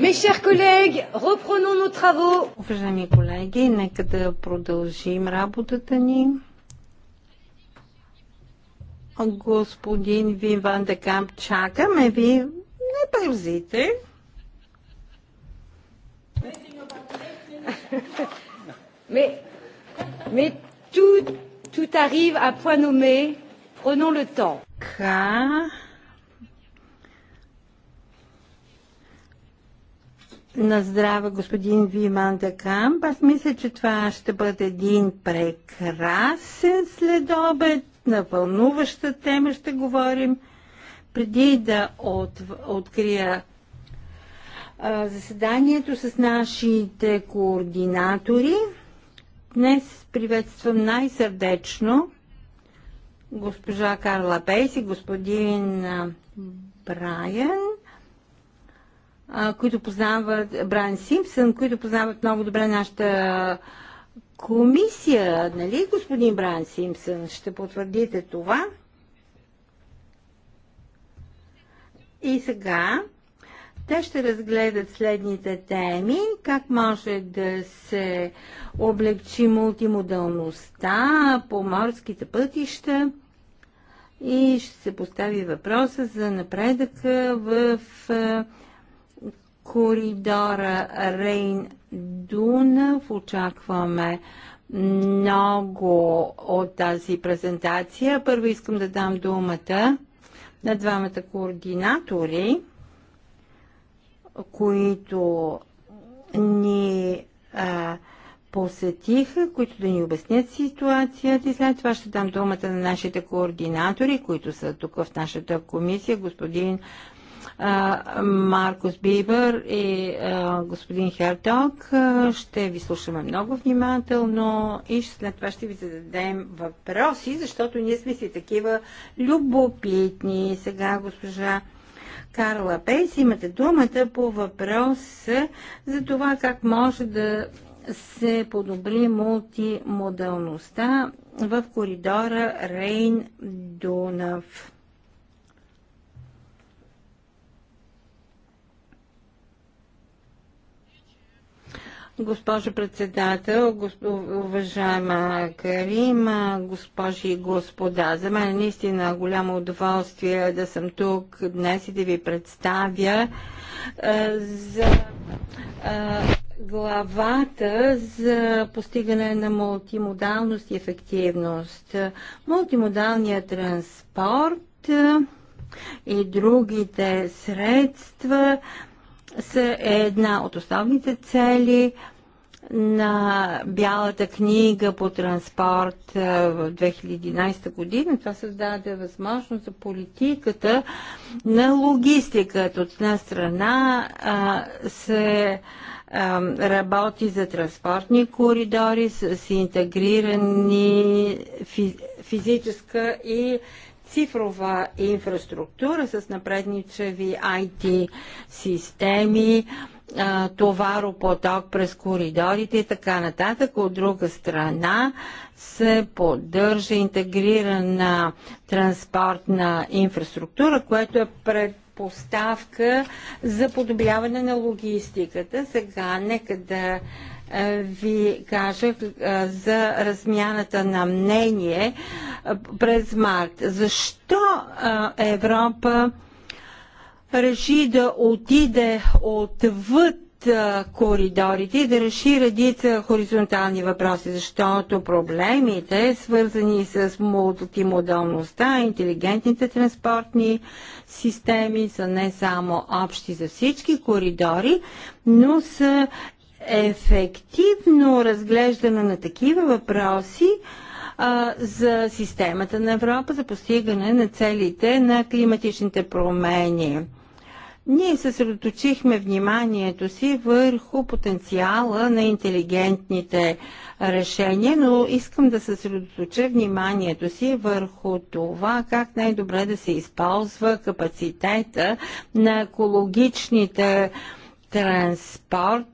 Mes chers collègues, reprenons nos travaux. Уважаеми колеги, нека да продължим работата ни. Господин Вин Ван Декамп, чакаме ви. Не бързите. Mais, mais tout, tout arrive à point nommé. Prenons le temps. Ка... на здраве господин Виман Декамп. Аз мисля, че това ще бъде един прекрасен следобед. На вълнуваща тема ще говорим. Преди да от, открия а, заседанието с нашите координатори, днес приветствам най-сърдечно госпожа Карла Пейс и господин Брайан които познават Брайан Симпсън, които познават много добре нашата комисия, нали, господин Брайан Симпсън? Ще потвърдите това. И сега те ще разгледат следните теми, как може да се облегчи мултимодалността по морските пътища и ще се постави въпроса за напредъка в коридора Рейн-Дунав. Очакваме много от тази презентация. Първо искам да дам думата на двамата координатори, които ни а, посетиха, които да ни обяснят ситуацията и след това ще дам думата на нашите координатори, които са тук в нашата комисия, господин Маркус Бибър и господин Хердог Ще ви слушаме много внимателно и след това ще ви зададем въпроси, защото ние сме си такива любопитни. Сега госпожа Карла Пейс, имате думата по въпрос за това как може да се подобри мултимодалността в коридора Рейн-Дунав. Госпожо председател, уважаема Карима, госпожи и господа, за мен е наистина голямо удоволствие да съм тук днес и да ви представя е, за е, главата за постигане на мултимодалност и ефективност. Мултимодалният транспорт и другите средства са една от основните цели на Бялата книга по транспорт е, в 2011 година. Това създаде възможност за политиката на логистиката. От една страна а, се а, работи за транспортни коридори с, интегрирани физ, физическа и цифрова инфраструктура с напредничеви IT системи, товаропоток през коридорите и така нататък. От друга страна се поддържа интегрирана транспортна инфраструктура, което е пред поставка за подобряване на логистиката. Сега нека да е, ви кажа е, за размяната на мнение през март. Защо е, Европа реши да отиде отвъд коридорите и да реши редица хоризонтални въпроси, защото проблемите, свързани с мултимодалността, интелигентните транспортни системи са не само общи за всички коридори, но са ефективно разглеждане на такива въпроси а, за системата на Европа за постигане на целите на климатичните промени. Ние съсредоточихме вниманието си върху потенциала на интелигентните решения, но искам да съсредоточа вниманието си върху това как най-добре да се използва капацитета на екологичните транспорт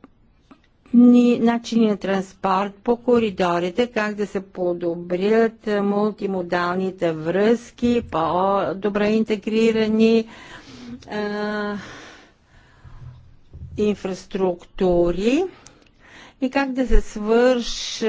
начини на транспорт по коридорите, как да се подобрят е, мултимодалните връзки, по-добре интегрирани а, е, инфраструктури и как да се свърши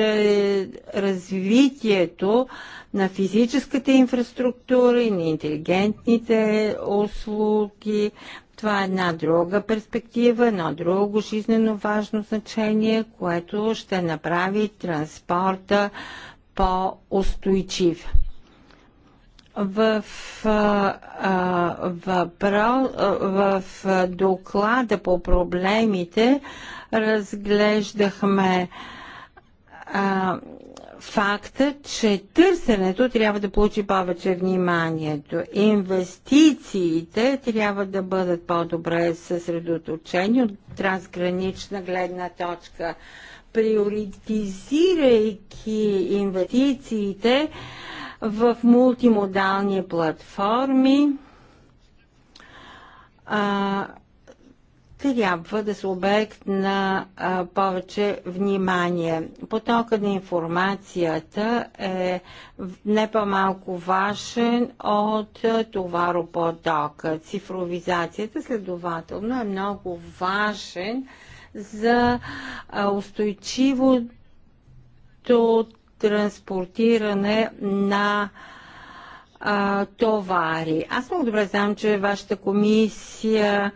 развитието на физическата инфраструктура и на интелигентните услуги, това е една друга перспектива, едно друго жизнено важно значение, което ще направи транспорта по-устойчив. В, в, в, в доклада по проблемите разглеждахме факта, че търсенето трябва да получи повече вниманието. Инвестициите трябва да бъдат по-добре съсредоточени от трансгранична гледна точка. Приоритизирайки инвестициите в мултимодални платформи, а, трябва да са обект на а, повече внимание. Потока на информацията е не по-малко важен от товаропотока. Цифровизацията следователно е много важен за устойчивото транспортиране на а, а, товари. Аз много добре знам, че вашата комисия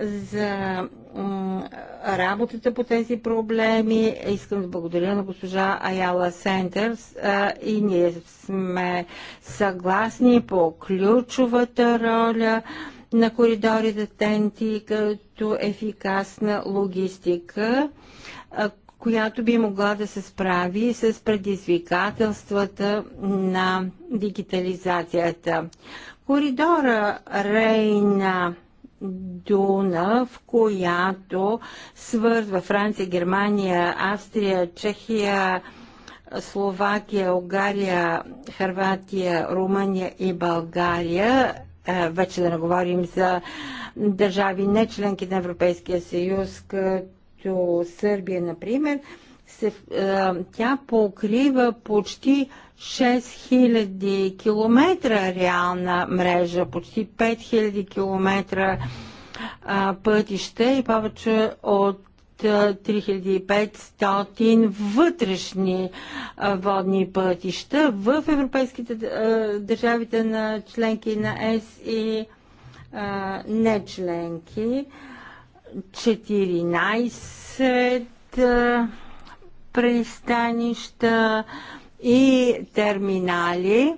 за работата по тези проблеми. Искам да благодаря на госпожа Аяла Сентърс а, и ние сме съгласни по ключовата роля на коридорите ТЕНТИ като ефикасна логистика, а, която би могла да се справи с предизвикателствата на дигитализацията. Коридора Рейна Дуна, в която свързва Франция, Германия, Австрия, Чехия, Словакия, Угария, Харватия, Румъния и България. Е, вече да не говорим за държави не членки на Европейския съюз, като като Сърбия, например, се, е, тя покрива почти 6000 км реална мрежа, почти 5000 км пътища и повече от 3500 е, вътрешни е, водни пътища в европейските държавите на членки на ЕС и не членки. 14 пристанища и терминали.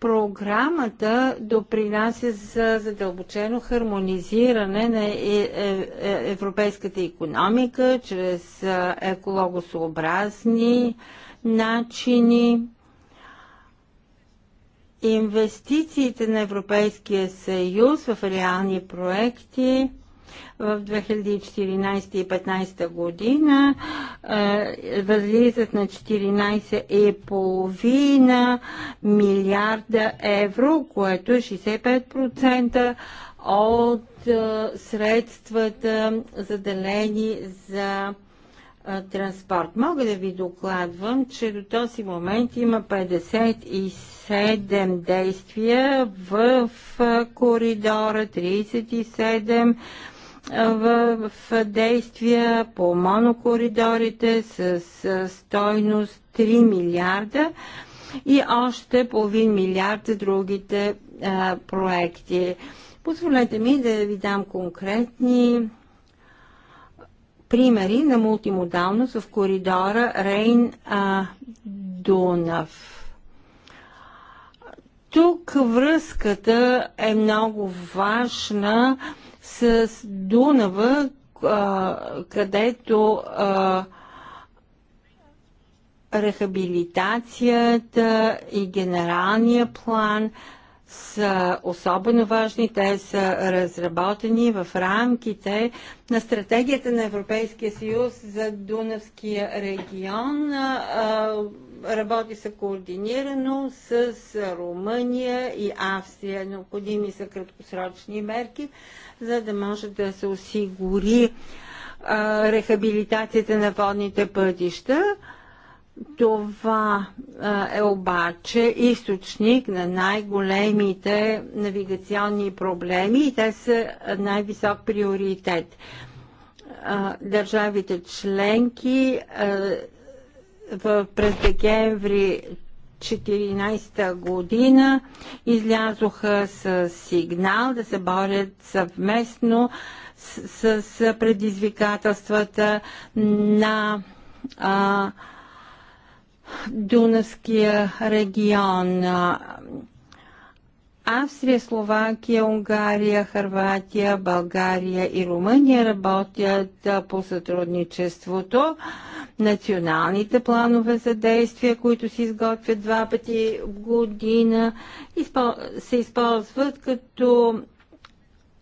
Програмата допринася за задълбочено хармонизиране на е, е, е, европейската економика чрез екологосообразни начини. Инвестициите на Европейския съюз в реални проекти в 2014 и 2015 година е, възлизат на 14,5 милиарда евро, което е 65% от е, средствата заделени за е, транспорт. Мога да ви докладвам, че до този момент има 57 действия в е, коридора 37 в, в действия по монокоридорите с, с стойност 3 милиарда и още половин милиард за другите а, проекти. Позволете ми да ви дам конкретни примери на мултимодалност в коридора Рейн-Дунав. Тук връзката е много важна. А, с Дунава, а, където а, рехабилитацията и генералния план са особено важни. Те са разработени в рамките на стратегията на Европейския съюз за Дунавския регион. Работи са координирано с Румъния и Австрия. Необходими са краткосрочни мерки, за да може да се осигури рехабилитацията на водните пътища. Това е обаче източник на най-големите навигационни проблеми и те са най-висок приоритет. Държавите членки през декември 2014 година излязоха с сигнал да се борят съвместно с, предизвикателствата на а, Дунавския регион. Австрия, Словакия, Унгария, Харватия, България и Румъния работят по сътрудничеството. Националните планове за действия, които се изготвят два пъти в година, се използват като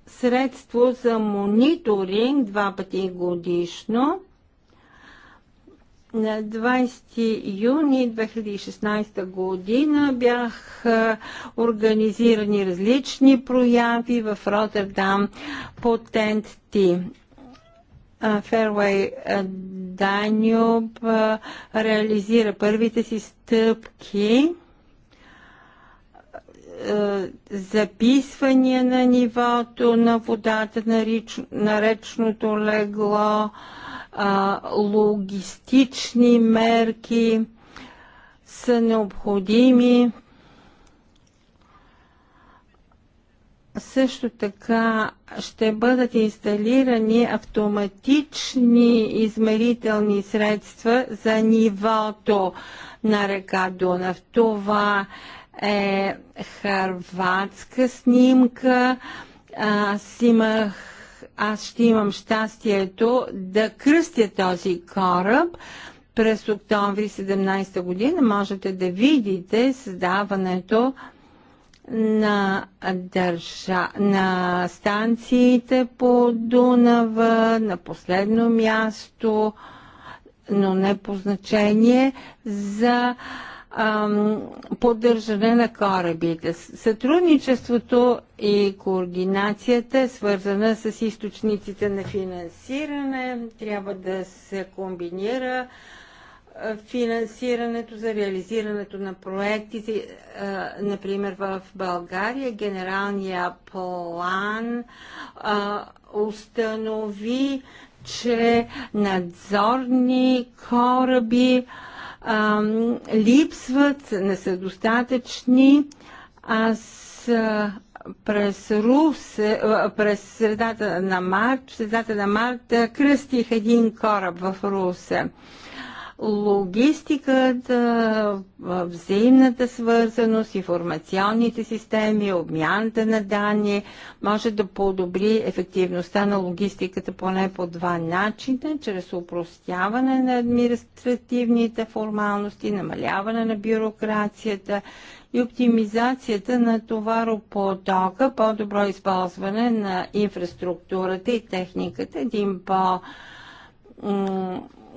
средство за мониторинг два пъти годишно на 20 юни 2016 година бяха организирани различни прояви в Роттердам по ТЕНТ-Т. Fairway реализира първите си стъпки записвания на нивото на водата на, реч, на речното легло, а, логистични мерки са необходими. Също така ще бъдат инсталирани автоматични измерителни средства за нивото на река Дунав. Това е харватска снимка. Аз имах аз ще имам щастието да кръстя този кораб през октомври 17 година. Можете да видите създаването на, държа, на станциите по Дунава, на последно място, но не по значение за поддържане на корабите. Сътрудничеството и координацията е свързана с източниците на финансиране. Трябва да се комбинира финансирането за реализирането на проекти, например в България, генералния план установи, че надзорни кораби а, а, липсват, не са достатъчни. Аз а, през Рус, през средата на март, средата на март кръстих един кораб в Русе логистиката, взаимната свързаност, информационните системи, обмяната на данни може да подобри ефективността на логистиката поне по два начина, чрез упростяване на административните формалности, намаляване на бюрокрацията и оптимизацията на товаропотока, по-добро използване на инфраструктурата и техниката, един по-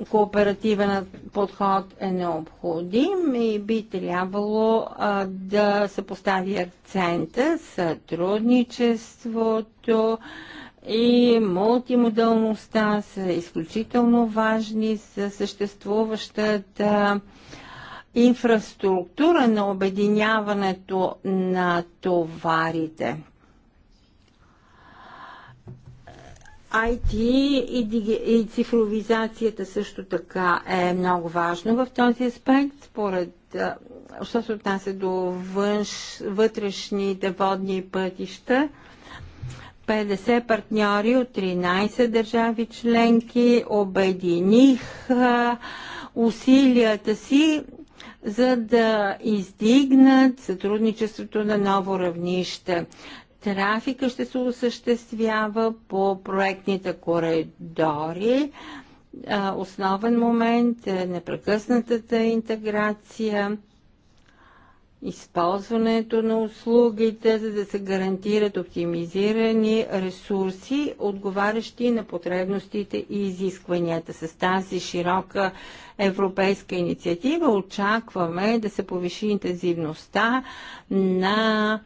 кооперативен подход е необходим и би трябвало да се постави акцента сътрудничеството и мултимодалността са изключително важни за съществуващата инфраструктура на обединяването на товарите. IT и, диги... и цифровизацията също така е много важно в този аспект, според, що се отнася до външ... вътрешните водни пътища. 50 партньори от 13 държави членки обединих усилията си за да издигнат сътрудничеството на ново равнище. Трафика ще се осъществява по проектните коридори. Основен момент е непрекъснатата интеграция използването на услугите, за да се гарантират оптимизирани ресурси, отговарящи на потребностите и изискванията. С тази широка европейска инициатива очакваме да се повиши интензивността на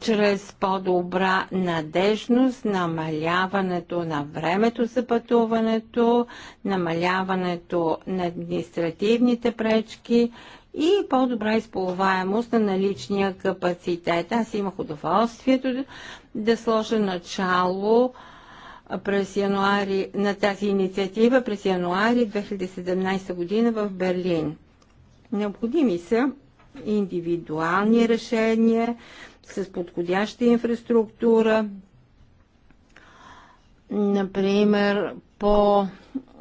чрез по-добра надежност, намаляването на времето за пътуването, намаляването на административните пречки, и по-добра използваемост на наличния капацитет. Аз имах удоволствието да сложа начало през януари, на тази инициатива през януари 2017 година в Берлин. Необходими са индивидуални решения с подходяща инфраструктура, например по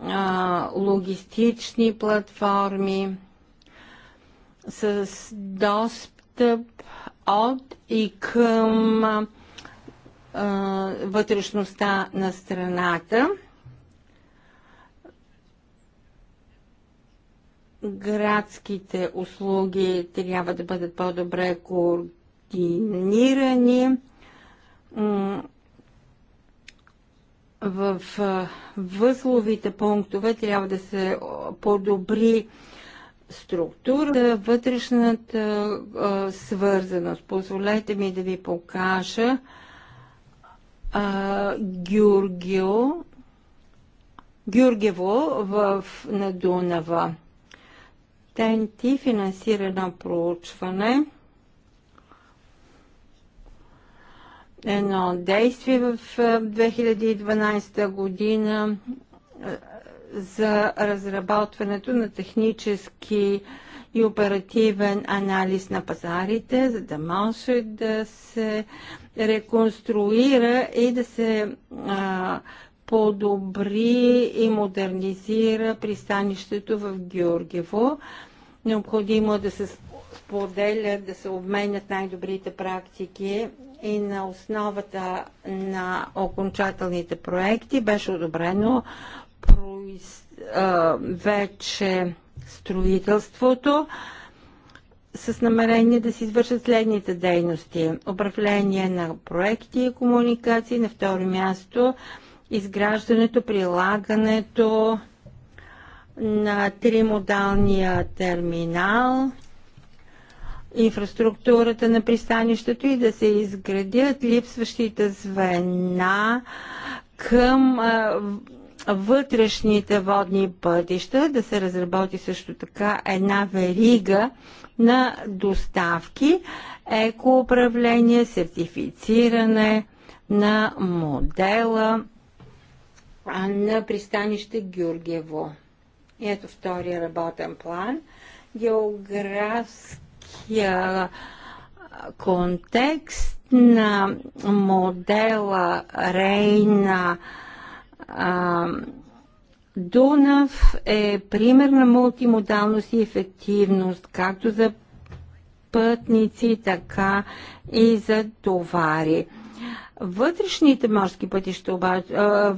а, логистични платформи, с достъп от и към а, вътрешността на страната. Градските услуги трябва да бъдат по-добре координирани в възловите пунктове трябва да се подобри структурата, вътрешната а, свързаност. Позволете ми да ви покажа а, Георгио, Георгиево в, на Дунава. Тенти финансира едно проучване, едно действие в 2012 година за разработването на технически и оперативен анализ на пазарите, за да може да се реконструира и да се а, подобри и модернизира пристанището в Георгиево. Необходимо е да се споделят, да се обменят най-добрите практики и на основата на окончателните проекти беше одобрено произ... а, вече строителството с намерение да се извършат следните дейности. Управление на проекти и комуникации. На второ място изграждането, прилагането на тримодалния терминал, инфраструктурата на пристанището и да се изградят липсващите звена към вътрешните водни пътища, да се разработи също така една верига на доставки, екоуправление, сертифициране на модела на пристанище Георгиево. Ето втория работен план. Географския контекст на модела Рейна а, Дунав е пример на мултимодалност и ефективност, както за пътници, така и за товари. Вътрешните морски пътища,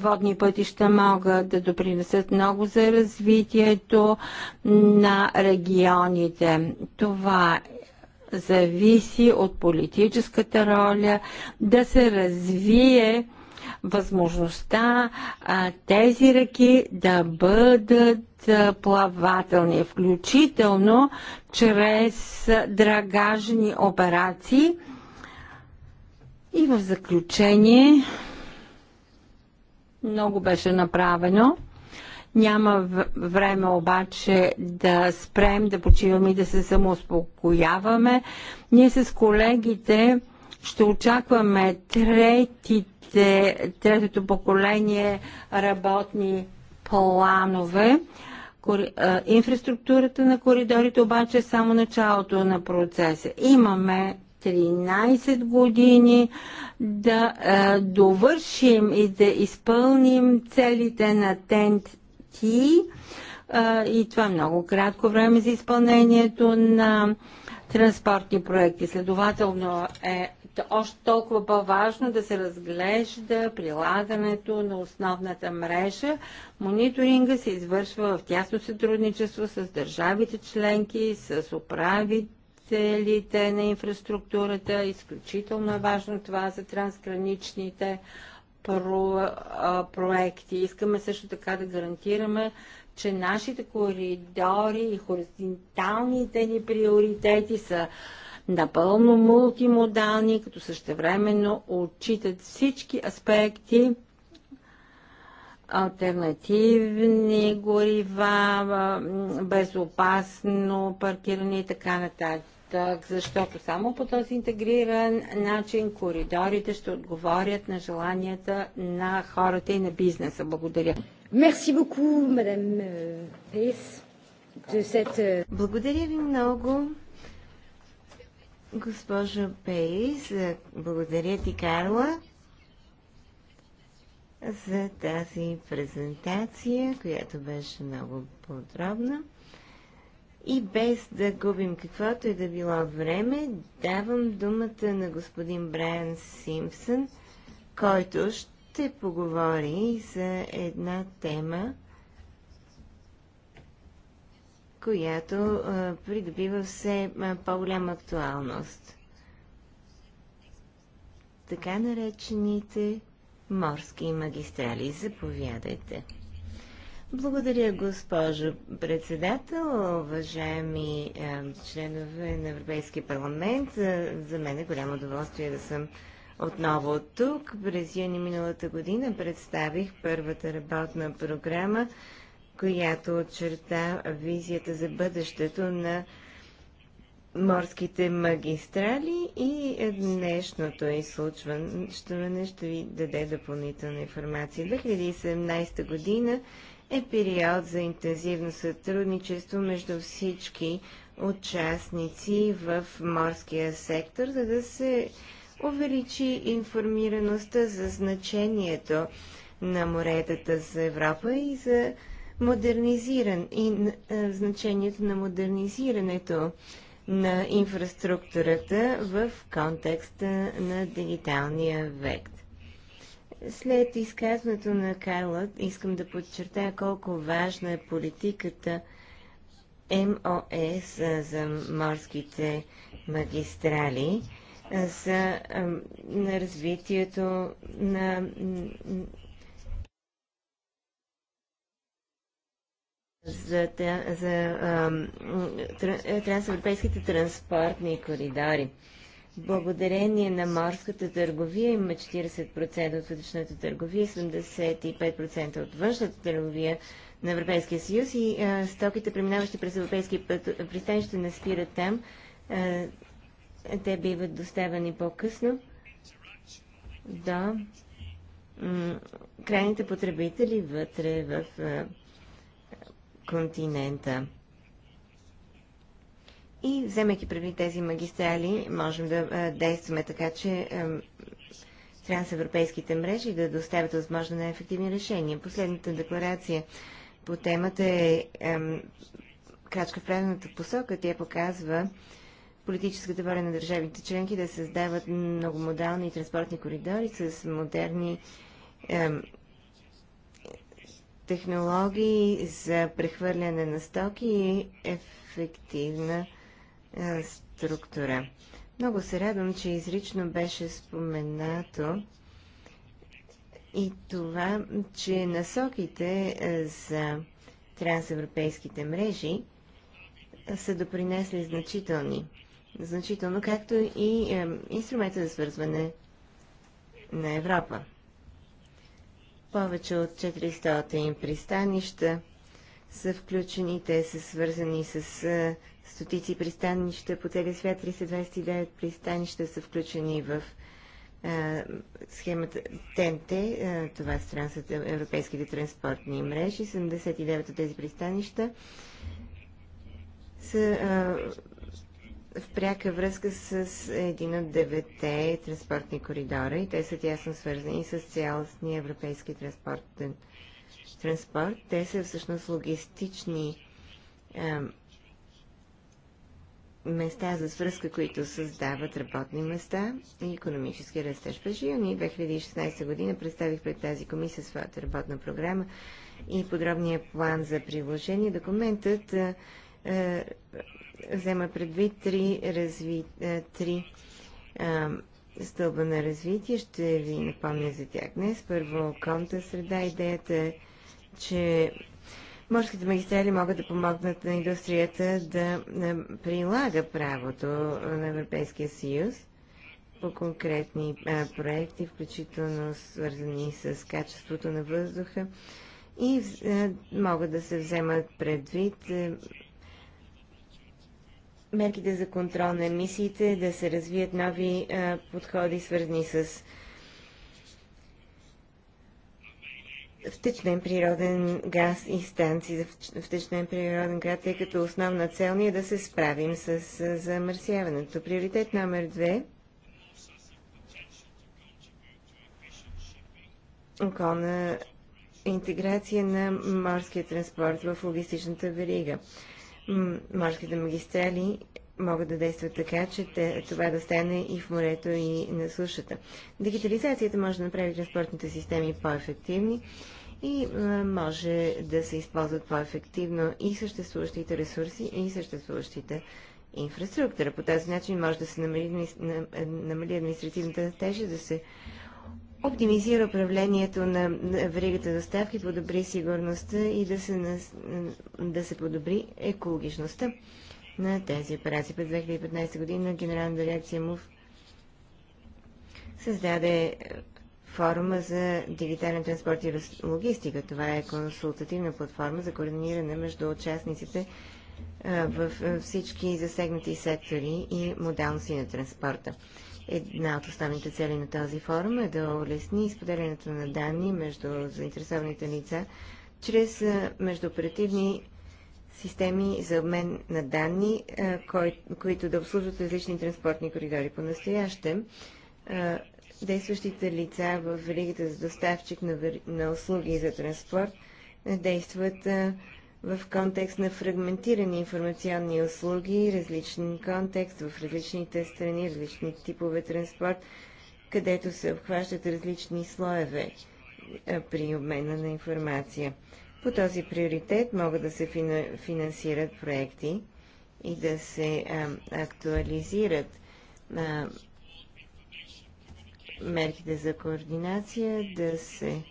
водни пътища могат да допринесат много за развитието на регионите. Това зависи от политическата роля да се развие възможността а, тези реки да бъдат а, плавателни, включително чрез драгажни операции. И в заключение много беше направено. Няма време обаче да спрем, да почиваме и да се самоуспокояваме. Ние с колегите ще очакваме трети се третото поколение работни планове. Инфраструктурата на коридорите обаче е само началото на процеса. Имаме 13 години да е, довършим и да изпълним целите на ТЕНТ-Т е, и това е много кратко време за изпълнението на транспортни проекти. Следователно е още толкова по-важно да се разглежда прилагането на основната мрежа. Мониторинга се извършва в тясно сътрудничество с държавите членки, с управителите на инфраструктурата. Изключително е важно това за трансграничните про, а, проекти. Искаме също така да гарантираме, че нашите коридори и хоризонталните ни приоритети са напълно мултимодални, като същевременно отчитат всички аспекти альтернативни горива, безопасно паркиране и така нататък, защото само по този интегриран начин коридорите ще отговорят на желанията на хората и на бизнеса. Благодаря. beaucoup, euh, euh, Благодаря ви много. Госпожо Пейс, благодаря ти, Карла, за тази презентация, която беше много подробна. И без да губим каквото и да било време, давам думата на господин Брайан Симпсън, който ще поговори за една тема, която придобива все по-голяма актуалност. Така наречените морски магистрали. Заповядайте. Благодаря, госпожо председател, уважаеми е, членове на Европейския парламент. за мен е голямо удоволствие да съм отново тук. През юни миналата година представих първата работна програма която очерта визията за бъдещето на морските магистрали и днешното изслучване ще ви даде допълнителна информация. 2017 година е период за интензивно сътрудничество между всички участници в морския сектор, за да се увеличи информираността за значението на моретата за Европа и за модернизиран и а, значението на модернизирането на инфраструктурата в контекста на дигиталния век. След изказването на Карла искам да подчертая колко важна е политиката МОС за морските магистрали за развитието на за, за а, е, трансевропейските транспортни коридори. Благодарение на морската търговия има 40% от вътрешната търговия, 75% от външната търговия на Европейския съюз и а, стоките, преминаващи през европейски пристанища, не спират там. А, те биват доставени по-късно до крайните потребители вътре в а, континента. И вземайки преди тези магистрали, можем да действаме така, че трансевропейските мрежи да доставят възможно на ефективни решения. Последната декларация по темата е, е крачка в правилната посока. Тя показва политическата воля на държавите членки да създават многомодални транспортни коридори с модерни е, технологии за прехвърляне на стоки и ефективна е, структура. Много се радвам, че изрично беше споменато и това, че насоките е, за трансевропейските мрежи са допринесли значителни. Значително, както и е, инструмента за свързване на Европа. Повече от 400 пристанища са включени, те са свързани с а, стотици пристанища по целия свят. 329 пристанища са включени в а, схемата ТНТ, а, това са е транс, европейските транспортни мрежи. 79 от тези пристанища са в пряка връзка с един от девете транспортни коридора и те са тясно свързани с цялостния европейски транспортен транспорт. Те са всъщност логистични а, места за свръзка, които създават работни места и економически растеж. През юни 2016 година представих пред тази комисия своята работна програма и подробния план за приложение. Документът а, взема предвид три, разви... Е, три а, е, стълба на развитие. Ще ви напомня за тях днес. Първо, околната среда. Идеята е, че морските магистрали могат да помогнат на индустрията да е, прилага правото на Европейския съюз по конкретни а, проекти, включително свързани с качеството на въздуха и а, могат да се вземат предвид мерките за контрол на емисиите, да се развият нови а, подходи, свързани с втечнен природен газ и станции за втечнен природен газ, тъй като основна цел ни е да се справим с замърсяването. Приоритет номер две – околна интеграция на морския транспорт в логистичната верига морските магистрали могат да действат така, че това да стане и в морето, и на сушата. Дигитализацията може да направи транспортните системи по-ефективни и може да се използват по-ефективно и съществуващите ресурси, и съществуващите инфраструктура. По този начин може да се намали, е, намали административната тежест, да се оптимизира управлението на веригата доставки, подобри сигурността и да се, нас... да се подобри екологичността на тези операции. През 2015 година генерална дирекция МУФ създаде е, форума за дигитален транспорт и логистика. Това е консултативна платформа за координиране между участниците е, в е, всички засегнати сектори и модалности на транспорта. Една от основните цели на този форум е да улесни изподелянето на данни между заинтересованите лица чрез междуоперативни системи за обмен на данни, които да обслужват различни транспортни коридори. По-настоящем действащите лица в Великата за доставчик на, на услуги за транспорт действат в контекст на фрагментирани информационни услуги, различен контекст в различните страни, различни типове транспорт, където се обхващат различни слоеве при обмена на информация. По този приоритет могат да се финансират проекти и да се а, актуализират а, мерките за координация, да се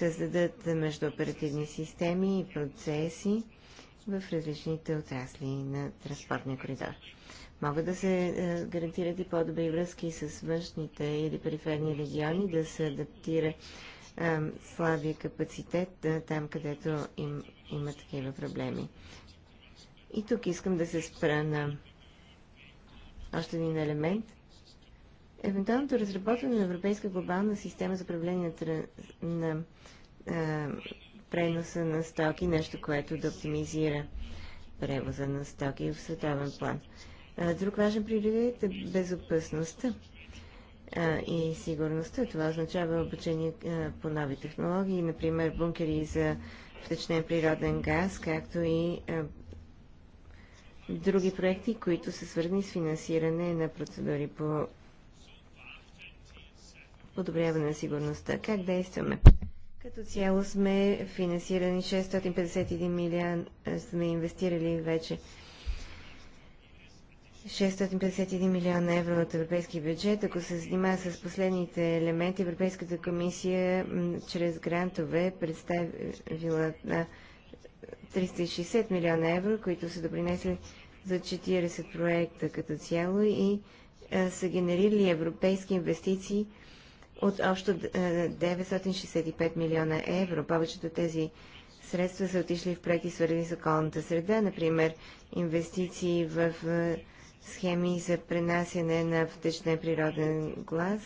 създадат междуоперативни системи и процеси в различните отрасли на транспортния коридор. Могат да се е, гарантират и по-добри връзки с външните или периферни региони, да се адаптира е, слабия капацитет е, там, където им, има такива проблеми. И тук искам да се спра на още един елемент – Евентуалното разработване на Европейска глобална система за управление на, а, преноса на стоки, нещо, което да оптимизира превоза на стоки в световен план. А, друг важен приоритет е безопасността а, и сигурността. Това означава обучение а, по нови технологии, например бункери за втечнен природен газ, както и а, други проекти, които са свързани с финансиране на процедури по подобряване на сигурността. Как действаме? Като цяло сме финансирани 651 милион, сме инвестирали вече 651 милиона евро от европейски бюджет. Ако се занимава с последните елементи, Европейската комисия чрез грантове представила на 360 милиона евро, които са допринесли за 40 проекта като цяло и са генерирали европейски инвестиции – от общо 965 е, милиона евро. Повечето тези средства са отишли в проекти, свързани с околната среда, например инвестиции в е, схеми за пренасяне на втечнен природен глас,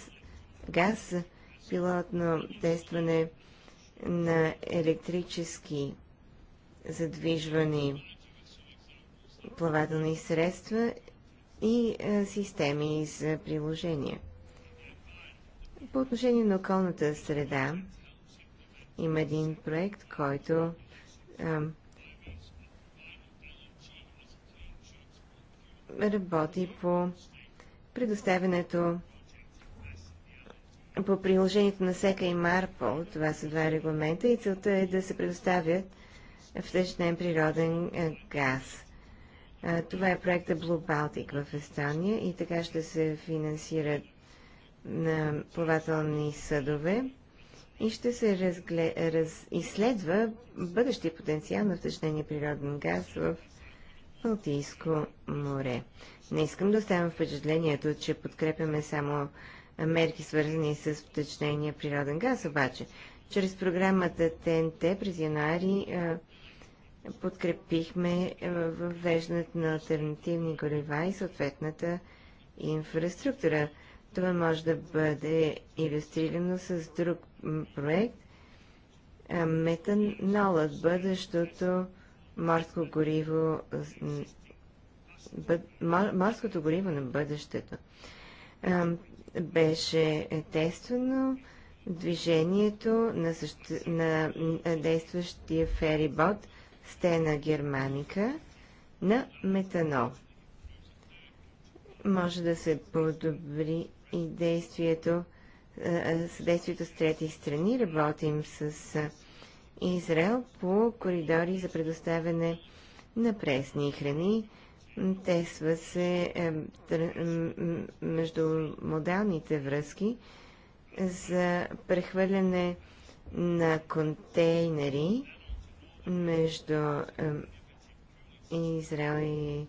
газ, пилотно тестване на електрически задвижвани плавателни средства и е, системи за приложения. По отношение на околната среда, има един проект, който а, работи по предоставянето по приложението на СЕКА и МАРПОЛ, това са два регламента, и целта е да се предоставят втечнен природен газ. Това е проекта Blue Baltic в Естония и така ще се финансират на плавателни съдове и ще се разгле... раз... изследва бъдещия потенциал на втечнения природен газ в Балтийско море. Не искам да оставям впечатлението, че подкрепяме само мерки свързани с втечнения природен газ, обаче чрез програмата ТНТ през януари подкрепихме въвеждането на альтернативни горива и съответната инфраструктура. Това може да бъде иллюстрирано с друг проект. Метанолът, бъдещото морско гориво, бъ, морското гориво на бъдещето. Беше тествано движението на, съще, на действащия ферибот Стена Германика на метанол. Може да се подобри и действието, съдействието с трети страни. Работим с Израел по коридори за предоставяне на пресни храни. Тесва се между модалните връзки за прехвърляне на контейнери между Израел и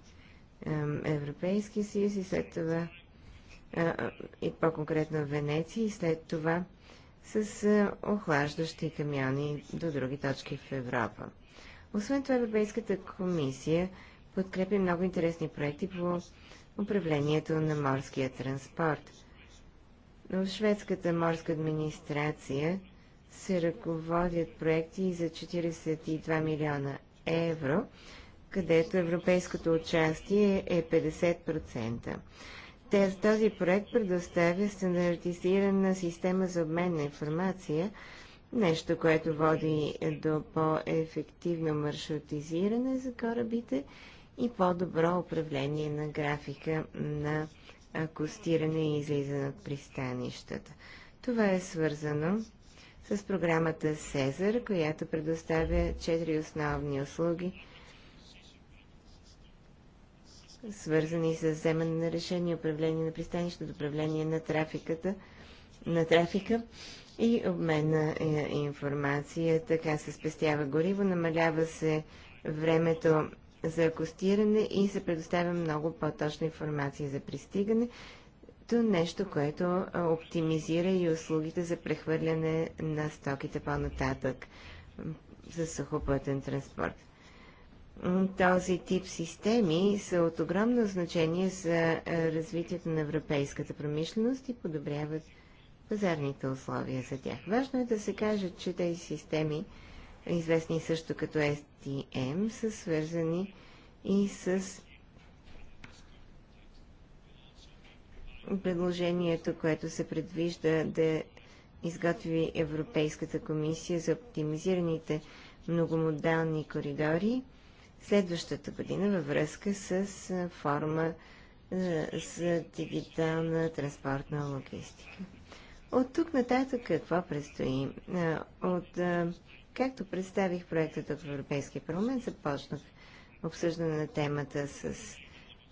Европейския съюз и след това и по-конкретно в Венеция и след това с охлаждащи камиони до други точки в Европа. Освен това, Европейската комисия подкрепи много интересни проекти по управлението на морския транспорт. В шведската морска администрация се ръководят проекти за 42 милиона евро, където европейското участие е 50%. Този проект предоставя стандартизирана система за обмен на информация, нещо, което води до по-ефективно маршрутизиране за корабите и по-добро управление на графика на костиране и излизане от пристанищата. Това е свързано с програмата Сезар, която предоставя четири основни услуги свързани с вземане на решение, управление на пристанището, управление на трафиката, на трафика и обмен на е, информация. Така се спестява гориво, намалява се времето за акостиране и се предоставя много по-точна информация за пристигане. То нещо, което оптимизира и услугите за прехвърляне на стоките по-нататък за сухопътен транспорт този тип системи са от огромно значение за е, развитието на европейската промишленост и подобряват пазарните условия за тях. Важно е да се каже, че тези системи, известни също като STM, са свързани и с предложението, което се предвижда да изготви Европейската комисия за оптимизираните многомодални коридори – следващата година във връзка с форма за дигитална транспортна логистика. От тук нататък какво предстои? От, както представих проектът от Европейския парламент, започнах обсъждане на темата с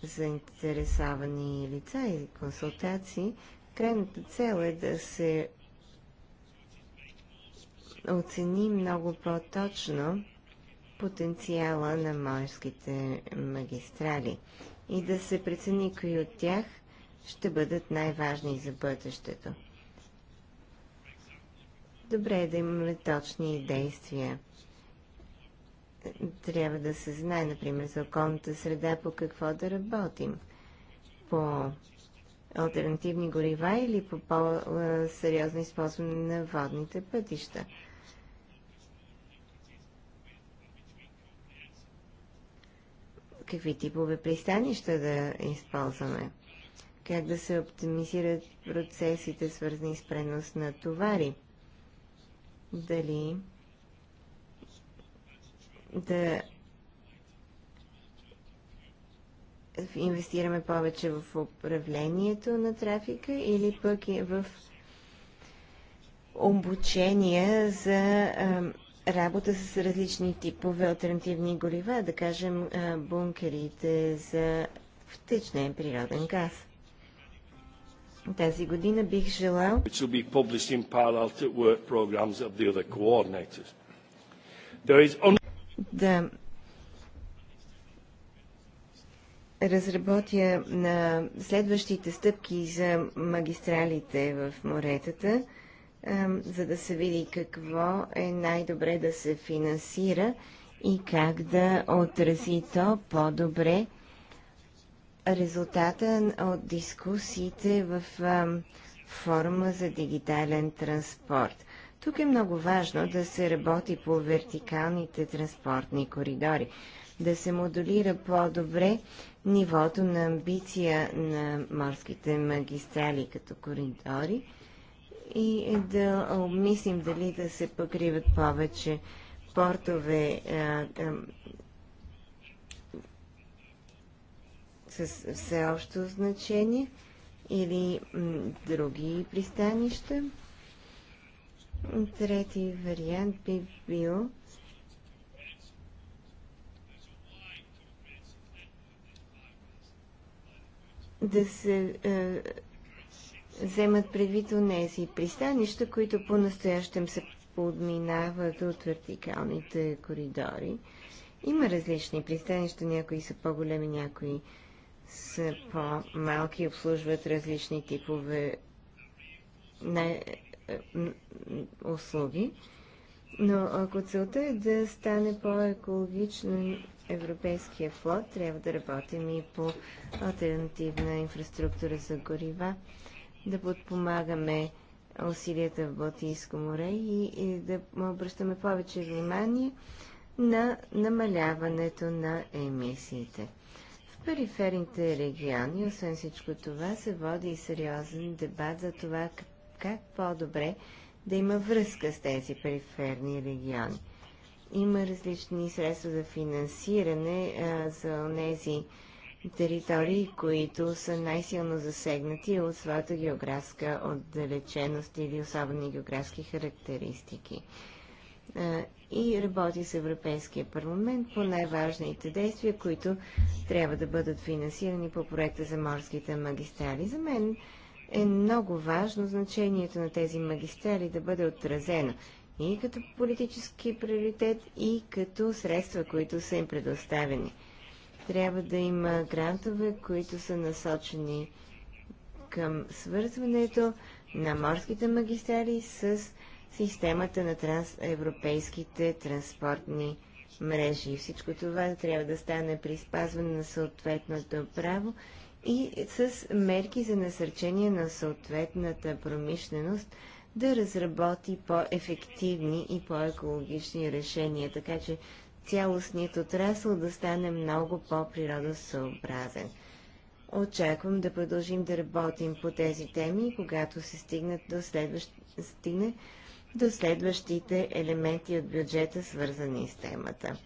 заинтересовани лица и консултации. Крайната цел е да се оцени много по-точно потенциала на морските магистрали и да се прецени кои от тях ще бъдат най-важни за бъдещето. Добре е да имаме точни действия. Трябва да се знае, например, за околната среда по какво да работим. По альтернативни горива или по по-сериозно използване на водните пътища. какви типове пристанища да използваме, как да се оптимизират процесите, свързани с пренос на товари, дали да инвестираме повече в управлението на трафика или пък и в обучение за а, работа с различни типове альтернативни горива, да кажем бункерите за втечнен природен газ. Тази година бих желал да разработя на следващите стъпки за магистралите в моретата – за да се види какво е най-добре да се финансира и как да отрази то по-добре резултата от дискусиите в форума за дигитален транспорт. Тук е много важно да се работи по вертикалните транспортни коридори, да се модулира по-добре нивото на амбиция на морските магистрали като коридори, и да обмислим дали да се покриват повече портове а, с всеобщо значение или други пристанища. Трети вариант би бил да се вземат предвид нези пристанища, които по-настоящем се подминават от вертикалните коридори. Има различни пристанища, някои са по-големи, някои са по-малки, обслужват различни типове на... Е, услуги. Но ако целта е да стане по-екологично европейския флот, трябва да работим и по альтернативна инфраструктура за горива да подпомагаме усилията в Балтийско море и, и да обръщаме повече внимание на намаляването на емисиите. В периферните региони, освен всичко това, се води и сериозен дебат за това как по-добре да има връзка с тези периферни региони. Има различни средства за финансиране а, за тези територии, които са най-силно засегнати от своята географска отдалеченост или особени географски характеристики. И работи с Европейския парламент по най-важните действия, които трябва да бъдат финансирани по проекта за морските магистрали. За мен е много важно значението на тези магистрали да бъде отразено и като политически приоритет, и като средства, които са им предоставени. Трябва да има грантове, които са насочени към свързването на морските магистрали с системата на трансевропейските транспортни мрежи. всичко това трябва да стане при спазване на съответното право и с мерки за насърчение на съответната промишленост да разработи по-ефективни и по-екологични решения. Така че цялостният отрасъл да стане много по-природосъобразен. Очаквам да продължим да работим по тези теми, когато се стигнат до следващ... стигне до следващите елементи от бюджета, свързани с темата.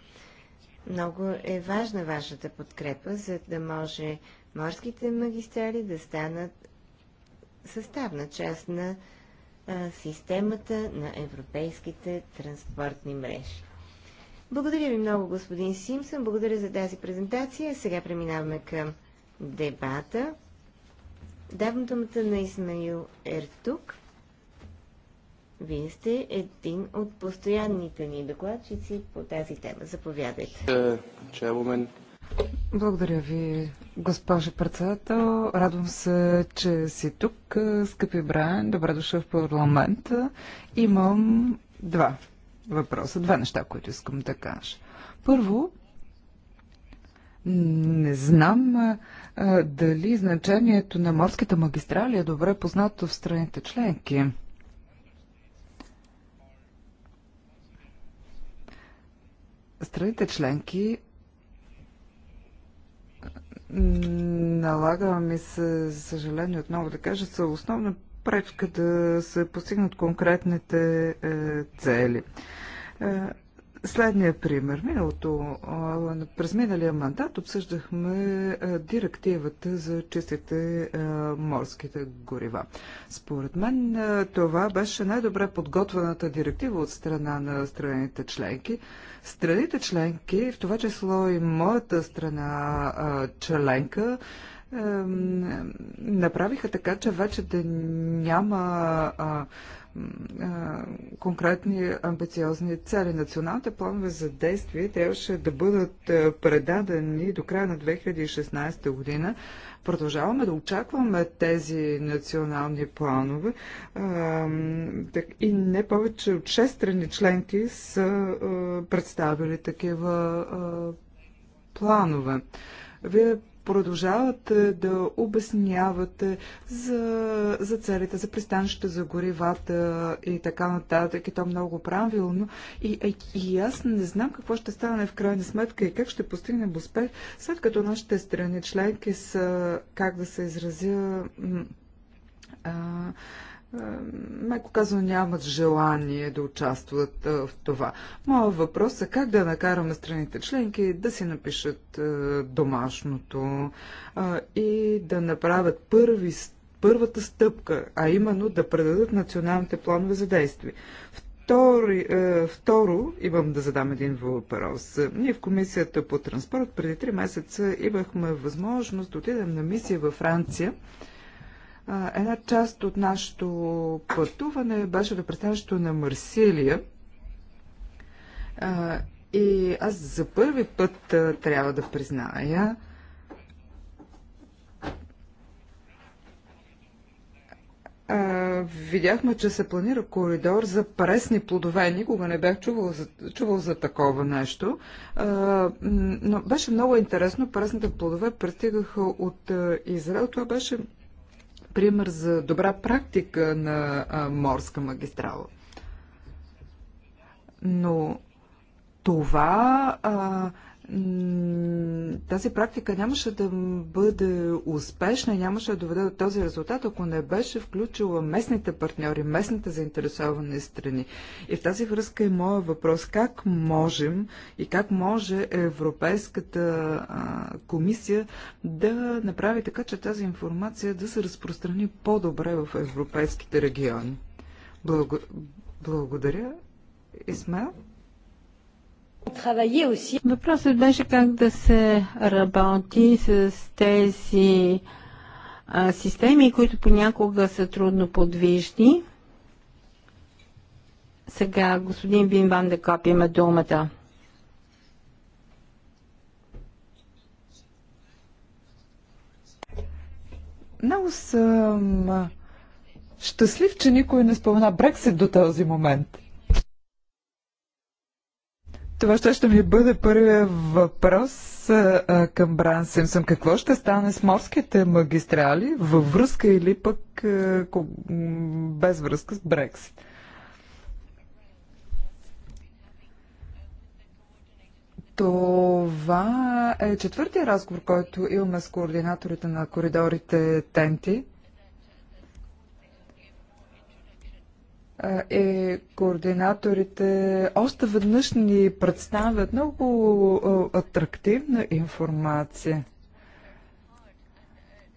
Много е важна вашата подкрепа, за да може морските магистрали да станат съставна част на а, системата на европейските транспортни мрежи. Благодаря ви много, господин Симсън. Благодаря за тази презентация. Сега преминаваме към дебата. Давам думата на Исмаил Ертук. Вие сте един от постоянните ни докладчици по тази тема. Заповядайте. Е, Благодаря ви, госпожо председател. Радвам се, че си тук, скъпи Брайан. Добре дошъл в парламента. Имам два въпроса. Два неща, които искам да кажа. Първо, не знам а, дали значението на морските магистрали е добре познато в страните членки. Страните членки налагаме се, съжаление отново да кажа, са основно пречка да се постигнат конкретните е, цели. Е, следния пример. Миналото, е, през миналия мандат обсъждахме директивата за чистите морските горива. Според мен това беше най-добре подготвената директива от страна на страните членки. Страните членки, в това число и моята страна членка, направиха така, че вече да няма а, а, конкретни амбициозни цели. Националните планове за действие трябваше да бъдат е, предадени до края на 2016 година. Продължаваме да очакваме тези национални планове и не повече от 6 страни членки са е, представили такива е, планове. Вие продължават е, да обясняват е, за, за целите, за пристанищата, за горивата е, и така нататък. И то много правилно. И, и аз не знам какво ще стане в крайна сметка и как ще постигнем успех, след като нашите страни членки са, как да се изразя, а, меко казано, нямат желание да участват в това. Моят въпрос е как да накараме страните членки да си напишат домашното и да направят първи, първата стъпка, а именно да предадат националните планове за действие. Втори, е, второ, имам да задам един въпрос. Ние в Комисията по транспорт преди три месеца имахме възможност да отидем на мисия във Франция. Е, Една част от нашето пътуване беше до пристанището на Марсилия. И аз за първи път трябва да призная, видяхме, че се планира коридор за пресни плодове. Никога не бях чувал за, чувал за такова нещо. но беше много интересно. Пресните плодове пристигаха от Израел. Това беше пример за добра практика на морска магистрала. Но това а, тази практика нямаше да бъде успешна и нямаше да доведе до този резултат, ако не беше включила местните партньори, местните заинтересовани страни. И в тази връзка е моят въпрос. Как можем и как може Европейската комисия да направи така, че тази информация да се разпространи по-добре в европейските региони? Благо... Благодаря. Исмел? Въпросът беше как да се работи с тези а, системи, които понякога са трудно подвижни. Сега господин Вин Ван да копиме думата. Много съм щастлив, че никой не спомена Брексит до този момент. Това ще, ще ми бъде първият въпрос а, към Бран Симсън. Какво ще стане с морските магистрали във връзка или пък а, без връзка с Брексит? Това е четвъртия разговор, който имаме с координаторите на коридорите Тенти. е координаторите още веднъж ни представят много атрактивна информация.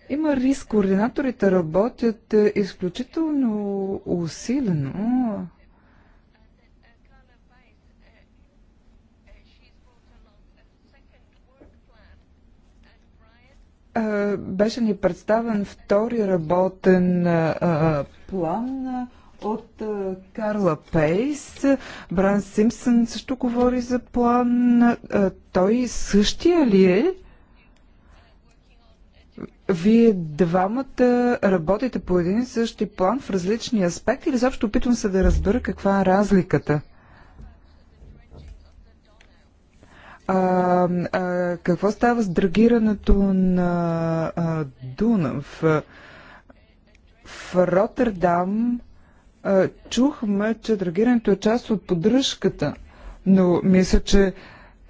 Има риск. Координаторите работят изключително усилено. Беше ни представен втори работен план от е, Карла Пейс. Бран Симпсън също говори за план. Е, той същия ли е? Вие двамата работите по един и същи план в различни аспекти или заобщо опитвам се да разбера каква е разликата? А, а, какво става с драгирането на а, Дунав? В Роттердам чухме, че драгирането е част от поддръжката, но мисля, че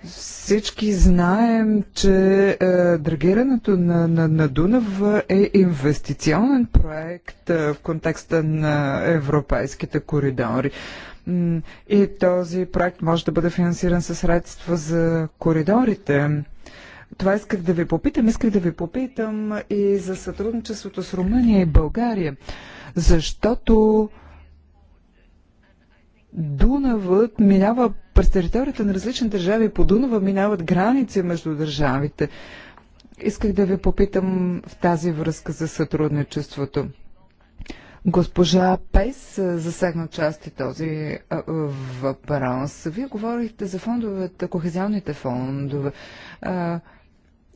всички знаем, че е, драгирането на, на, на Дунав е инвестиционен проект е, в контекста на европейските коридори. И този проект може да бъде финансиран със средства за коридорите. Това исках да ви попитам. Исках да ви попитам и за сътрудничеството с Румъния и България. Защото Дунавът минава през територията на различни държави по Дунава минават граници между държавите. Исках да ви попитам в тази връзка за сътрудничеството. Госпожа Пейс засегна части този въпрос. Вие говорихте за фондовете, кохезионните фондове.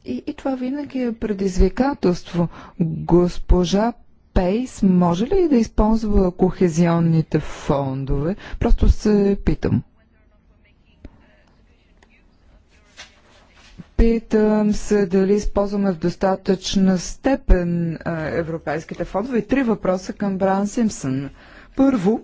И, и това винаги е предизвикателство. Госпожа Пейс може ли да използва кохезионните фондове? Просто се питам. Питам се дали използваме в достатъчна степен европейските фондове. Три въпроса към Бран Симпсън. Първо,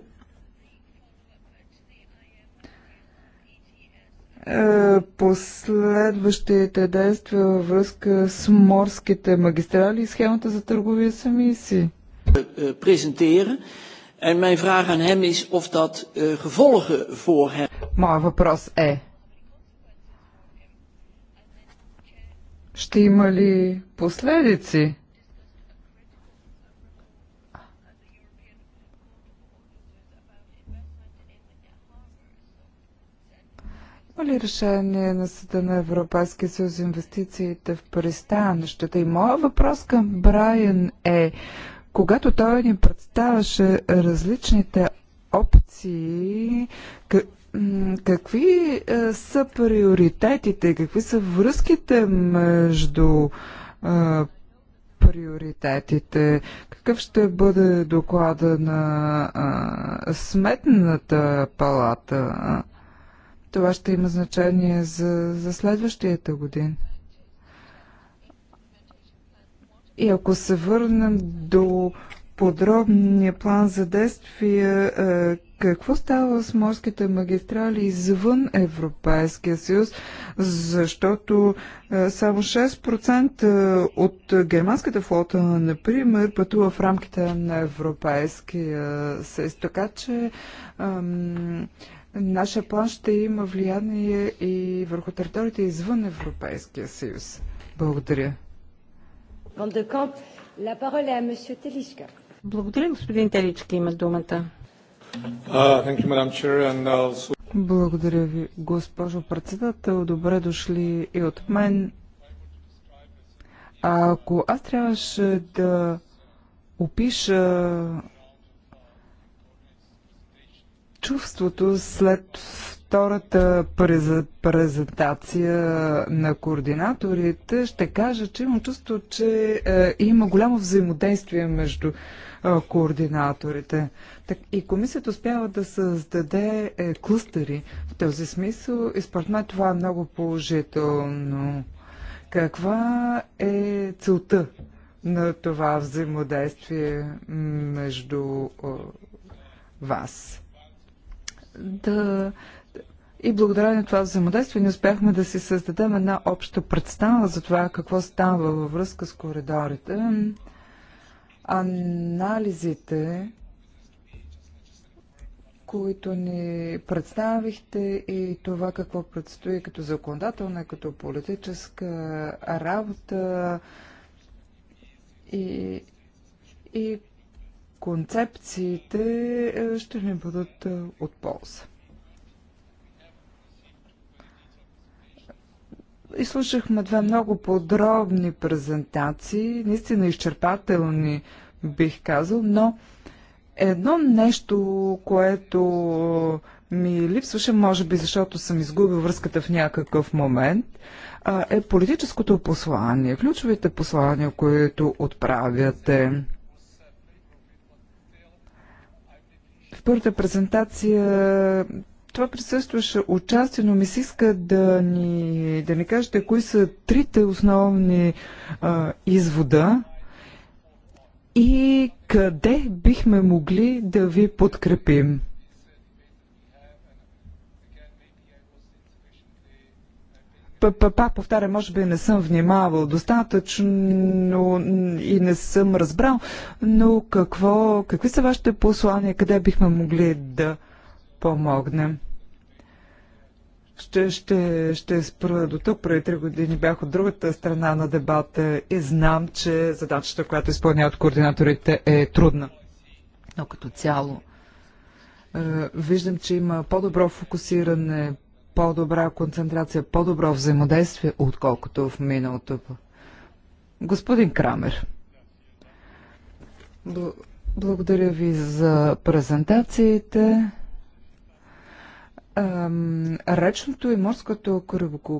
е, последващите действия във връзка с морските магистрали и схемата за търговия с емисии. Eh, presenteren. En mijn vraag aan hem is of dat uh, gevolgen voor hem. Моят въпрос е. Ще има ли последици? Има ли решение на Съда на Европейския съюз инвестициите в пристанищата? И моят въпрос към Брайан е, когато той ни представяше различните опции, какви е, са приоритетите, какви са връзките между е, приоритетите, какъв ще бъде доклада на сметната палата. Това ще има значение за, за следващията година. И ако се върнем до подробния план за действие, е, какво става с морските магистрали извън Европейския съюз, защото е, само 6% от германската флота, например, пътува в рамките на Европейския съюз. Така че ам, нашия план ще има влияние и върху територията извън Европейския съюз. Благодаря. Благодаря, господин Теличка има думата. Благодаря ви, госпожо председател. Добре дошли и от мен. Ако аз трябваше да опиша чувството след втората презентация на координаторите ще кажа, че имам чувство, че е, има голямо взаимодействие между е, координаторите. Так, и комисията успява да създаде е, клъстери в този смисъл и според мен това е много положително. Каква е целта на това взаимодействие между е, вас? Да и благодарение на това взаимодействие ние успяхме да си създадем една обща представа за това какво става във връзка с коридорите. Анализите, които ни представихте и това какво предстои като законодателна, като политическа работа и, и концепциите е, ще ни бъдат е, от полза. Изслушахме две много подробни презентации, наистина изчерпателни, бих казал, но едно нещо, което ми липсваше, може би защото съм изгубил връзката в някакъв момент, е политическото послание, ключовите послания, които отправяте. В първата презентация това присъстваше участие, но ми се иска да ни, да ни кажете кои са трите основни а, извода и къде бихме могли да ви подкрепим. пак повтаря, може би не съм внимавал достатъчно и не съм разбрал, но какво, какви са вашите послания, къде бихме могли да помогна. Ще, ще, ще спра до тук. Преди три години бях от другата страна на дебата и знам, че задачата, която изпълняват координаторите е трудна. Но като цяло е, виждам, че има по-добро фокусиране, по-добра концентрация, по-добро взаимодействие, отколкото в миналото. Господин Крамер, благодаря ви за презентациите речното и морското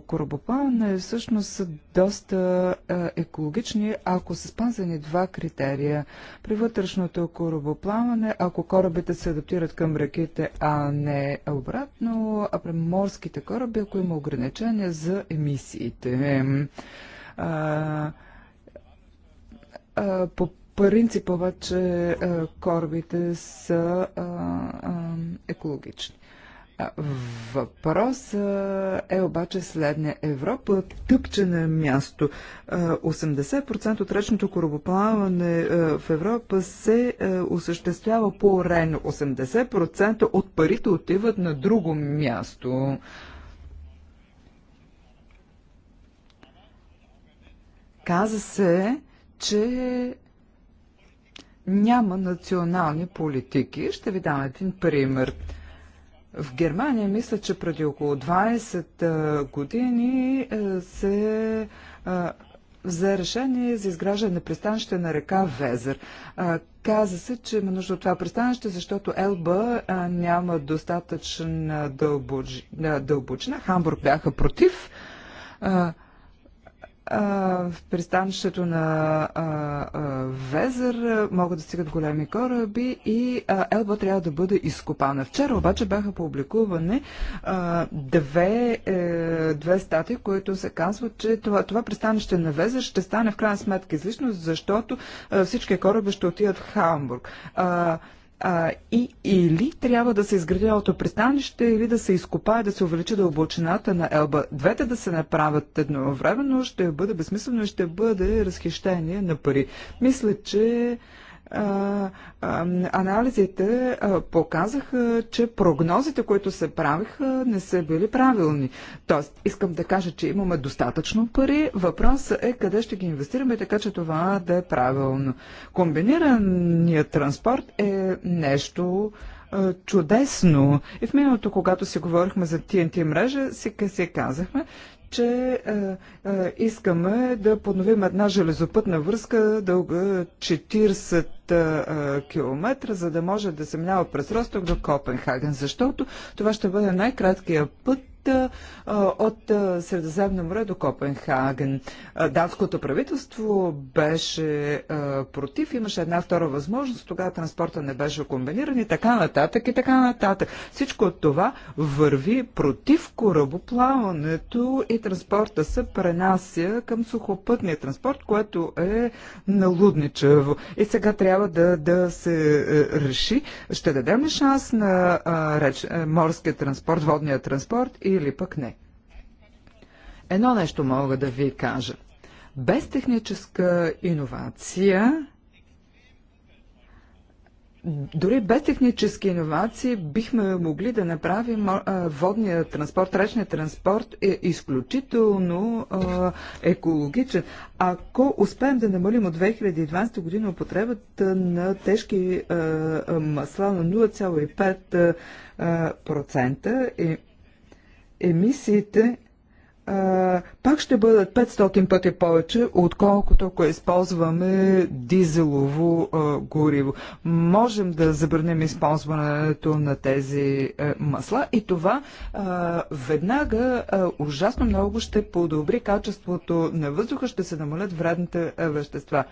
корабоплаване е всъщност са доста екологични, ако са спазени два критерия. При вътрешното корабоплаване, ако корабите се адаптират към реките, а не обратно, а при морските кораби, ако има ограничения за емисиите. А, а, по принцип обаче корабите са а, екологични. Въпросът е обаче следния. Европа тъпче на място. 80% от речното корабоплаване в Европа се осъществява по Рен. 80% от парите отиват на друго място. Каза се, че няма национални политики. Ще ви дам един пример. В Германия, мисля, че преди около 20 години се взе решение за изграждане на пристанище на река Везер. каза се, че има нужда от това пристанище, защото Елба няма достатъчна дълбочина. Хамбург бяха против в пристанището на Везер могат да стигат големи кораби и Елба трябва да бъде изкопана. Вчера обаче бяха публикувани две, е, две статии, които се казват, че това, това пристанище на Везер ще стане в крайна сметка излишно, защото всички кораби ще отидат в Хамбург а, и или трябва да се изгради пристанище, или да се изкопае, да се увеличи дълбочината на Елба. Двете да се направят едновременно ще бъде безсмислено и ще бъде разхищение на пари. Мисля, че анализите показаха, че прогнозите, които се правиха, не са били правилни. Тоест, искам да кажа, че имаме достатъчно пари. Въпросът е къде ще ги инвестираме, така че това да е правилно. Комбинираният транспорт е нещо чудесно. И в миналото, когато си говорихме за TNT мрежа, си, си казахме, че е, е, искаме да подновим една железопътна връзка дълга 40 е, е км, за да може да се минава през Росток до Копенхаген, защото това ще бъде най-краткият път от Средоземно море до Копенхаген. Датското правителство беше против, имаше една втора възможност, тогава транспорта не беше комбиниран и така нататък и така нататък. Всичко от това върви против корабоплаването и транспорта се пренася към сухопътния транспорт, което е налудничево. И сега трябва да, да се е, реши. Ще дадем ли шанс на а, реч, е, морския транспорт, водния транспорт и или пък не. Едно нещо мога да ви кажа. Без техническа иновация дори без технически иновации бихме могли да направим водния транспорт, речния транспорт е изключително екологичен. Ако успеем да намалим от 2012 година употребата на тежки масла на 0,5% емисиите а, пак ще бъдат 500 пъти повече, отколкото ако използваме дизелово а, гориво. Можем да забраним използването на тези а, масла и това а, веднага а, ужасно много ще подобри качеството на въздуха, ще се намалят вредните а, вещества.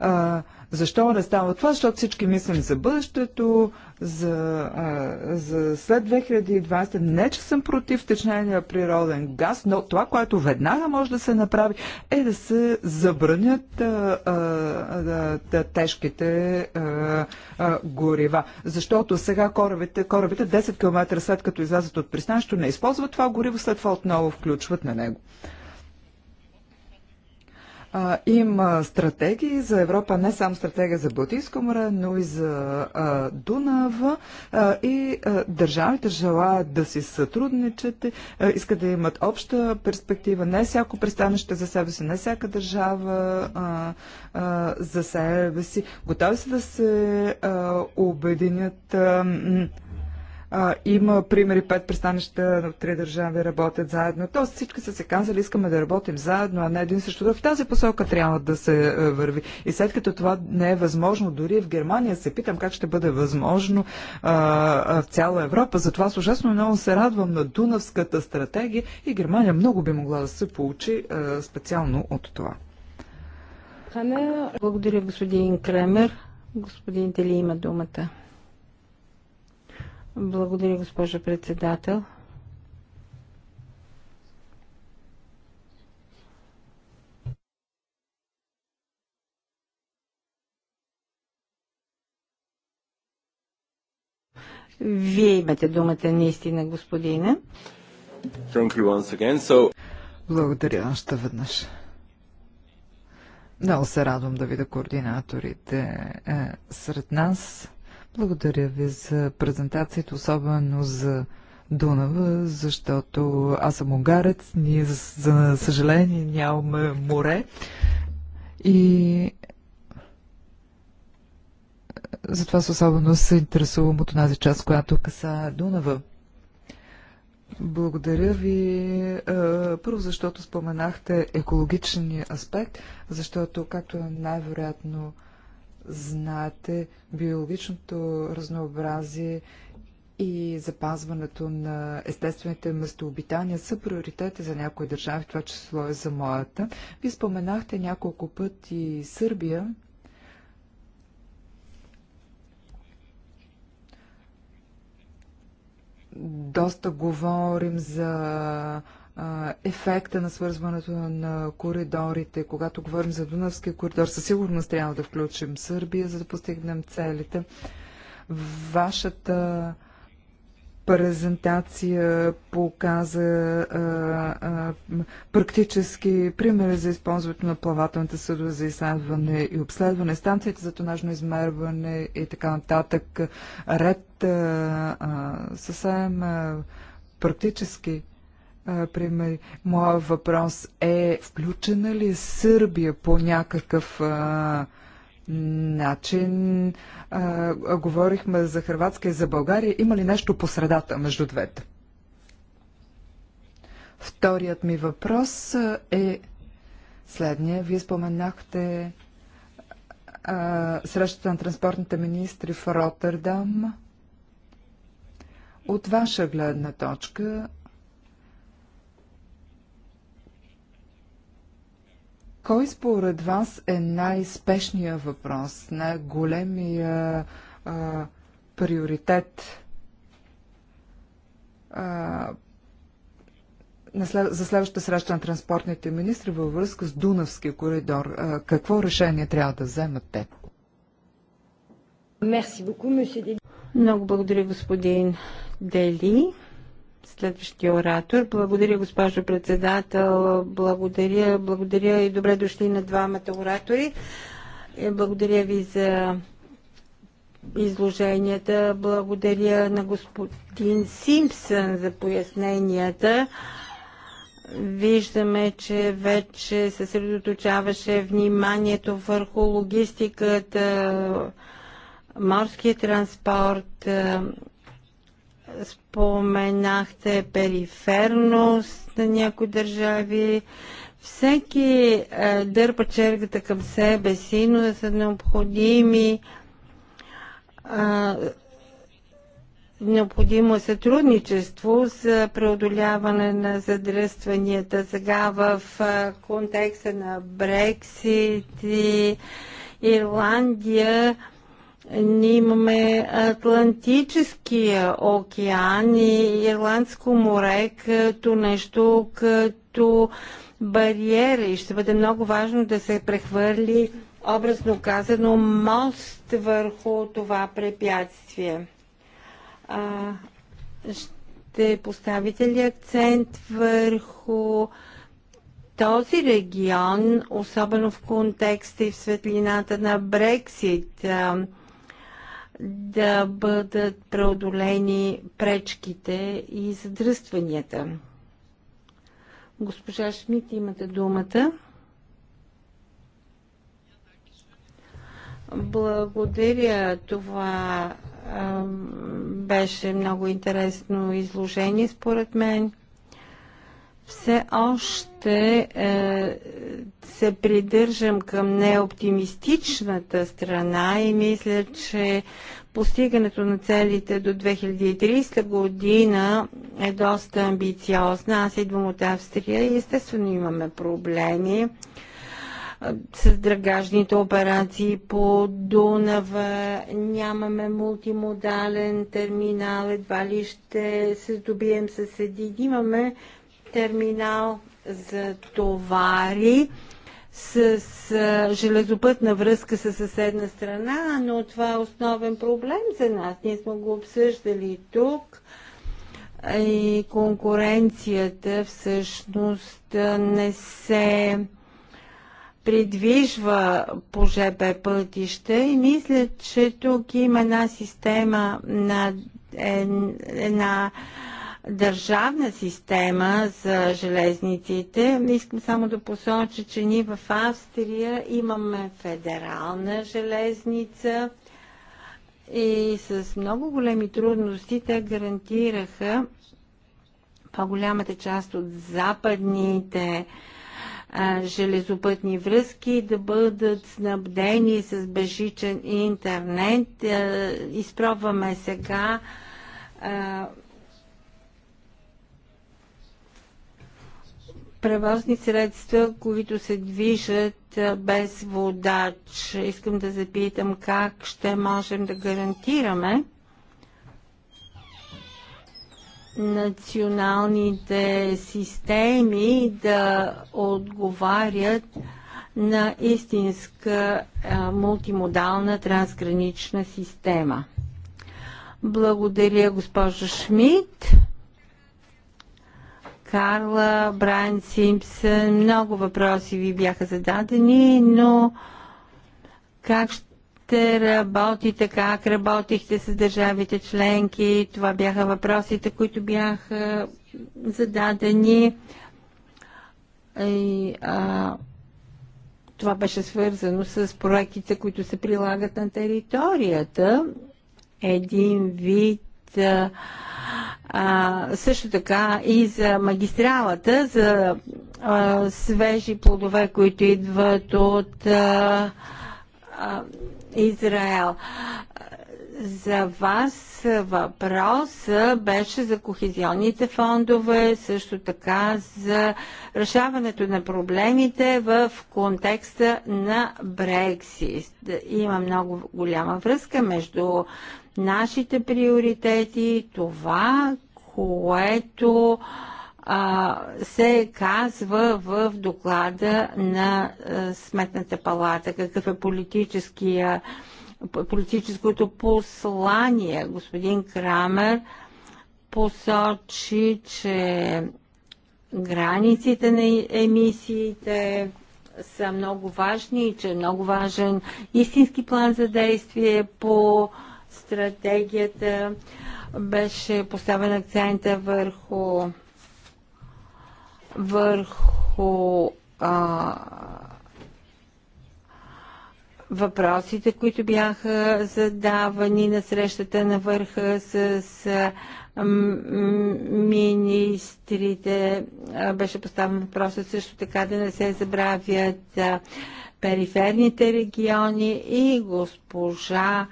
А, защо не става това? Защото всички мислим за бъдещето, за, а, за след 2020. Не, че съм против течнения природен газ, но това, което веднага може да се направи, е да се забранят а, а, а, да, тежките а, а, горива. Защото сега корабите, корабите 10 км след като излязат от пристанището не използват това гориво, след това отново включват на него. А, има стратегии за Европа, не само стратегия за Балтийско море, но и за а, Дунава. А, и а, държавите желаят да си сътрудничат, а, искат да имат обща перспектива. Не всяко пристанище за себе си, не всяка държава а, а, за себе си. Готови са да се а, обединят. А, а, има примери, пет пристанища на три държави работят заедно. Тоест всички са се казали, искаме да работим заедно, а не един също друг. В тази посока трябва да се е, върви. И след като това не е възможно, дори в Германия се питам как ще бъде възможно а, в цяла Европа. Затова с ужасно много се радвам на Дунавската стратегия и Германия много би могла да се получи а, специално от това. Благодаря, господин Кремер. Господин Тели има думата. Благодаря, госпожо председател. Вие имате думата наистина, господине. Благодаря още веднъж. Много се радвам да видя координаторите е, сред нас. Благодаря ви за презентацията, особено за Дунава, защото аз съм унгарец, ние за съжаление нямаме море и затова се особено се интересувам от тази част, която каса Дунава. Благодаря ви. Първо, защото споменахте екологичния аспект, защото, както е най-вероятно знаете, биологичното разнообразие и запазването на естествените местообитания са приоритети за някои държави, в това число е за моята. Ви споменахте няколко пъти Сърбия. Доста говорим за ефекта на свързването на коридорите. Когато говорим за Дунавския коридор, със сигурност трябва да включим Сърбия, за да постигнем целите. Вашата презентация показа а, а, практически примери за използването на плавателните съдове за изследване и обследване, станциите за тонажно измерване и така нататък. Ред а, а, съвсем а, практически пример, моят въпрос е включена ли е Сърбия по някакъв а, начин? А, говорихме за Хрватска и за България. Има ли нещо по средата между двете? Вторият ми въпрос е следния. Вие споменахте а, срещата на транспортните министри в Роттердам. От ваша гледна точка, Кой според вас е най-спешният въпрос, най-големия приоритет а, след... за следващата среща на транспортните министри във връзка с Дунавския коридор? А, какво решение трябва да вземат те? Много благодаря, господин Дели. Следващия оратор. Благодаря, госпожо председател. Благодаря, благодаря и добре дошли на двамата оратори. Е, благодаря ви за изложенията. Благодаря на господин Симпсън за поясненията. Виждаме, че вече съсредоточаваше вниманието върху логистиката, морския транспорт, споменахте периферност на някои държави. Всеки е, дърпа чергата към себе си, но да са необходими е, необходимо сътрудничество за преодоляване на задръстванията сега в е, контекста на Брексит и Ирландия ние имаме Атлантическия океан и Ирландско море като нещо като бариера и ще бъде много важно да се прехвърли образно казано мост върху това препятствие. А, ще поставите ли акцент върху този регион, особено в контекста и в светлината на Брексит? А, да бъдат преодолени пречките и задръстванията. Госпожа Шмидт, имате думата. Благодаря. Това беше много интересно изложение, според мен все още е, се придържам към неоптимистичната страна и мисля, че постигането на целите до 2030 година е доста амбициозна. Аз идвам от Австрия и естествено имаме проблеми е, с драгажните операции по Дунава, нямаме мултимодален терминал, едва ли ще се здобием с един. Имаме терминал за товари с, с железопътна връзка с съседна страна, но това е основен проблем за нас. Ние сме го обсъждали тук и конкуренцията всъщност не се придвижва по ЖП пътища и мисля, че тук има една система на една държавна система за железниците. Искам само да посоча, че ние в Австрия имаме федерална железница и с много големи трудности те гарантираха по-голямата част от западните железопътни връзки да бъдат снабдени с бежичен интернет. изпробваме сега превозни средства, които се движат без водач. Искам да запитам как ще можем да гарантираме националните системи да отговарят на истинска мултимодална трансгранична система. Благодаря, госпожо Шмидт. Карла, Брайан Симпсън. Много въпроси ви бяха зададени, но как ще работите, как работихте с държавите членки? Това бяха въпросите, които бяха зададени. И, а, това беше свързано с проектите, които се прилагат на територията. Един вид а, а, също така и за магистралата, за а, свежи плодове, които идват от а, а, Израел. За вас въпрос беше за кохезионните фондове, също така за решаването на проблемите в контекста на Брексит. Има много голяма връзка между нашите приоритети, това, което а, се казва в доклада на а, Сметната палата, какъв е политическия, политическото послание. Господин Крамер посочи, че границите на емисиите са много важни и че е много важен истински план за действие по а, стратегията беше поставен акцента върху върху а, въпросите, които бяха задавани на срещата на върха с, м- министрите. Беше поставен въпросът също така да не се забравят периферните региони и госпожа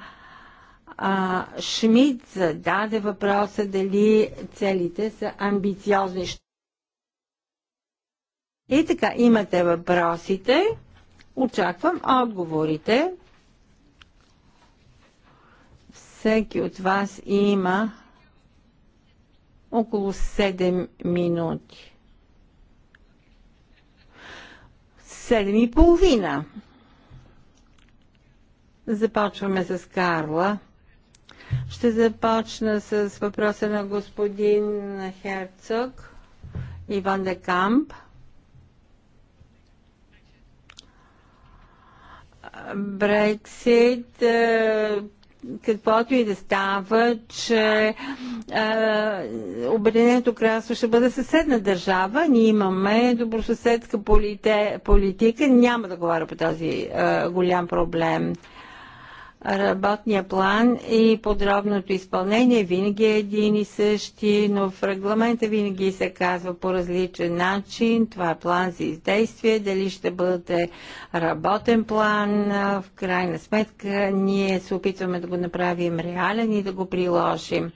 а, Шмидт зададе въпроса дали целите са амбициозни. И така, имате въпросите. Очаквам отговорите. Всеки от вас има около 7 минути. 7 и половина. Започваме с Карла. Ще започна с въпроса на господин Херцог Иван де Камп. Брексит, е, каквото и да става, че е, Обединеното кралство ще бъде съседна държава. Ние имаме добросъседска политика. Няма да говоря по този е, голям проблем работния план и подробното изпълнение винаги е един и същи, но в регламента винаги се казва по различен начин. Това е план за издействие, дали ще бъде работен план. В крайна сметка ние се опитваме да го направим реален и да го приложим.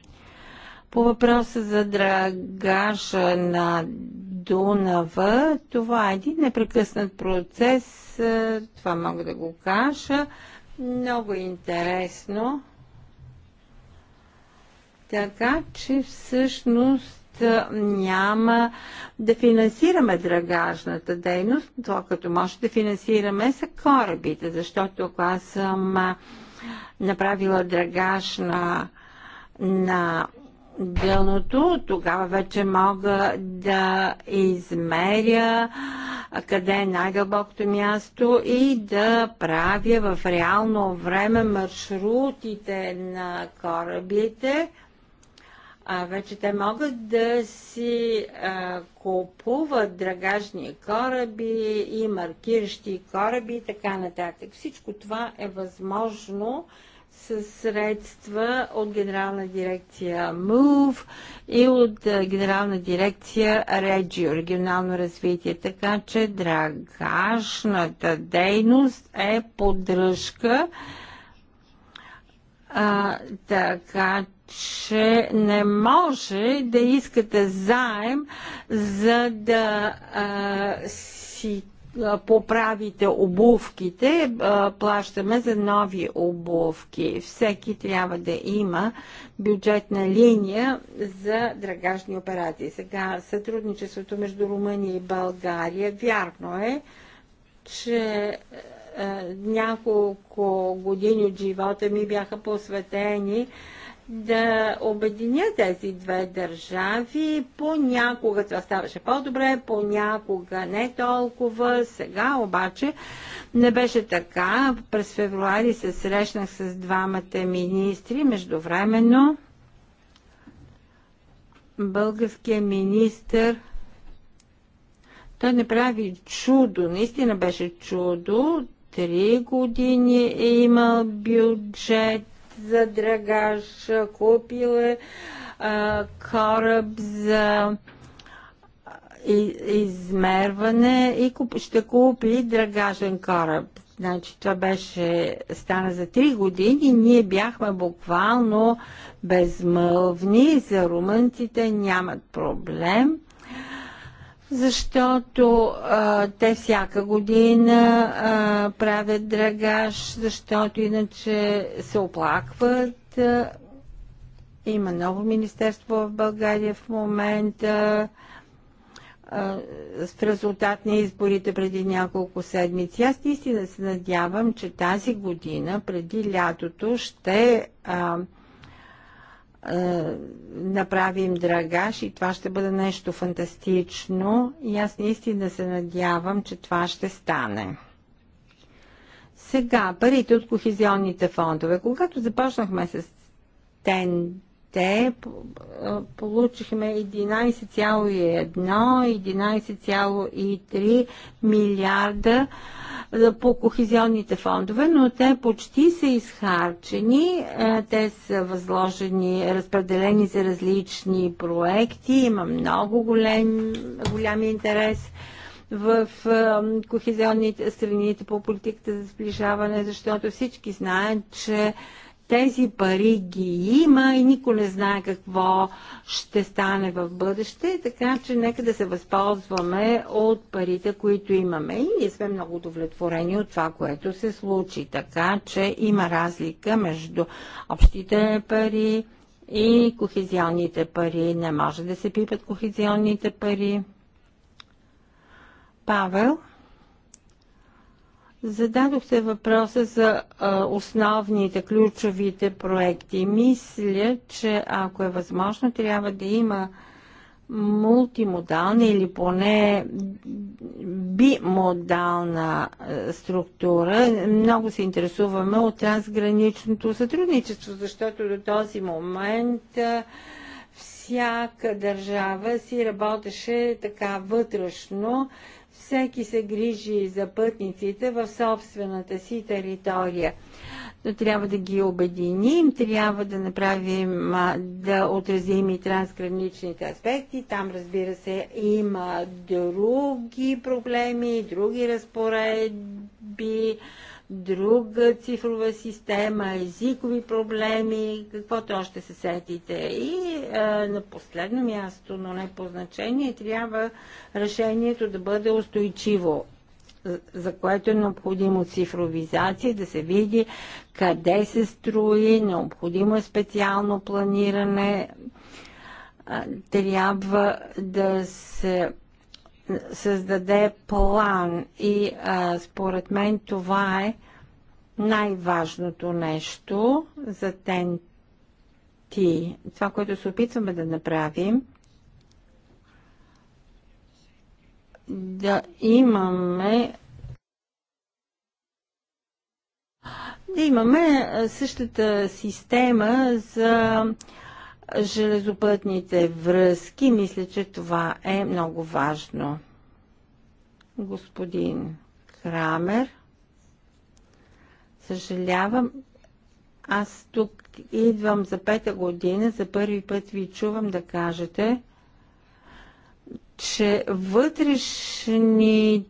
По въпроса за драгажа на Дунава, това е един непрекъснат процес, това мога да го кажа. Много интересно. Така че всъщност няма да финансираме драгажната дейност. Това като може да финансираме са корабите, защото ако аз съм направила драгаж на, на дъното, тогава вече мога да измеря къде е най-дълбокото място и да правя в реално време маршрутите на корабите. А, вече те могат да си а, купуват драгажни кораби и маркиращи кораби и така нататък. Всичко това е възможно със средства от Генерална дирекция МУВ и от Генерална дирекция Реджио, регионално развитие. Така че драгашната дейност е поддръжка, а, така че не може да искате заем, за да а, си поправите обувките, плащаме за нови обувки. Всеки трябва да има бюджетна линия за драгажни операции. Сега сътрудничеството между Румъния и България, вярно е, че няколко години от живота ми бяха посветени да обединя тези две държави. Понякога това ставаше по-добре, понякога не толкова. Сега обаче не беше така. През февруари се срещнах с двамата министри. Междувременно Българският министр той не прави чудо, наистина беше чудо. Три години е имал бюджет за драгаж, купил е кораб за измерване и ще купи драгажен кораб. Значи това беше, стана за 3 години, ние бяхме буквално безмълвни, за румънците нямат проблем защото а, те всяка година а, правят драгаж, защото иначе се оплакват. Има ново министерство в България в момента в резултат на изборите преди няколко седмици. Аз наистина се надявам, че тази година, преди лятото, ще а, е, направим драгаш и това ще бъде нещо фантастично и аз наистина се надявам, че това ще стане. Сега, парите от кохезионните фондове. Когато започнахме с тен те получихме 11,1, 11,3 милиарда по кохезионните фондове, но те почти са изхарчени. Те са възложени, разпределени за различни проекти. Има много голем, голям интерес в кохезионните страните по политиката за сближаване, защото всички знаят, че тези пари ги има и никой не знае какво ще стане в бъдеще, така че нека да се възползваме от парите, които имаме. И ние сме много удовлетворени от това, което се случи. Така че има разлика между общите пари и кохезионните пари. Не може да се пипат кохезионните пари. Павел? Зададохте въпроса за а, основните, ключовите проекти. Мисля, че ако е възможно, трябва да има мултимодална или поне бимодална структура. Много се интересуваме от трансграничното сътрудничество, защото до този момент всяка държава си работеше така вътрешно всеки се грижи за пътниците в собствената си територия. Но трябва да ги обединим, трябва да направим, да отразим и трансграничните аспекти. Там, разбира се, има други проблеми, други разпоредби друга цифрова система, езикови проблеми, каквото още се сетите. И а, е, на последно място, но не по значение, трябва решението да бъде устойчиво за което е необходимо цифровизация, да се види къде се строи, необходимо е специално планиране, е, трябва да се създаде план и а, според мен това е най-важното нещо за ТНТ. Това, което се опитваме да направим, да имаме да имаме същата система за железопътните връзки. Мисля, че това е много важно. Господин Крамер, съжалявам, аз тук идвам за пета година, за първи път ви чувам да кажете, че вътрешните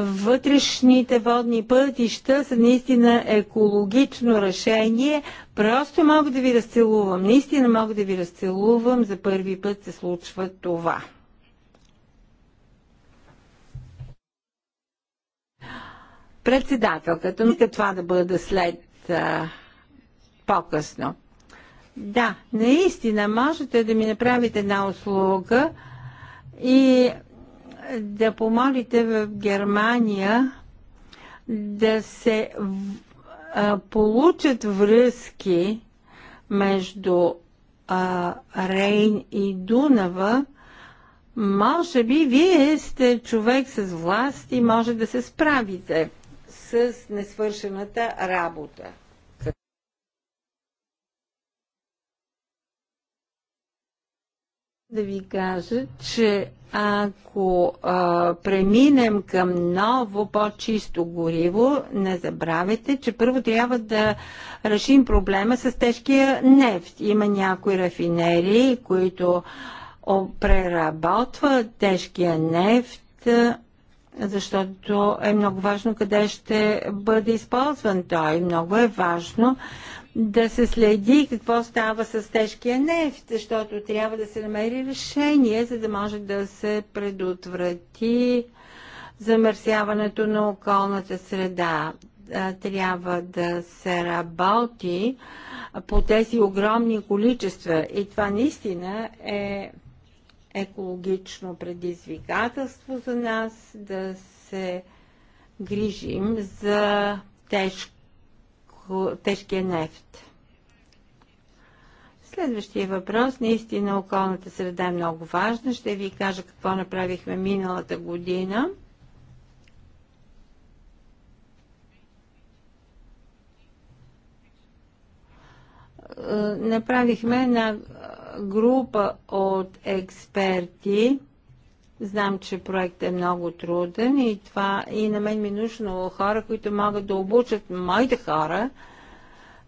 вътрешните водни пътища са наистина екологично решение. Просто мога да ви разцелувам. Наистина мога да ви разцелувам. За първи път се случва това. Председателката, нека това да бъде след по-късно. Да, наистина можете да ми направите една услуга и да помолите в Германия да се а, получат връзки между а, Рейн и Дунава, може би вие сте човек с власт и може да се справите с несвършената работа. Да ви кажа, че ако а, преминем към ново по-чисто гориво, не забравяйте, че първо трябва да решим проблема с тежкия нефт. Има някои рафинерии, които преработват тежкия нефт, защото е много важно къде ще бъде използван той. Много е важно да се следи какво става с тежкия нефт, защото трябва да се намери решение, за да може да се предотврати замърсяването на околната среда. Трябва да се работи по тези огромни количества и това наистина е екологично предизвикателство за нас да се грижим за тежко върху тежкия нефт. Следващия въпрос. Наистина околната среда е много важна. Ще ви кажа какво направихме миналата година. Е, направихме една група от експерти, Знам, че проектът е много труден и, това, и на мен ми е нужно хора, които могат да обучат моите хора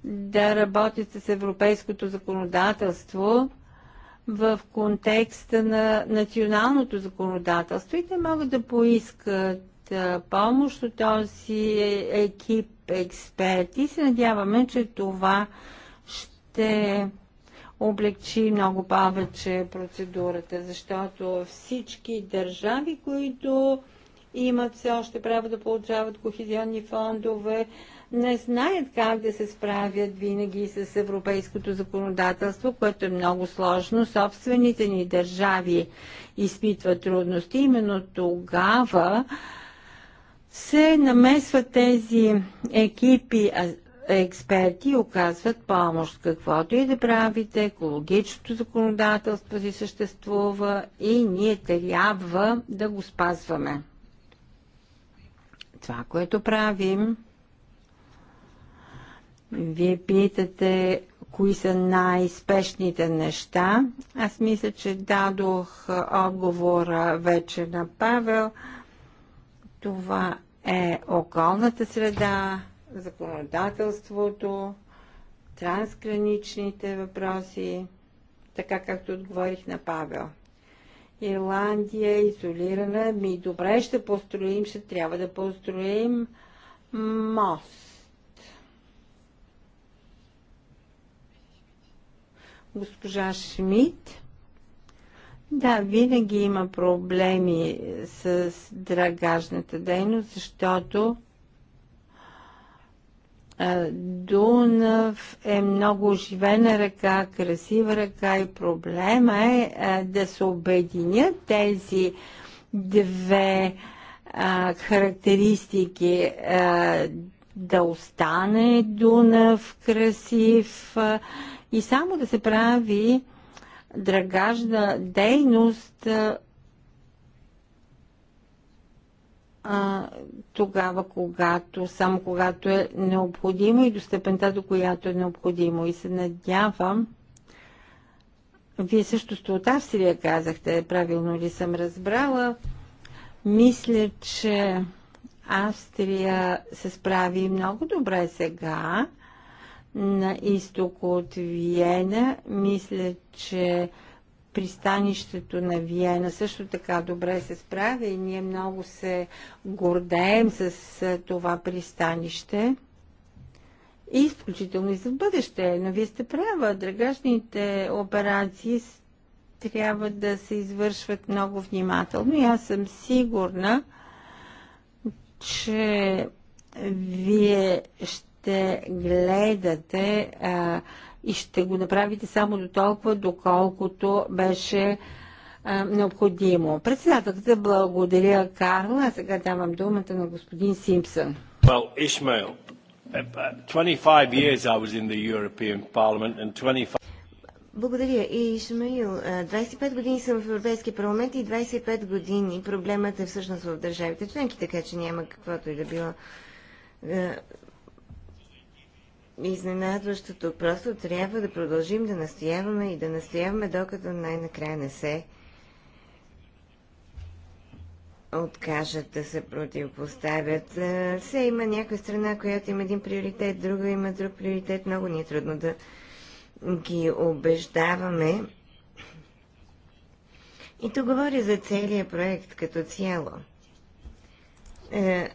да работят с европейското законодателство в контекста на националното законодателство и те могат да поискат помощ от този екип експерти. Се надяваме, че това ще облегчи много повече процедурата, защото всички държави, които имат все още право да получават кохезионни фондове, не знаят как да се справят винаги с европейското законодателство, което е много сложно. Собствените ни държави изпитват трудности. Именно тогава се намесват тези екипи експерти оказват помощ. Каквото и да правите, екологичното законодателство си съществува и ние трябва да го спазваме. Това, което правим, вие питате кои са най-спешните неща. Аз мисля, че дадох отговора вече на Павел. Това е околната среда, законодателството, трансграничните въпроси, така както отговорих на Павел. Ирландия е изолирана. Ми добре, ще построим, ще трябва да построим мост. Госпожа Шмидт. Да, винаги има проблеми с драгажната дейност, защото Дунав е много оживена река, красива река и проблема е да се обединят тези две характеристики. да остане Дунав красив и само да се прави драгажна дейност а, тогава, когато, само когато е необходимо и до степента, до която е необходимо. И се надявам, вие също сте от Австрия, казахте, правилно ли съм разбрала. Мисля, че Австрия се справи много добре сега на изток от Виена. Мисля, че пристанището на Виена също така добре се справя и ние много се гордеем с това пристанище. И изключително и за бъдеще. Но вие сте права, драгашните операции трябва да се извършват много внимателно и аз съм сигурна, че вие ще гледате а, и ще го направите само до толкова, доколкото беше а, необходимо. Председателката благодаря Карла, а сега давам думата на господин Симпсън. Well, Ishmael, 25 uh, years I was in the European Parliament and 25... Благодаря. Е, и Шамаил, 25 години съм в Европейския парламент и 25 години проблемът е всъщност в държавите членки, така че няма каквото и да било е, изненадващото. Просто трябва да продължим да настояваме и да настояваме, докато най-накрая не се откажат да се противопоставят. Е, все има някоя страна, която има един приоритет, друга има друг приоритет. Много ни е трудно да ги убеждаваме. И то говори за целият проект като цяло. Е,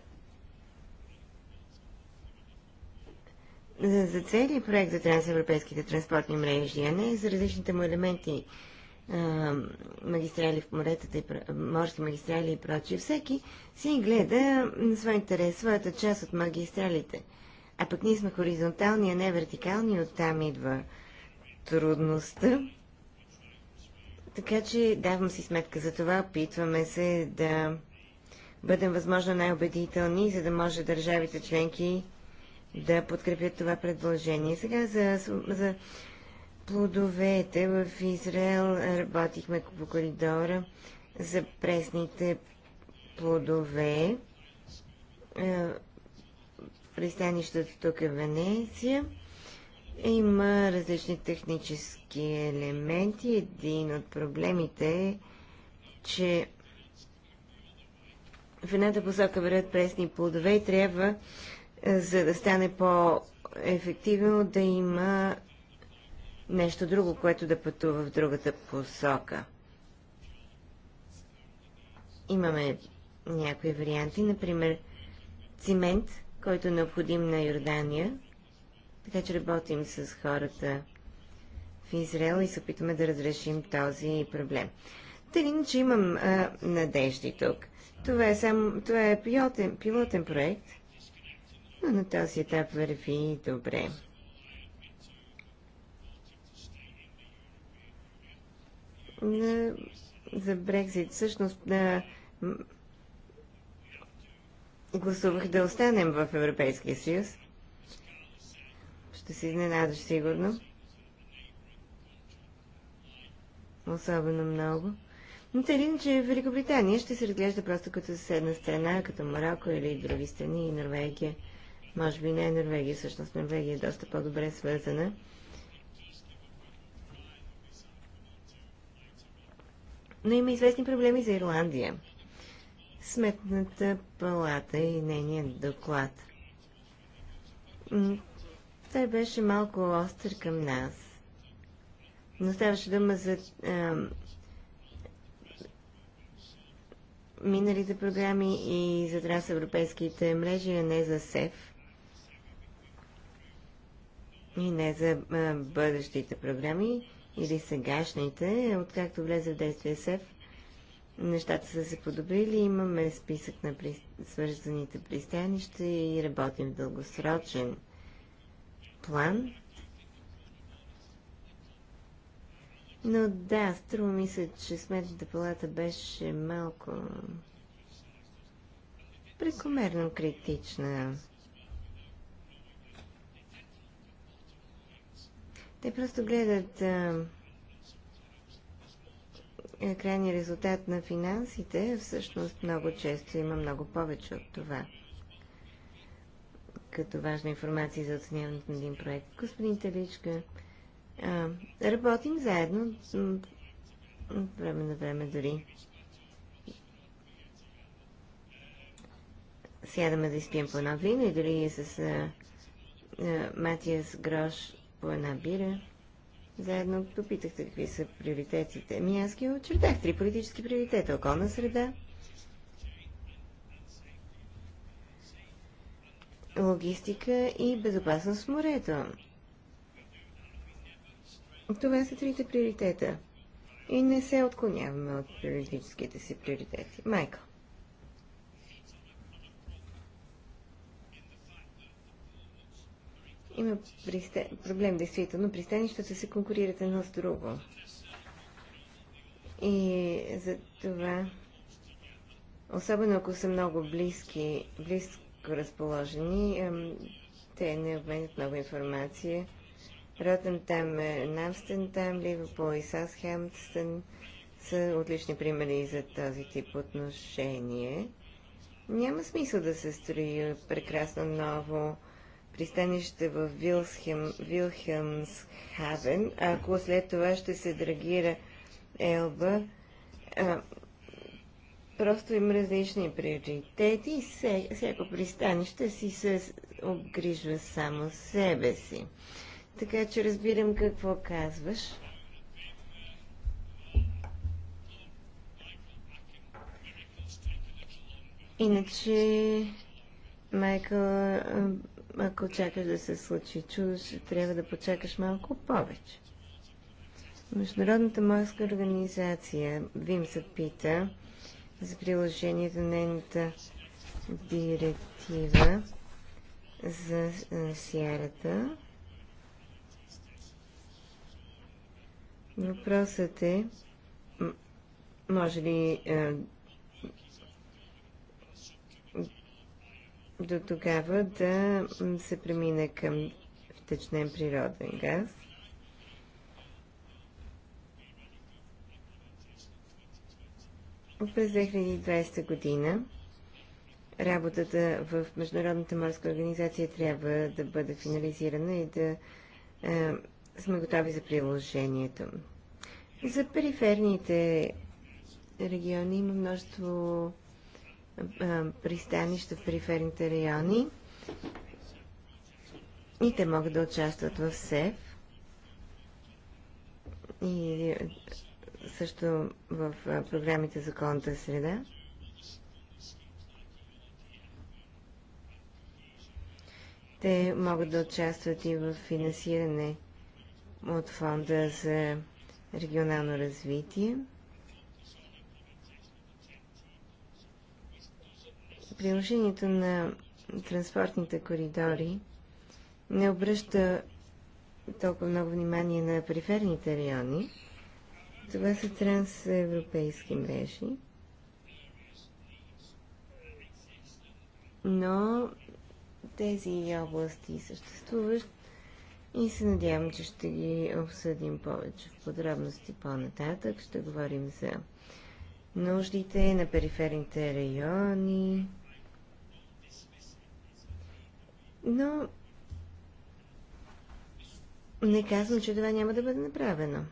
за, за целият проект за трансевропейските транспортни мрежи, а не за различните му елементи, а, магистрали в моретата, и, морски магистрали и прочие, всеки си гледа на свой интерес, своята част от магистралите. А пък ние сме хоризонтални, а не вертикални, оттам идва трудността. Така че давам си сметка за това, опитваме се да бъдем възможно най-убедителни, за да може държавите членки да подкрепят това предложение. Сега за, за плодовете в Израел работихме по коридора за пресните плодове. Е, пристанището тук е Венеция. Има различни технически елементи. Един от проблемите е, че в едната посока вървят пресни плодове и трябва за да стане по-ефективно, да има нещо друго, което да пътува в другата посока. Имаме някои варианти, например цимент, който е необходим на Йордания, така че работим с хората в Израел и се опитваме да разрешим този проблем. Тъй, че имам а, надежди тук. Това е, сам, това е пилотен, пилотен проект – но на този етап върви добре. За Брекзит всъщност да, гласувах да останем в Европейския съюз. Ще се си изненадаш сигурно. Особено много. Но тъй че Великобритания ще се разглежда просто като съседна страна, като Марокко или други страни, и Норвегия. Може би не е Норвегия, всъщност Норвегия е доста по-добре свързана. Но има известни проблеми за Ирландия. Сметната палата и нейният доклад. Той беше малко остър към нас. Но ставаше дума за миналите програми и за трансевропейските мрежи, а не за СЕФ и не за бъдещите програми или сегашните. Откакто влезе в действие СЕФ, нещата са се подобрили. Имаме списък на при... свързаните пристанища и работим в дългосрочен план. Но да, струва ми се, че сметната палата беше малко прекомерно критична Те просто гледат а, е, крайния резултат на финансите. Всъщност много често има много повече от това като важна информация за оценяването на един проект. Господин Таличка, а, работим заедно от време на време дори. Сядаме да изпием по едно вино и дори с а, а, Матиас Грош по една бира. Заедно попитахте какви са приоритетите. Ми аз ги очертах. Три политически приоритета. Околна среда, логистика и безопасност в морето. Това са трите приоритета. И не се отклоняваме от политическите си приоритети. Майкъл. Има проблем, действително. Пристанищата се конкурират едно с друго. И за това, особено ако са много близки, близко разположени, те не обменят много информация. Ротен там е, Навстен там, Ливопол и Сасхемстен са отлични примери за този тип отношение. Няма смисъл да се строи прекрасно ново пристанище в Вилхем, Вилхемсхавен, ако след това ще се драгира Елба, а, просто има различни приоритети и всяко пристанище си се обгрижва само себе си. Така че разбирам какво казваш. Иначе Майкъл ако чакаш да се случи ще трябва да почакаш малко повече. Международната морска организация ВИМ се пита за приложението на нейната директива за е, сиарата. Въпросът е, може ли е, до тогава да се премине към втечнен природен газ. През 2020 година работата в Международната морска организация трябва да бъде финализирана и да е, сме готови за приложението. За периферните региони има множество пристанища в периферните райони и те могат да участват в СЕФ и също в програмите за околната среда. Те могат да участват и в финансиране от фонда за регионално развитие. приложението на транспортните коридори не обръща толкова много внимание на периферните райони. Това са трансевропейски мрежи. Но тези области съществуват и се надявам, че ще ги обсъдим повече в подробности по-нататък. Ще говорим за нуждите на периферните райони, но не казвам, че това няма да бъде направено.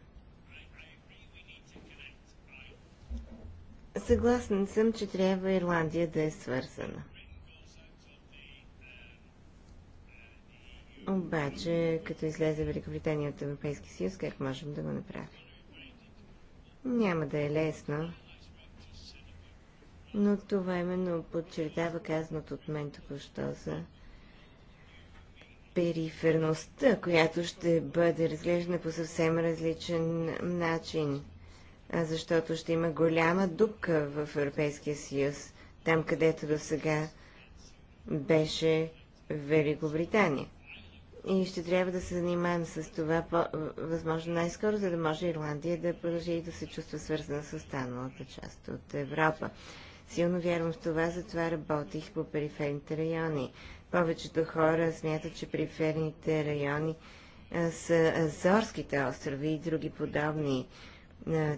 Съгласен съм, че трябва Ирландия да е свързана. Обаче, като излезе Великобритания от Европейски съюз, как можем да го направим? Няма да е лесно, но това именно подчертава казаното от мен току-що за периферността, която ще бъде разглеждана по съвсем различен начин, защото ще има голяма дупка в Европейския съюз, там където до сега беше Великобритания. И ще трябва да се занимаем с това по- възможно най-скоро, за да може Ирландия да продължи и да се чувства свързана с останалата част от Европа. Силно вярвам в това, затова работих по периферните райони. Повечето хора смятат, че периферните райони с са Азорските острови и други подобни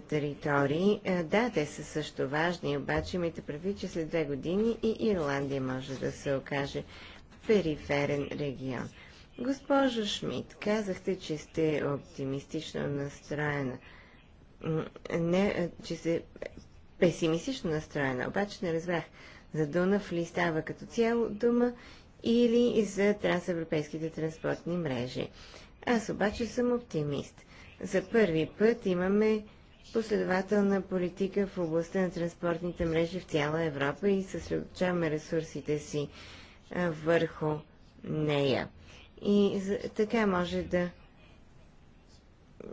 територии. да, те са също важни, обаче имайте прави, че след две години и Ирландия може да се окаже периферен регион. Госпожо Шмидт, казахте, че сте оптимистично настроена. Не, че сте песимистично настроена, обаче не разбрах. За Дунав ли става като цяло дума или за трансевропейските транспортни мрежи. Аз обаче съм оптимист. За първи път имаме последователна политика в областта на транспортните мрежи в цяла Европа и съсредоточаваме ресурсите си върху нея. И за, така може да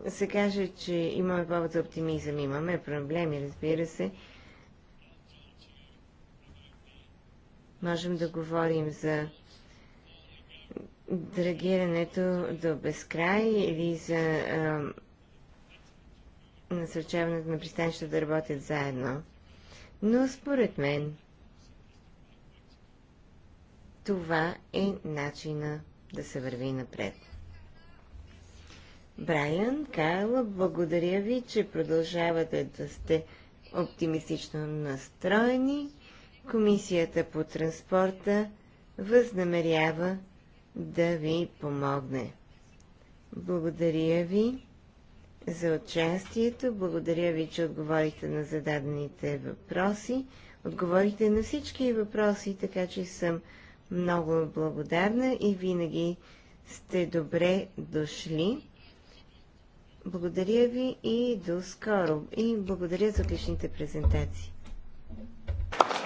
се каже, че имаме повод за оптимизъм. Имаме проблеми, разбира се, можем да говорим за драгирането до безкрай или за а, насърчаването на пристанища да работят заедно. Но според мен това е начина да се върви напред. Брайан, Кайла, благодаря ви, че продължавате да сте оптимистично настроени Комисията по транспорта възнамерява да ви помогне. Благодаря ви за участието, благодаря ви, че отговорихте на зададените въпроси. Отговорихте на всички въпроси, така че съм много благодарна и винаги сте добре дошли. Благодаря ви и до скоро. И благодаря за отличните презентации.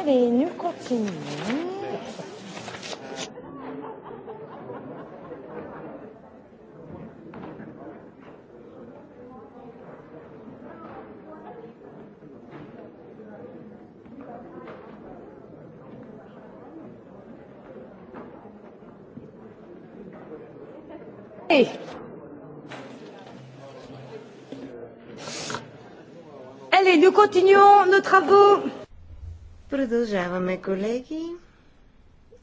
Allez, nous continuons. Hey. Nous continuons nos travaux. Продължаваме, колеги.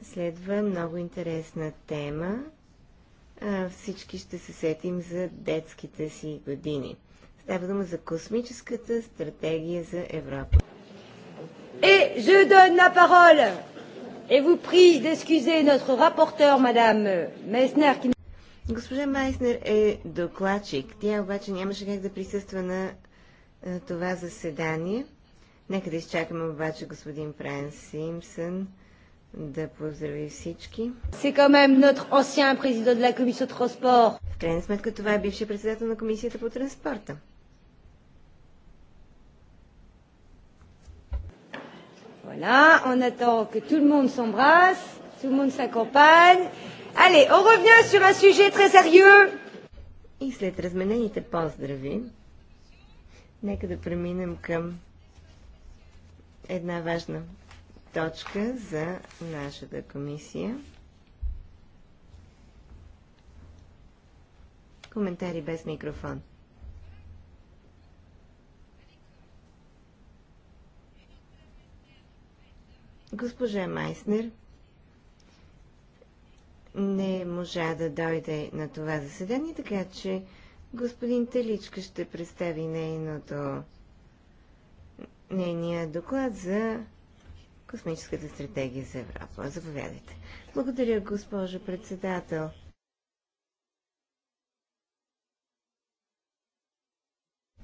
Следва много интересна тема. Всички ще се сетим за детските си години. Става дума за космическата стратегия за Европа. Е je donne la parole et vous prie d'excuser notre rapporteur, madame Meissner. Госпожа Майснер е докладчик. Тя обаче нямаше как да присъства на е, това заседание. Нека да изчакаме обаче господин Прайан Симпсън да поздрави всички. В крайна сметка това е бившия председател на комисията по транспорта. Voilà, on attend que tout le monde s'embrasse, tout le monde s'accompagne. Allez, on revient sur un sujet très sérieux. И след разменените поздрави, Нека да преминем към една важна точка за нашата комисия. Коментари без микрофон. Госпожа Майснер не можа да дойде на това заседание, така че Господин Теличка ще представи нейното, нейния доклад за космическата стратегия за Европа. Заповядайте. Благодаря, госпожо председател.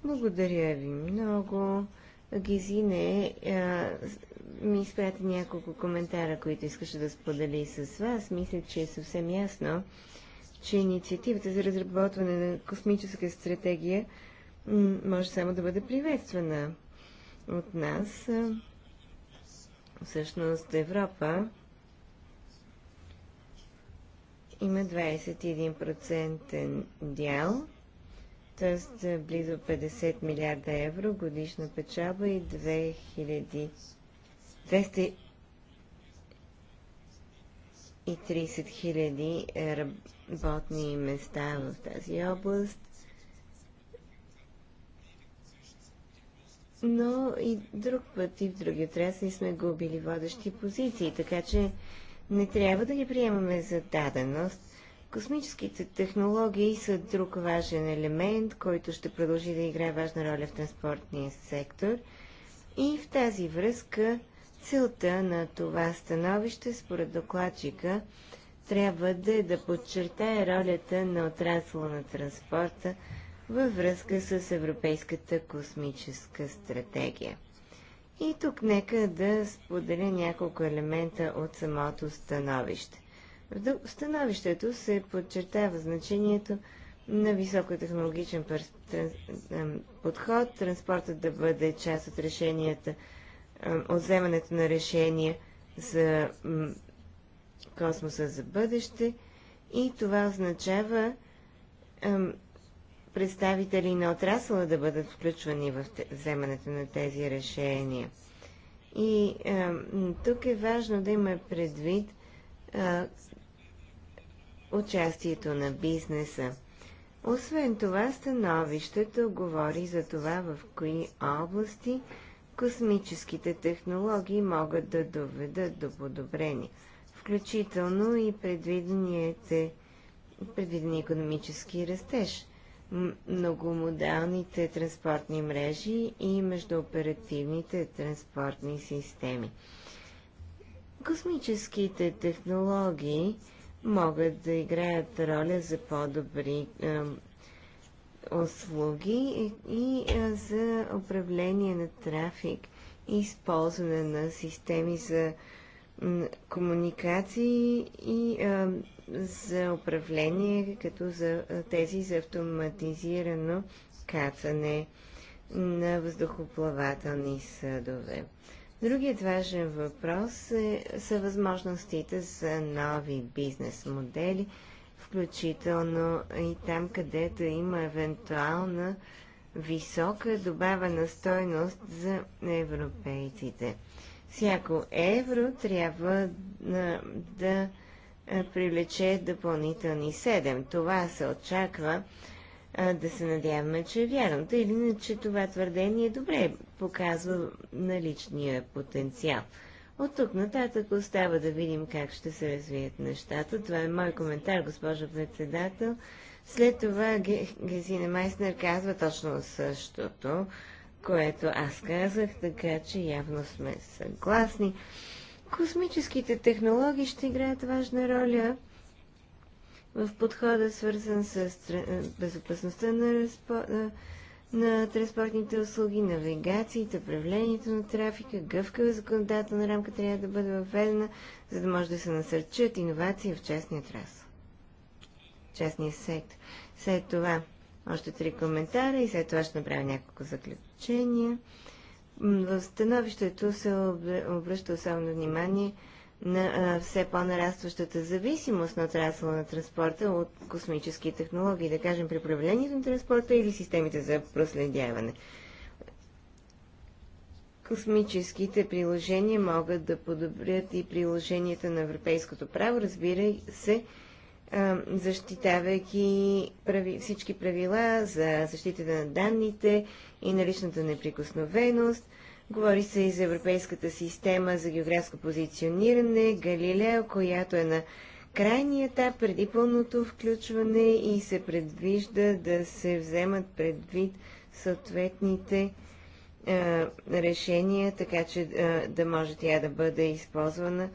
Благодаря ви много. Гизине ми изпрати няколко коментара, които искаше да сподели с вас. Мисля, че е съвсем ясно, че инициативата за разработване на космическа стратегия може само да бъде приветствана от нас. Всъщност Европа има 21% дял, т.е. близо 50 милиарда евро годишна печалба и 2000, 230 хиляди работни места в тази област. Но и друг път и в други отрасли сме губили водещи позиции, така че не трябва да ги приемаме за даденост. Космическите технологии са друг важен елемент, който ще продължи да играе важна роля в транспортния сектор. И в тази връзка целта на това становище, според докладчика, трябва да е да подчертае ролята на отрасъла на транспорта във връзка с Европейската космическа стратегия. И тук нека да споделя няколко елемента от самото становище. В становището се подчертава значението на високотехнологичен подход, транспортът да бъде част от решенията, от вземането на решения за космоса за бъдеще и това означава ем, представители на отрасъла да бъдат включвани в вземането на тези решения. И ем, тук е важно да има предвид е, участието на бизнеса. Освен това, становището говори за това в кои области космическите технологии могат да доведат до подобрение включително и предвидени економически растеж, многомодалните транспортни мрежи и междуоперативните транспортни системи. Космическите технологии могат да играят роля за по-добри е, услуги и, е, за управление на трафик и използване на системи за комуникации и а, за управление, като за тези за автоматизирано кацане на въздухоплавателни съдове. Другият важен въпрос е, са възможностите за нови бизнес модели, включително и там, където има евентуална висока добавена стойност за европейците. Всяко евро трябва да, да привлече допълнителни 7. Това се очаква да се надяваме, че е вярно. Та или иначе това твърдение добре показва наличния потенциал. От тук нататък остава да видим как ще се развият нещата. Това е мой коментар, госпожа председател. След това Гезина Майснер казва точно същото което аз казах, така че явно сме съгласни. Космическите технологии ще играят важна роля в подхода, свързан с е, безопасността на, разпо... Е, на транспортните услуги, навигацията, управлението на трафика, гъвкава законодателна рамка трябва да бъде въведена, за да може да се насърчат иновации в частния трас. Частния сектор. След това още три коментара и след това ще направя няколко заключения изключения. В становището се обръща особено внимание на все по-нарастващата зависимост на отрасъла на транспорта от космически технологии, да кажем при управлението на транспорта или системите за проследяване. Космическите приложения могат да подобрят и приложенията на европейското право, разбира се, защитавайки прави, всички правила за защита на данните и на личната неприкосновеност. Говори се и за Европейската система за географско позициониране, Галилео, която е на крайния етап преди пълното включване и се предвижда да се вземат предвид съответните а, решения, така че а, да може тя да бъде използвана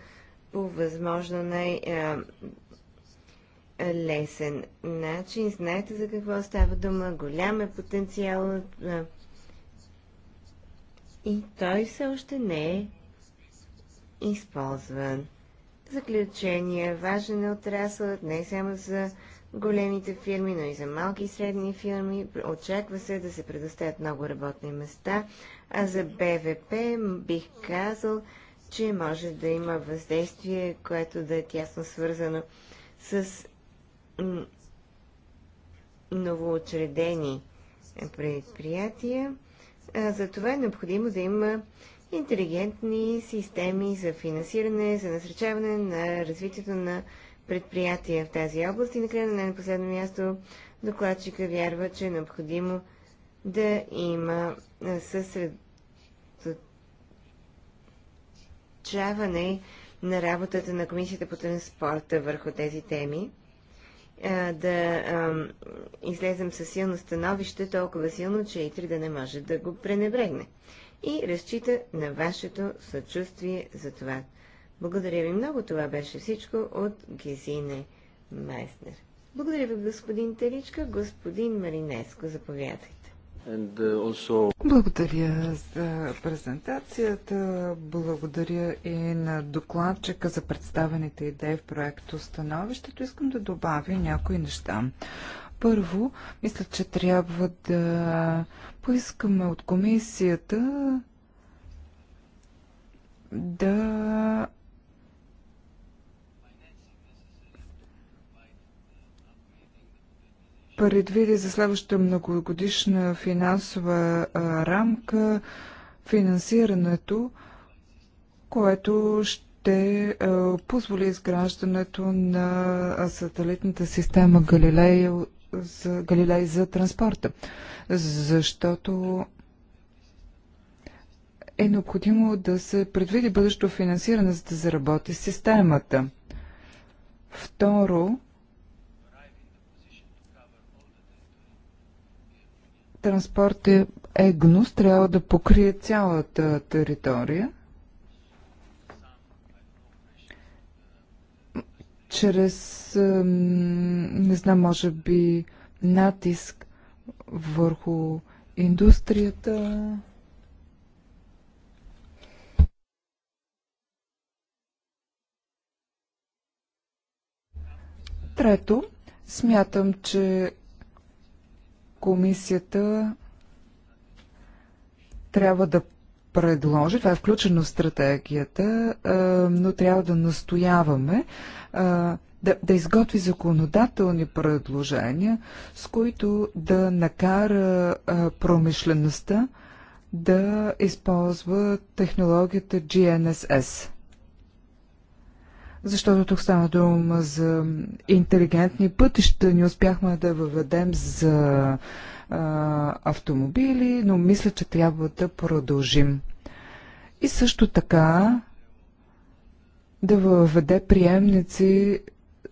по възможно най- а, лесен начин. Знаете за какво става дума. Голям е потенциал. И той все още не е използван. Заключение. Важен е отрасъл, не само за големите фирми, но и за малки и средни фирми. Очаква се да се предоставят много работни места, а за БВП бих казал, че може да има въздействие, което да е тясно свързано с новоочредени предприятия. това е необходимо да има интелигентни системи за финансиране, за насречаване на развитието на предприятия в тази област. И накрая на последно място докладчика вярва, че е необходимо да има съсредоточаване на работата на Комисията по транспорта върху тези теми да излезем със силно становище, толкова силно, че и три да не може да го пренебрегне. И разчита на вашето съчувствие за това. Благодаря ви много. Това беше всичко от Гезине Майснер. Благодаря ви, господин Теричка, Господин Маринеско, заповядайте. Uh, Благодаря за презентацията. Благодаря и на докладчика за представените идеи в проекто становището. Искам да добавя някои неща. Първо, мисля, че трябва да поискаме от комисията да предвиди за следващата многогодишна финансова рамка финансирането, което ще позволи изграждането на сателитната система Галилей за, Галилей за транспорта. Защото е необходимо да се предвиди бъдещо финансиране, за да заработи системата. Второ, транспорт е ЕГНОС трябва да покрие цялата територия. Чрез, не знам, може би натиск върху индустрията. Трето, смятам, че комисията трябва да предложи, това е включено в стратегията, но трябва да настояваме да, да изготви законодателни предложения, с които да накара промишлеността да използва технологията GNSS защото тук стана дума за интелигентни пътища. Ни успяхме да въведем за а, автомобили, но мисля, че трябва да продължим. И също така да въведе приемници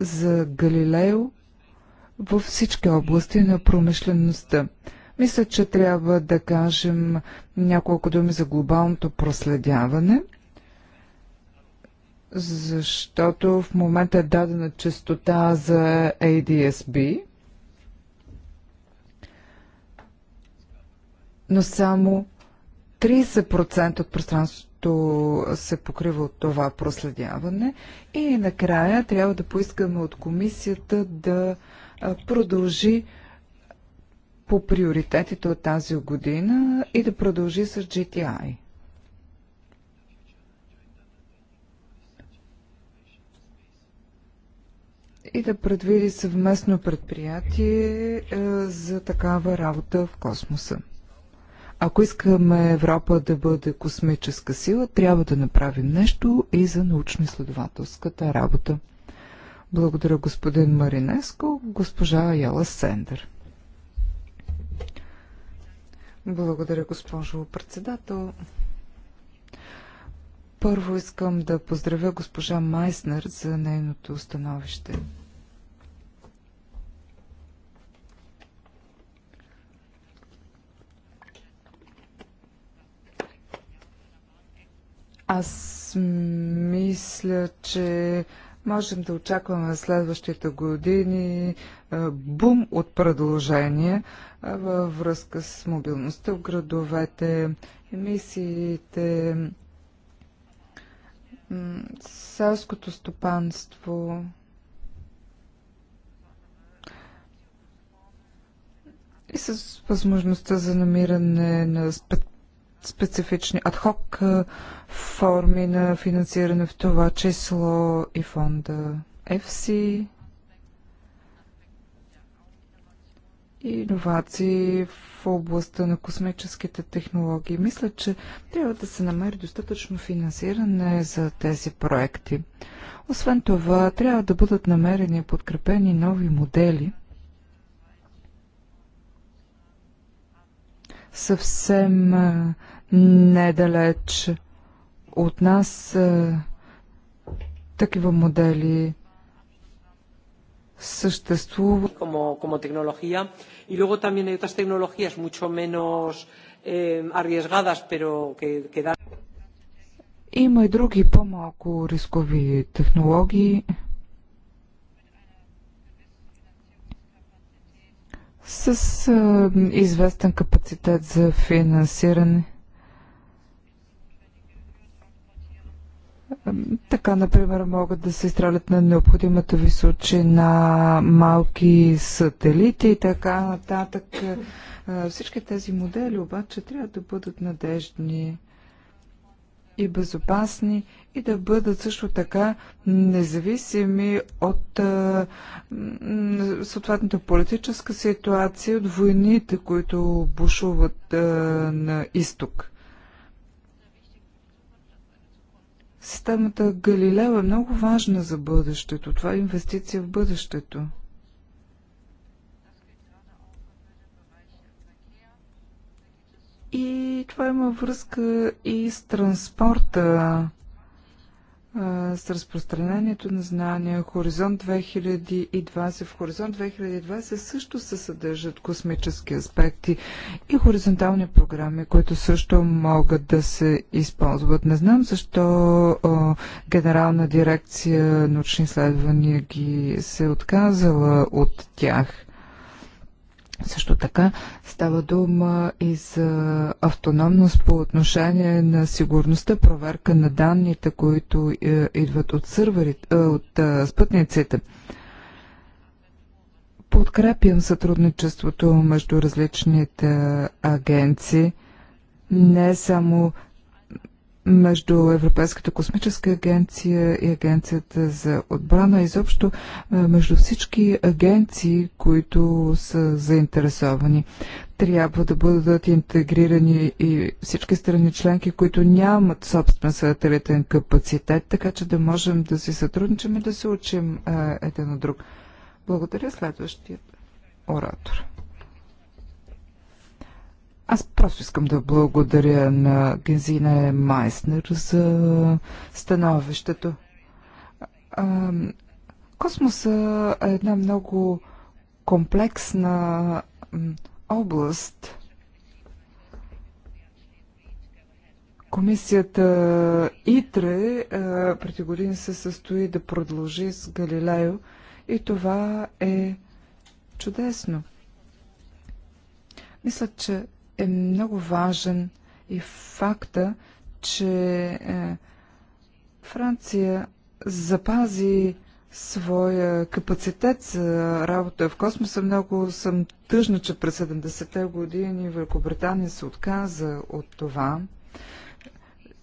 за Галилео във всички области на промишлеността. Мисля, че трябва да кажем няколко думи за глобалното проследяване – защото в момента е дадена частота за ADSB, но само 30% от пространството се покрива от това проследяване и накрая трябва да поискаме от комисията да продължи по приоритетите от тази година и да продължи с GTI. и да предвиди съвместно предприятие е, за такава работа в космоса. Ако искаме Европа да бъде космическа сила, трябва да направим нещо и за научно-изследователската работа. Благодаря господин Маринеско, госпожа Яла Сендер. Благодаря, госпожо председател. Първо искам да поздравя госпожа Майснер за нейното установище. Аз мисля, че можем да очакваме в следващите години бум от предложения във връзка с мобилността в градовете, емисиите, селското стопанство. И с възможността за намиране на специфични адхок форми на финансиране, в това число и фонда и иновации в областта на космическите технологии. Мисля, че трябва да се намери достатъчно финансиране за тези проекти. Освен това, трябва да бъдат намерени и подкрепени нови модели – съвсем недалеч от нас такива модели съществува. Como, como tecnología. Y luego también hay otras tecnologías mucho menos eh, arriesgadas, pero que, que dan... Има и други по-малко рискови технологии. с а, известен капацитет за финансиране. Така, например, могат да се изстрелят на необходимата височина малки сателити и така нататък. Всички тези модели обаче трябва да бъдат надежни и безопасни и да бъдат също така независими от съответната политическа ситуация, от войните, които бушуват на изток. Системата Галилео е много важна за бъдещето. Това е инвестиция в бъдещето. И това има връзка и с транспорта, с разпространението на знания. Хоризонт 2020. В Хоризонт 2020 също се съдържат космически аспекти и хоризонтални програми, които също могат да се използват. Не знам защо о, Генерална дирекция научни изследвания ги се отказала от тях. Също така става дума и за автономност по отношение на сигурността, проверка на данните, които е, идват от, е, от е, спътниците. Подкрепям сътрудничеството между различните агенции, не само между Европейската космическа агенция и Агенцията за отбрана, изобщо е, между всички агенции, които са заинтересовани. Трябва да бъдат интегрирани и всички страни членки, които нямат собствен сателитен капацитет, така че да можем да си сътрудничим и да се учим е, един на друг. Благодаря следващия оратор. Аз просто искам да благодаря на Гензина Майснер за становището. А, космоса е една много комплексна област. Комисията ИТРЕ преди години се състои да продължи с Галилео и това е чудесно. Мисля, че е много важен и факта, че е, Франция запази своя капацитет за работа в космоса. Много съм тъжна, че през 70-те години Великобритания се отказа от това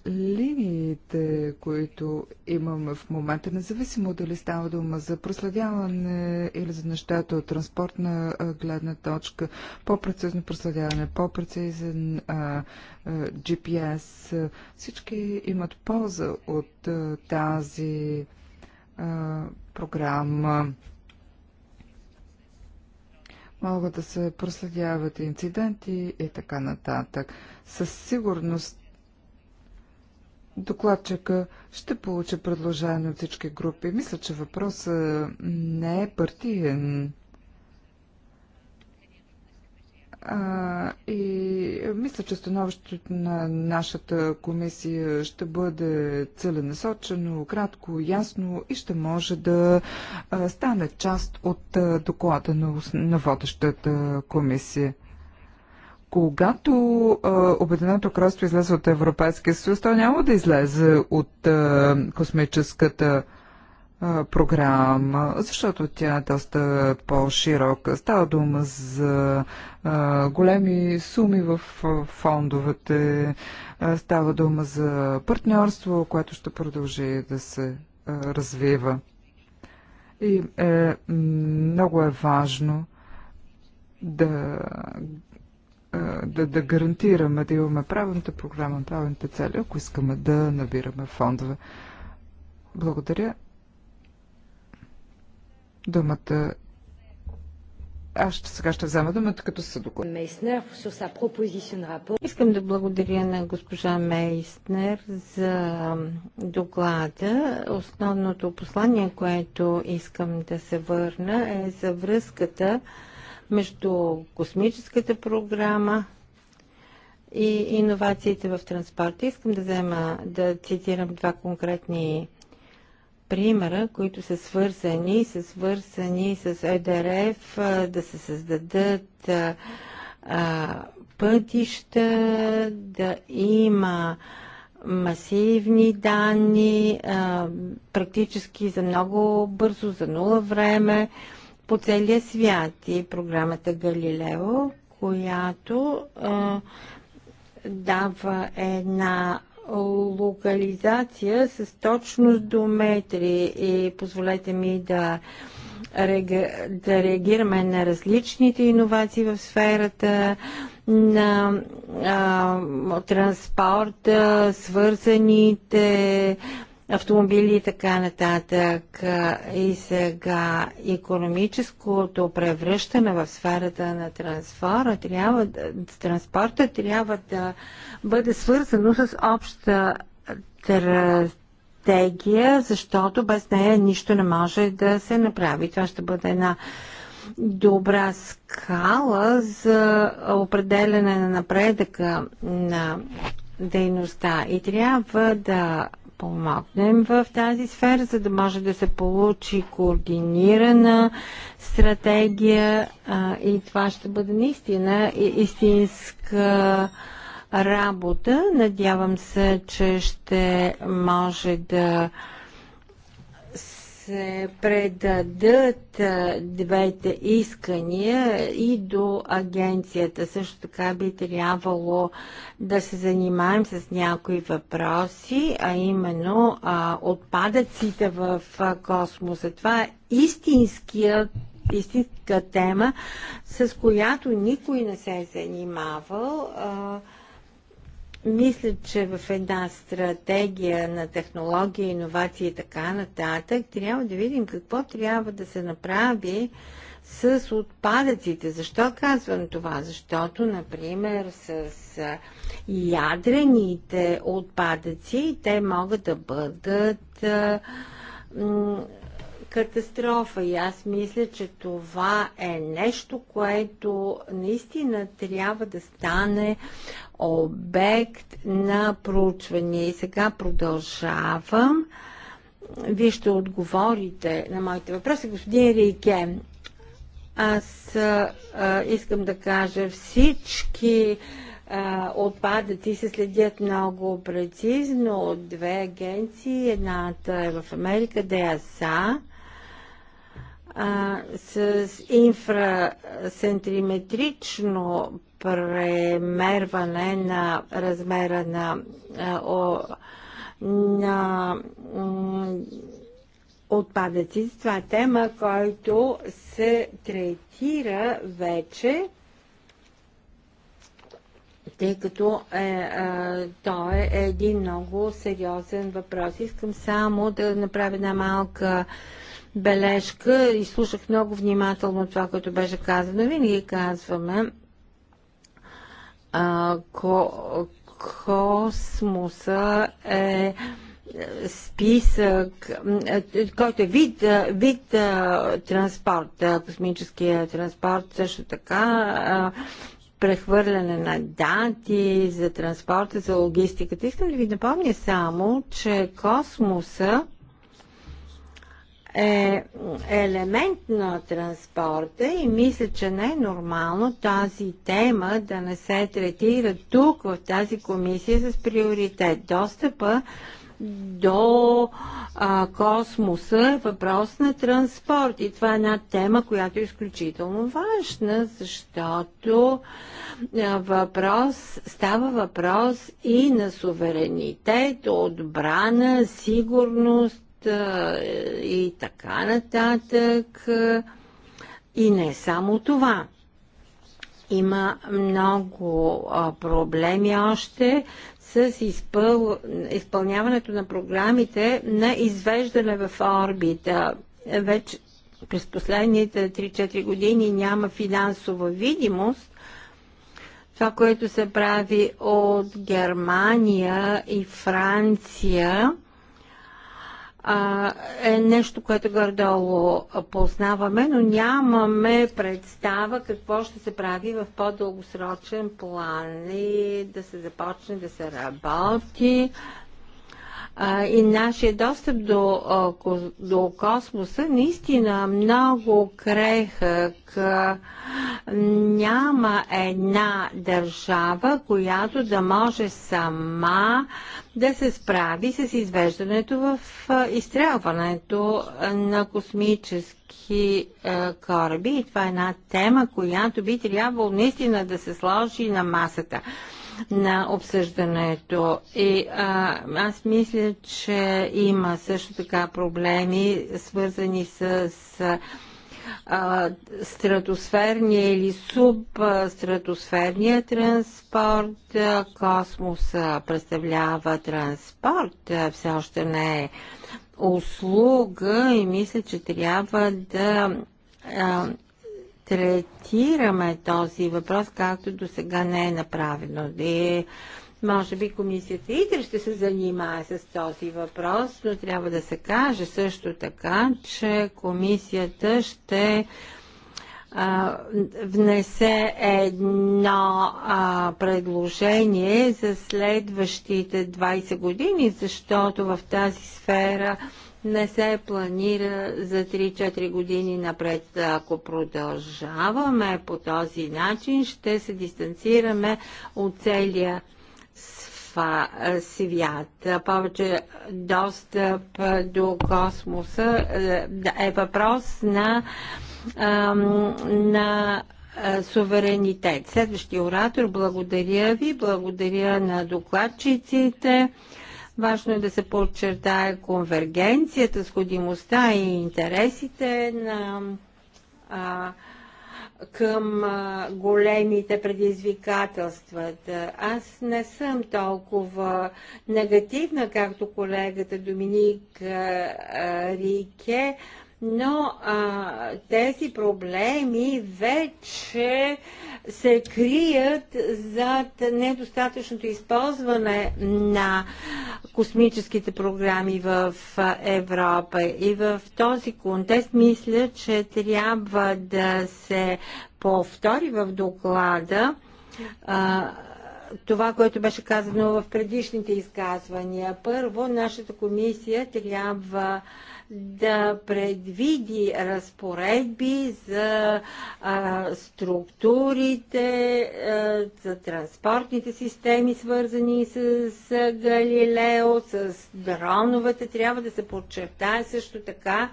линиите, които имаме в момента, независимо дали става дума за проследяване или за нещата от транспортна гледна точка, по-прецизно проследяване, по-прецизен GPS, всички имат полза от а, тази а, програма. Могат да се проследяват инциденти и така нататък. Със сигурност докладчика ще получи предложение от всички групи. Мисля, че въпросът не е партиен. А, и мисля, че становището на нашата комисия ще бъде целенасочено, кратко, ясно и ще може да а, стане част от а, доклада на, на водещата комисия. Когато Обединеното кралство излезе от Европейския съюз, то няма да излезе от а, космическата а, програма, защото тя е доста по-широка. Става дума за а, големи суми в фондовете, става дума за партньорство, което ще продължи да се развива. И е, много е важно да да, да гарантираме да имаме правилната програма, правилните цели, ако искаме да набираме фондове. Благодаря. Думата. Аз ще, сега ще взема думата като съдоклад. Искам да благодаря на госпожа Мейснер за доклада. Основното послание, което искам да се върна е за връзката между космическата програма и иновациите в транспорта. Искам да взема, да цитирам два конкретни примера, които са свързани, са свързани с ЕДРФ, да се създадат а, пътища, да има масивни данни, а, практически за много бързо, за нула време. А, по целия свят и програмата Галилео, която а, дава една локализация с точност до метри и позволете ми да да реагираме на различните иновации в сферата на а, транспорта, свързаните автомобили и така нататък. И сега економическото превръщане в сферата на трансфора трябва, транспорта трябва да бъде свързано с обща стратегия, защото без нея нищо не може да се направи. Това ще бъде една добра скала за определене на напредъка на дейността и трябва да помогнем в тази сфера, за да може да се получи координирана стратегия а, и това ще бъде наистина истинска работа. Надявам се, че ще може да се предадат двете искания и до агенцията. Също така би трябвало да се занимаем с някои въпроси, а именно а, отпадъците в космоса. Това е истинският истинска тема, с която никой не се е занимавал. А, мисля, че в една стратегия на технология, иновации и така нататък, трябва да видим какво трябва да се направи с отпадъците. Защо казвам това? Защото, например, с ядрените отпадъци, те могат да бъдат катастрофа. И аз мисля, че това е нещо, което наистина трябва да стане обект на проучвания. И сега продължавам. Вие ще отговорите на моите въпроси. Господин Рейке, аз а, искам да кажа всички отпадъци се следят много прецизно от две агенции. Едната е в Америка, ДАСА, с инфрасентриметрично премерване на размера на, е, на отпадъци. Това е тема, който се третира вече, тъй като е, е, той е един много сериозен въпрос. Искам само да направя една малка бележка и слушах много внимателно това, което беше казано. Винаги казваме, а, ко, космоса е списък, който е вид, вид транспорт, космическия транспорт също така, прехвърляне на дати за транспорта, за логистиката. Искам да ви напомня само, че космоса е елемент на транспорта и мисля, че не е нормално тази тема да не се третира тук в тази комисия с приоритет. Достъпа до а, космоса е въпрос на транспорт. И това е една тема, която е изключително важна, защото въпрос, става въпрос и на суверенитет, отбрана, сигурност, и така нататък. И не само това. Има много проблеми още с изпъл... изпълняването на програмите на извеждане в орбита. Вече през последните 3-4 години няма финансова видимост. Това, което се прави от Германия и Франция, а, е нещо, което горе познаваме, но нямаме представа какво ще се прави в по-дългосрочен план и да се започне да се работи. А, а, и нашия достъп до, до космоса наистина много крехък. Няма една държава, която да може сама да се справи с извеждането в изстрелването на космически кораби. И това е една тема, която би трябвало наистина да се сложи на масата на обсъждането. И а, аз мисля, че има също така проблеми, свързани с а, стратосферния или субстратосферния транспорт. Космос представлява транспорт, все още не е услуга и мисля, че трябва да а, третираме този въпрос, както до сега не е направено. И може би комисията и ще се занимае с този въпрос, но трябва да се каже също така, че комисията ще внесе едно а, предложение за следващите 20 години, защото в тази сфера не се планира за 3-4 години напред. Ако продължаваме по този начин, ще се дистанцираме от целия свят. Повече достъп до космоса е, е въпрос на, на суверенитет. Следващия оратор, благодаря ви, благодаря на докладчиците. Важно е да се подчертае конвергенцията, сходимостта и интересите на а, към а, големите предизвикателства. Аз не съм толкова негативна, както колегата Доминик а, а, Рике. А, но а, тези проблеми вече се крият зад недостатъчното използване на космическите програми в Европа. И в този контекст мисля, че трябва да се повтори в доклада а, това, което беше казано в предишните изказвания. Първо, нашата комисия трябва да предвиди разпоредби за а, структурите, а, за транспортните системи, свързани с, с Галилео, с дроновете. Трябва да се подчертае също така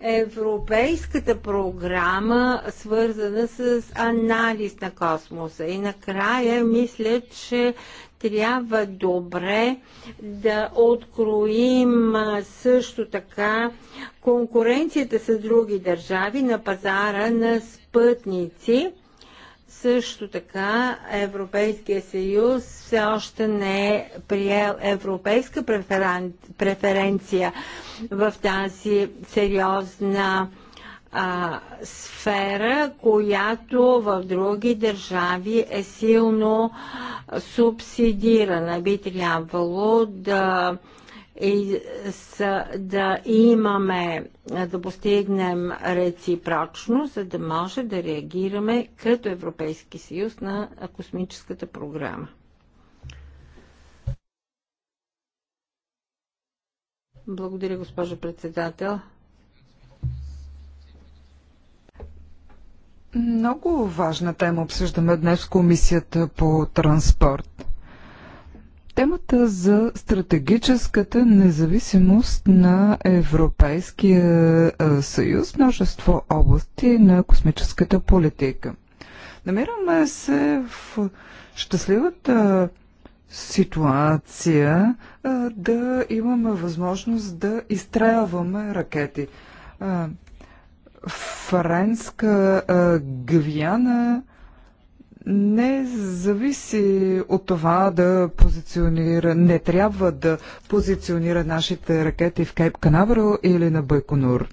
европейската програма, свързана с анализ на космоса. И накрая мисля, че трябва добре да откроим също така конкуренцията с други държави на пазара на спътници. Също така Европейския съюз все още не е приел европейска преференция в тази сериозна а, сфера, която в други държави е силно субсидирана. Би трябвало да, и, с, да имаме, да постигнем реципрочно, за да може да реагираме като Европейски съюз на космическата програма. Благодаря, госпожо председател. Много важна тема обсъждаме днес в Комисията по транспорт. Темата за стратегическата независимост на Европейския е, съюз, множество области на космическата политика. Намираме се в щастливата е, ситуация е, да имаме възможност да изстрелваме ракети. Френска Гвиана не зависи от това да позиционира, не трябва да позиционира нашите ракети в Кейп Канаверал или на Байконур.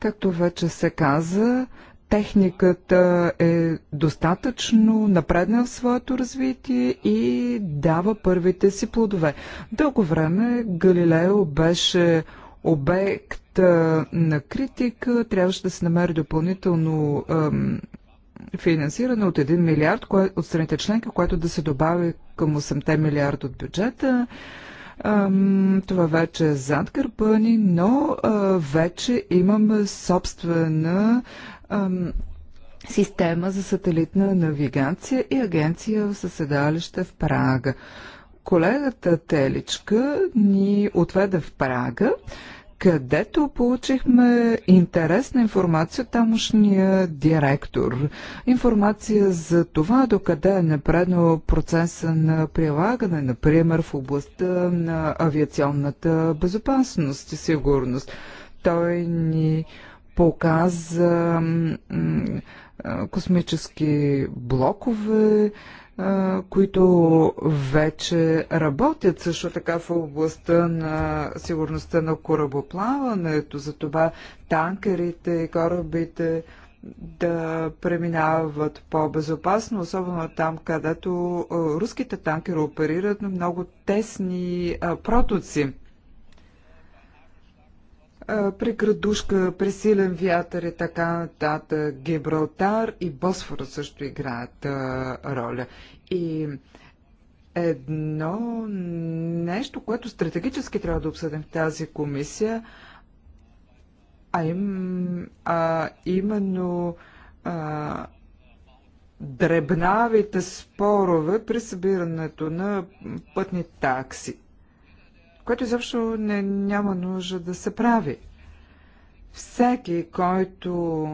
Както вече се каза, техниката е достатъчно напредна в своето развитие и дава първите си плодове. Дълго време Галилео беше обект на критика, трябваше да се намери допълнително финансиране от 1 милиард кое, от страните членки, което да се добави към 8 милиард от бюджета. Ам, това вече е зад гърба ни, но а, вече имаме собствена ам, система за сателитна навигация и агенция със седалище в Прага. Колегата Теличка ни отведе в Прага където получихме интересна информация от тамошния директор. Информация за това докъде е напреднал процеса на прилагане, например в областта на авиационната безопасност и сигурност. Той ни показа космически блокове, които вече работят също така в областта на сигурността на корабоплаването, за това танкерите и корабите да преминават по-безопасно, особено там, където руските танкери оперират на много тесни протоци при пресилен вятър и така нататък. Гибралтар и Босфора също играят а, роля. И едно нещо, което стратегически трябва да обсъдим в тази комисия, а, им, а именно а, дребнавите спорове при събирането на пътни такси което изобщо не, няма нужда да се прави. Всеки, който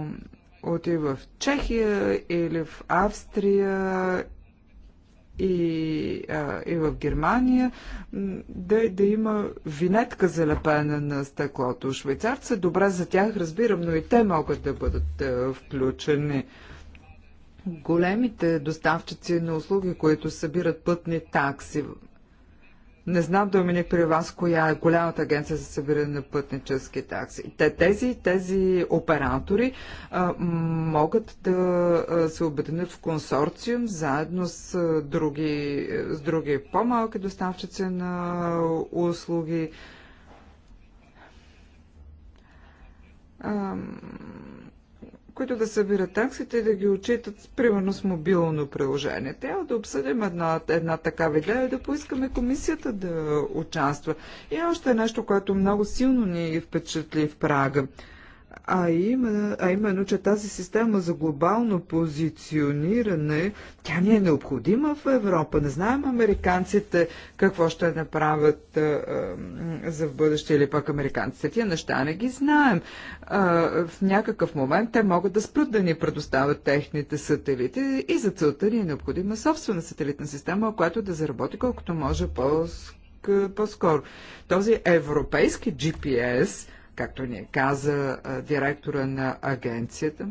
отива в Чехия или в Австрия и, а, и в Германия, да, да има винетка залепена на стъклото. Швейцарца добре за тях, разбирам, но и те могат да бъдат а, включени. Големите доставчици на услуги, които събират пътни такси не знам, Доминик, при вас, коя е голямата агенция за събиране на пътнически такси. Те, тези, тези оператори а, могат да се обединят в консорциум заедно с други, с други по-малки доставчици на услуги. А, които да събират таксите и да ги отчитат, примерно с мобилно приложение. Трябва да обсъдим една, една такава идея и да поискаме комисията да участва. И още нещо, което много силно ни впечатли в Прага а именно, а именно, че тази система за глобално позициониране, тя ни е необходима в Европа. Не знаем американците какво ще направят а, а, за в бъдеще или пък американците. Тия неща не ги знаем. А, в някакъв момент те могат да спрат да ни предоставят техните сателити и за целта ни е необходима собствена сателитна система, която да заработи колкото може по-скоро. По Този европейски GPS както ни каза директора на агенцията,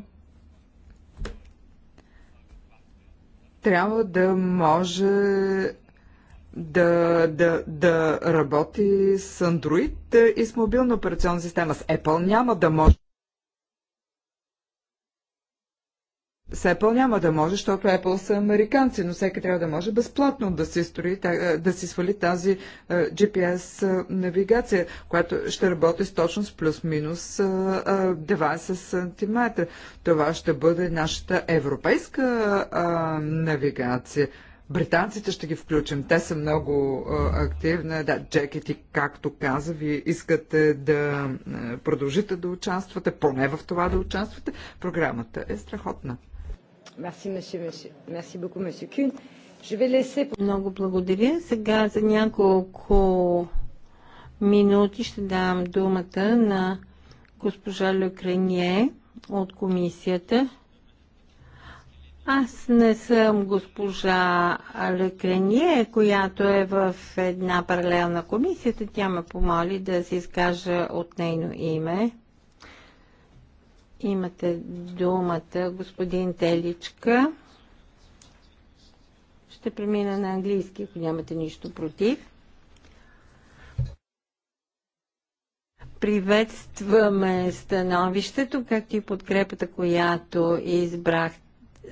трябва да може да, да, да работи с Android и с мобилна операционна система. С Apple няма да може. С Apple няма да може, защото Apple са американци, но всеки трябва да може безплатно да си, строи, е, да си свали тази е, GPS е, навигация, която ще работи с точност плюс-минус 20 см. Това ще бъде нашата европейска навигация. Британците ще ги включим. Те са много а, активни. Да, джекети, както каза, ви искате да продължите да участвате, поне в това да участвате. Програмата е страхотна. Merci, monsieur, monsieur. Merci beaucoup, monsieur Kuhn. Je vais laisser... Много благодаря. Сега за няколко минути ще дам думата на госпожа Люкрение от комисията. Аз не съм госпожа Лекрение, която е в една паралелна комисията. Тя ме помоли да се изкажа от нейно име. Имате думата, господин Теличка. Ще премина на английски, ако нямате нищо против. Приветстваме становището, както и подкрепата, която избрах,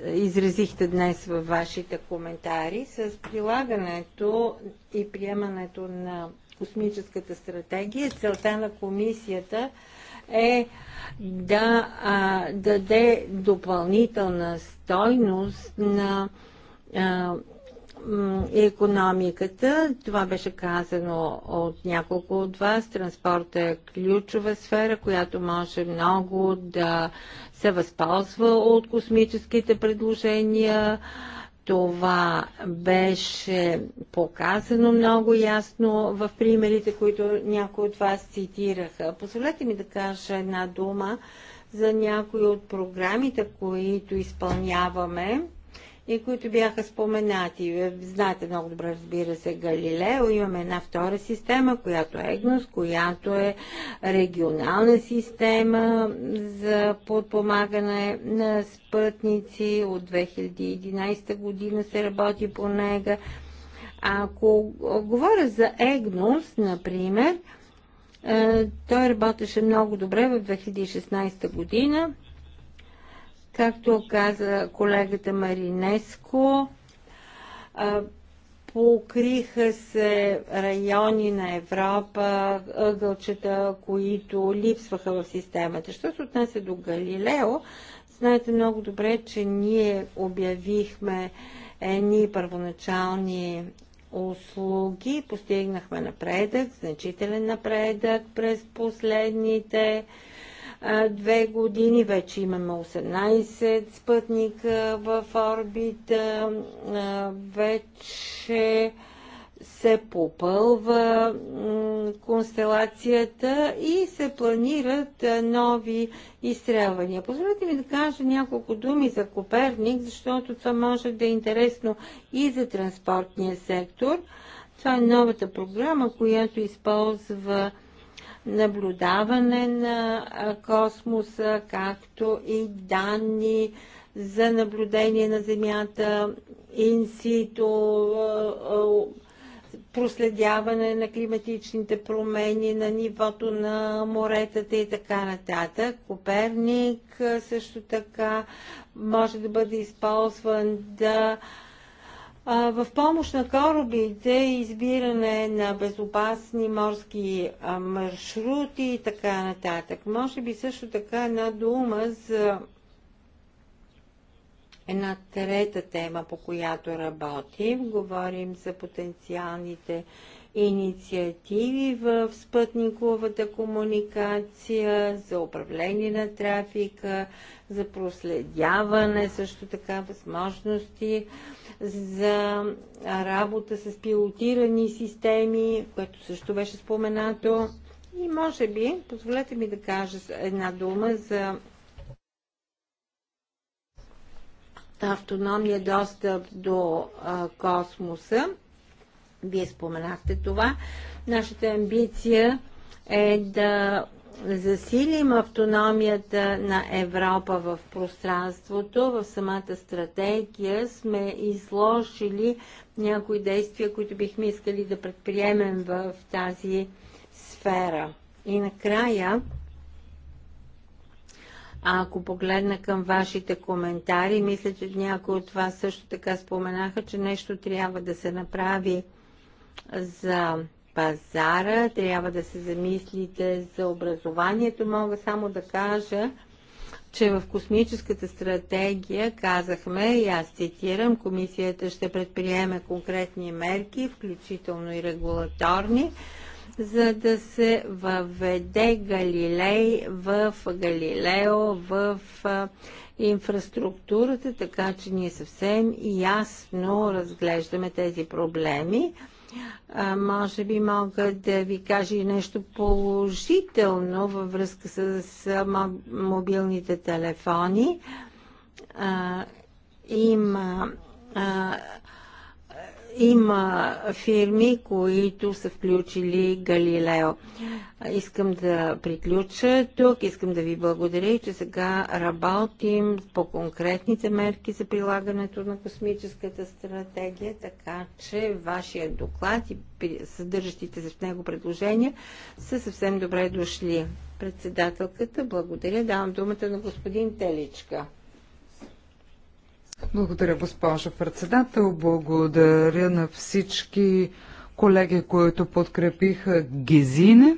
изразихте днес във вашите коментари. С прилагането и приемането на космическата стратегия, целта на комисията е да а, даде допълнителна стойност на а, економиката. Това беше казано от няколко от вас. Транспорт е ключова сфера, която може много да се възползва от космическите предложения това беше показано много ясно в примерите, които някои от вас цитираха. Позволете ми да кажа една дума за някои от програмите, които изпълняваме и които бяха споменати. Знаете много добре, разбира се, Галилео. Имаме една втора система, която е ЕГНОС, която е регионална система за подпомагане на спътници. От 2011 година се работи по нега. Ако говоря за ЕГНОС, например, е, той работеше много добре в 2016 година. Както каза колегата Маринеско, покриха се райони на Европа, ъгълчета, които липсваха в системата. Що се отнася до Галилео, знаете много добре, че ние обявихме едни първоначални услуги, постигнахме напредък, значителен напредък през последните две години. Вече имаме 18 спътника в орбита. Вече се попълва констелацията и се планират нови изстрелвания. Позволете ми да кажа няколко думи за Коперник, защото това може да е интересно и за транспортния сектор. Това е новата програма, която използва наблюдаване на космоса, както и данни за наблюдение на Земята, инсито, проследяване на климатичните промени, на нивото на моретата и така нататък. Коперник също така може да бъде използван да в помощ на корабите, избиране на безопасни морски маршрути и така нататък. Може би също така една дума за една трета тема, по която работим. Говорим за потенциалните инициативи в спътниковата комуникация, за управление на трафика, за проследяване, също така възможности за работа с пилотирани системи, което също беше споменато. И може би, позволете ми да кажа една дума за автономния достъп до а, космоса. Вие споменахте това. Нашата амбиция е да засилим автономията на Европа в пространството, в самата стратегия сме изложили някои действия, които бихме искали да предприемем в тази сфера. И накрая, ако погледна към вашите коментари, мисля, че някои от вас също така споменаха, че нещо трябва да се направи за пазара, трябва да се замислите за образованието. Мога само да кажа, че в космическата стратегия казахме, и аз цитирам, комисията ще предприеме конкретни мерки, включително и регулаторни, за да се въведе Галилей в Галилео, в инфраструктурата, така че ние съвсем ясно разглеждаме тези проблеми а, може би мога да ви кажа и нещо положително във връзка с мобилните телефони. А, има а, има фирми, които са включили Галилео. Искам да приключа тук. Искам да ви благодаря, че сега работим по конкретните мерки за прилагането на космическата стратегия, така че вашия доклад и съдържащите се в него предложения са съвсем добре дошли. Председателката, благодаря. Давам думата на господин Теличка. Благодаря, госпожо председател. Благодаря на всички колеги, които подкрепиха Гезине.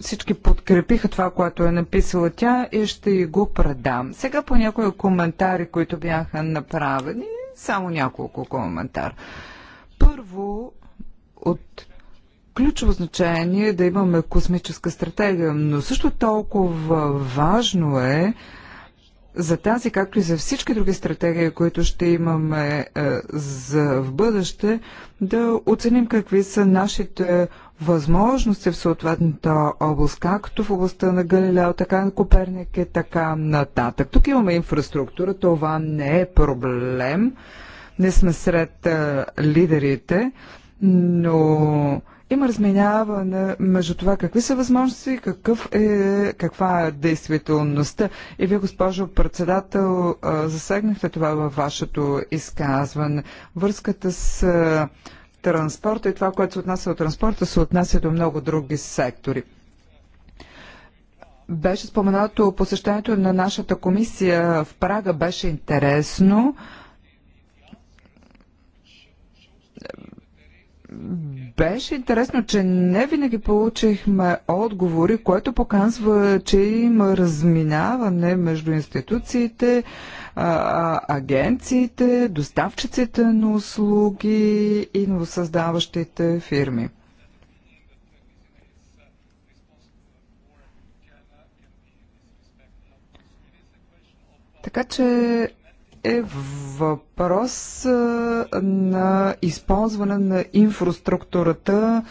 Всички подкрепиха това, което е написала тя и ще й го предам. Сега по някои коментари, които бяха направени, само няколко коментар. Първо, от ключово значение е да имаме космическа стратегия, но също толкова важно е за тази, както и за всички други стратегии, които ще имаме е, за в бъдеще, да оценим какви са нашите възможности в съответната област, както в областта на Галилео, така на Коперник и така нататък. Тук имаме инфраструктура, това не е проблем. Не сме сред е, лидерите, но има разминаване между това какви са възможности и какъв е, каква е действителността. И вие, госпожо председател, засегнахте това във вашето изказване. Връзката с транспорта и това, което се отнася от транспорта, се отнася до много други сектори. Беше споменато посещението на нашата комисия в Прага, беше интересно беше интересно, че не винаги получихме отговори, което показва, че има разминаване между институциите, агенциите, доставчиците на услуги и новосъздаващите фирми. Така че е въпрос на използване на инфраструктурата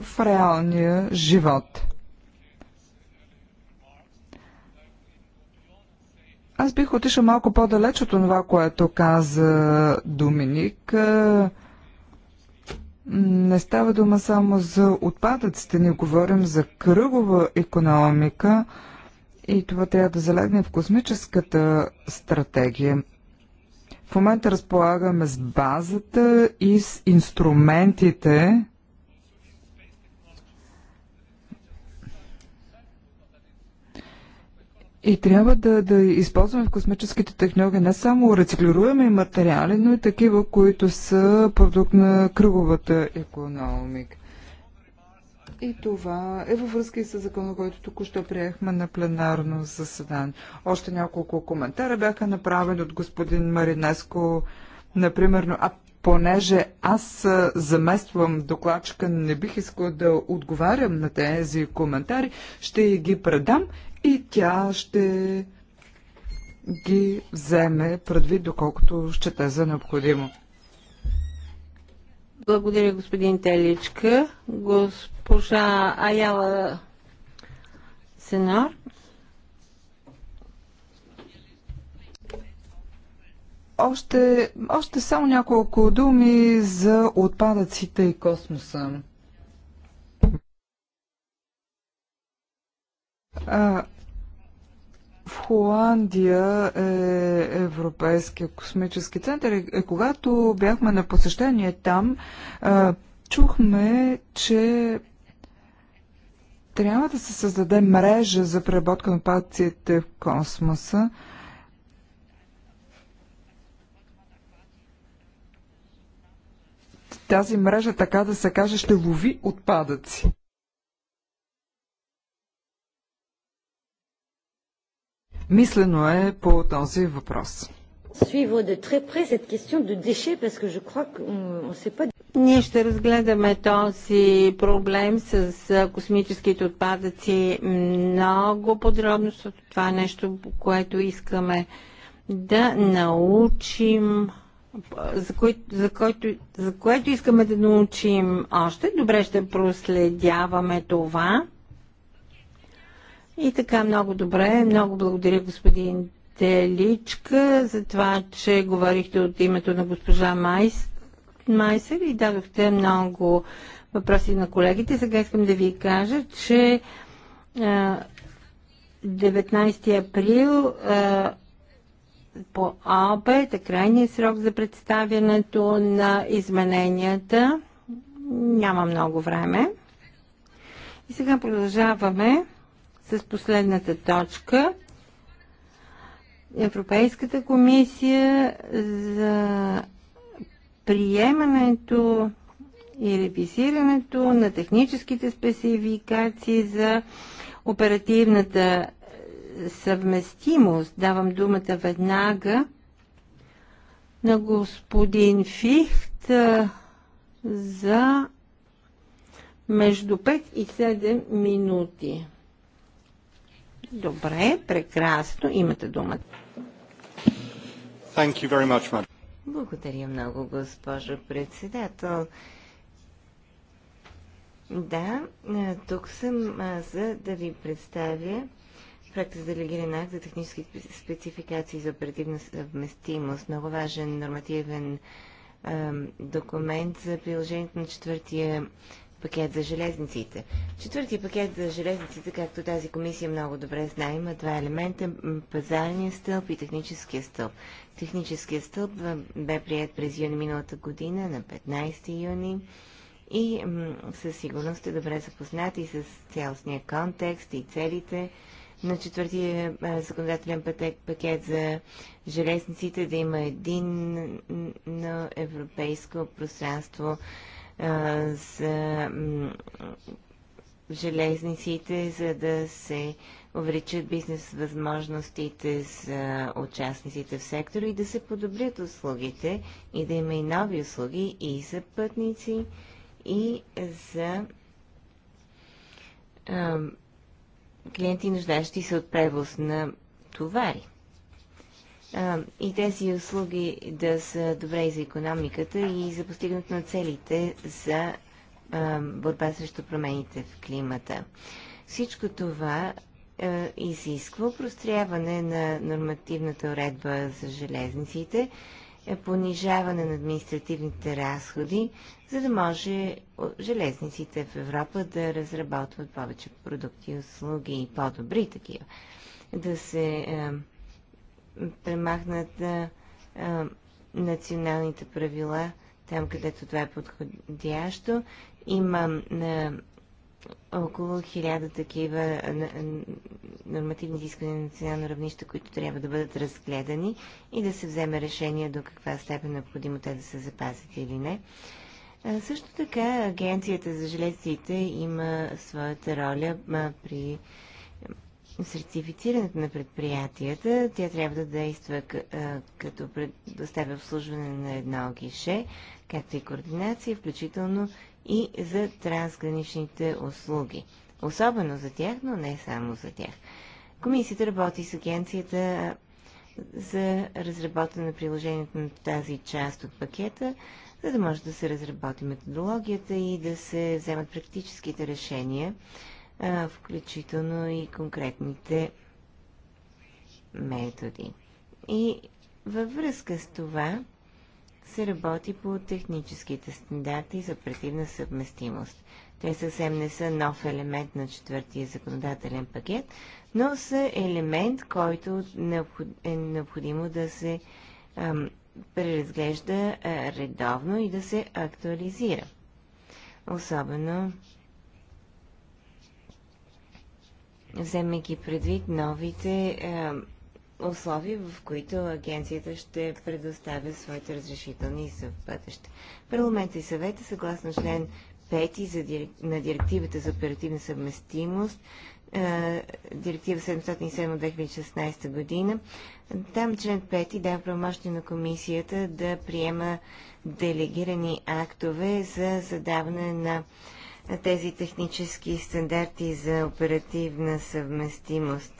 в реалния живот. Аз бих отишла малко по-далеч от това, което каза Доминик. Не става дума само за отпадъците, не говорим за кръгова економика. И това трябва да залегне в космическата стратегия. В момента разполагаме с базата и с инструментите, И трябва да, да използваме в космическите технологии не само рециклируеми материали, но и такива, които са продукт на кръговата економика. И това е във връзка и с закона, който току-що приехме на пленарно заседание. Още няколко коментара бяха направени от господин Маринеско, например, а понеже аз замествам докладчика, не бих искала да отговарям на тези коментари, ще ги предам и тя ще ги вземе предвид, доколкото ще те за необходимо. Благодаря, господин Теличка. Госпожа Аяла Сенор. Още, още само няколко думи за отпадъците и космоса. А, в Холандия е Европейския космически център. И е, когато бяхме на посещение там, е, чухме, че трябва да се създаде мрежа за преработка на пациите в космоса. Тази мрежа, така да се каже, ще лови отпадъци. мислено е по този въпрос. Ние ще разгледаме този проблем с космическите отпадъци много подробно, защото това е нещо, което искаме да научим, за, кой, за, който, за което искаме да научим още. Добре ще проследяваме това. И така много добре. Много благодаря господин Теличка за това, че говорихте от името на госпожа Майс, Майсер и дадохте много въпроси на колегите. Сега искам да ви кажа, че 19 април по обед е крайният срок за представянето на измененията. Няма много време. И сега продължаваме с последната точка. Европейската комисия за приемането и ревизирането на техническите спецификации за оперативната съвместимост. Давам думата веднага на господин Фихт за между 5 и 7 минути. Добре, прекрасно. Имате думата. Thank you very much, Благодаря много, госпожо председател. Да, тук съм за да ви представя проекта за делегиран акт за технически спецификации за оперативна съвместимост. Много важен нормативен документ за приложението на четвъртия пакет за железниците. Четвъртия пакет за железниците, както тази комисия много добре знае, има два е елемента – пазарния стълб и техническия стълб. Техническия стълб бе прият през юни миналата година, на 15 юни. И със сигурност сте добре запознати с цялостния контекст и целите на четвъртия законодателен пакет, пакет за железниците да има един на европейско пространство за железниците, за да се увеличат бизнес възможностите за участниците в сектора и да се подобрят услугите и да има и нови услуги и за пътници, и за а, клиенти, нуждащи се от превоз на товари и тези услуги да са добре и за економиката и за постигането на целите за борба срещу промените в климата. Всичко това изисква простряване на нормативната уредба за железниците, понижаване на административните разходи, за да може железниците в Европа да разработват повече продукти и услуги и по-добри такива, да се премахнат а, националните правила там, където това е подходящо. Има а, около хиляда такива нормативни изисквания на национално равнище, които трябва да бъдат разгледани и да се вземе решение до каква степен е необходимо те да се запазят или не. Също така Агенцията за железите има своята роля при сертифицирането на предприятията, тя трябва да действа като предоставя обслужване на едно гише, както и координация, включително и за трансграничните услуги. Особено за тях, но не само за тях. Комисията работи с агенцията за разработване на приложението на тази част от пакета, за да може да се разработи методологията и да се вземат практическите решения включително и конкретните методи. И във връзка с това се работи по техническите стандарти за оперативна съвместимост. Те съвсем не са нов елемент на четвъртия законодателен пакет, но са елемент, който е необходимо да се ам, преразглежда а, редовно и да се актуализира. Особено вземайки предвид новите е, условия, в които агенцията ще предоставя своите разрешителни за бъдеще. Парламент и съвета, съгласно член 5 на директивата за оперативна съвместимост, е, директива 707-2016 година, там член 5 дава правомощие на комисията да приема делегирани актове за задаване на тези технически стандарти за оперативна съвместимост.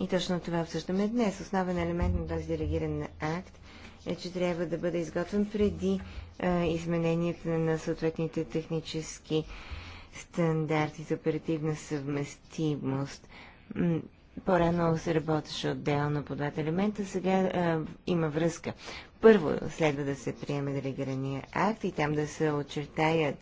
И точно това обсъждаме днес. Основен елемент на този делегиран акт е, че трябва да бъде изготвен преди а, изменението на съответните технически стандарти за оперативна съвместимост. По-рано се работеше отделно по двата елемента, сега а, има връзка. Първо следва да се приеме делегирания акт и там да се очертаят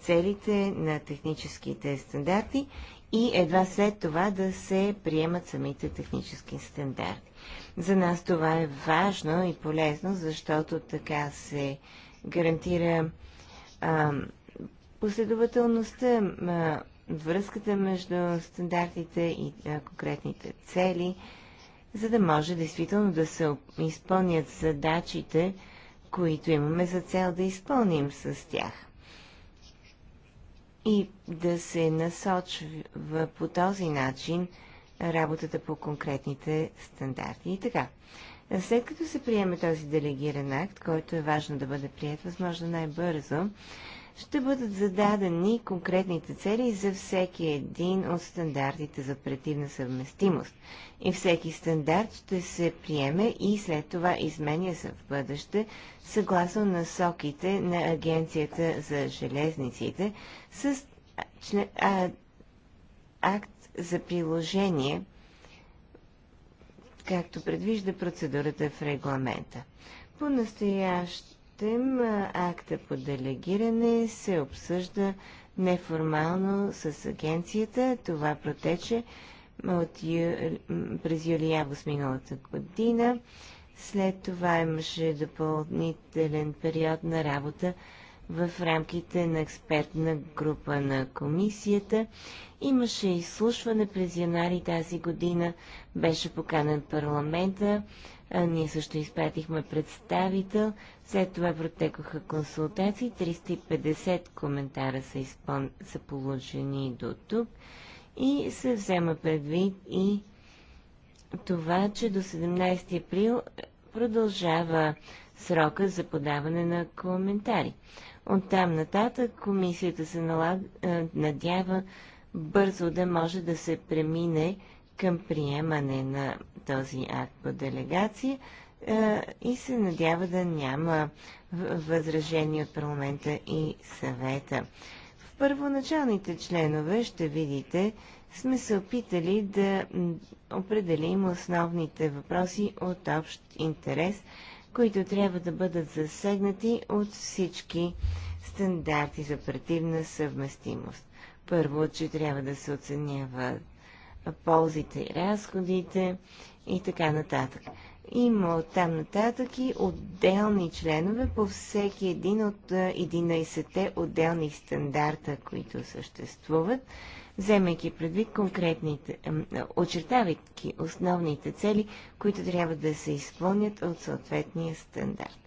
целите на техническите стандарти и едва след това да се приемат самите технически стандарти. За нас това е важно и полезно, защото така се гарантира а, последователността, а, връзката между стандартите и а, конкретните цели, за да може действително да се изпълнят задачите, които имаме за цел да изпълним с тях. И да се насочва по този начин работата по конкретните стандарти. И така, след като се приеме този делегиран акт, който е важно да бъде прият възможно най-бързо, ще бъдат зададени конкретните цели за всеки един от стандартите за оперативна съвместимост. И всеки стандарт ще се приеме и след това изменя се в бъдеще, съгласно насоките на Агенцията за железниците с член, а, акт за приложение, както предвижда процедурата в регламента. По настоящ по акта по делегиране се обсъжда неформално с агенцията. Това протече от ю... през юли август миналата година. След това имаше допълнителен период на работа в рамките на експертна група на комисията. Имаше изслушване през януари тази година, беше поканен парламента, а, ние също изпратихме представител, след това протекоха консултации, 350 коментара са, изпъл... са получени до тук и се взема предвид и това, че до 17 април е, продължава срока за подаване на коментари. От там нататък комисията се налага, е, надява бързо да може да се премине към приемане на този акт по делегация е, и се надява да няма възражения от парламента и съвета. В първоначалните членове ще видите, сме се опитали да определим основните въпроси от общ интерес, които трябва да бъдат засегнати от всички стандарти за оперативна съвместимост. Първо, че трябва да се оценява ползите и разходите и така нататък. Има от там нататък и отделни членове по всеки един от 11-те отделни стандарта, които съществуват, вземайки предвид конкретните, очертавайки основните цели, които трябва да се изпълнят от съответния стандарт.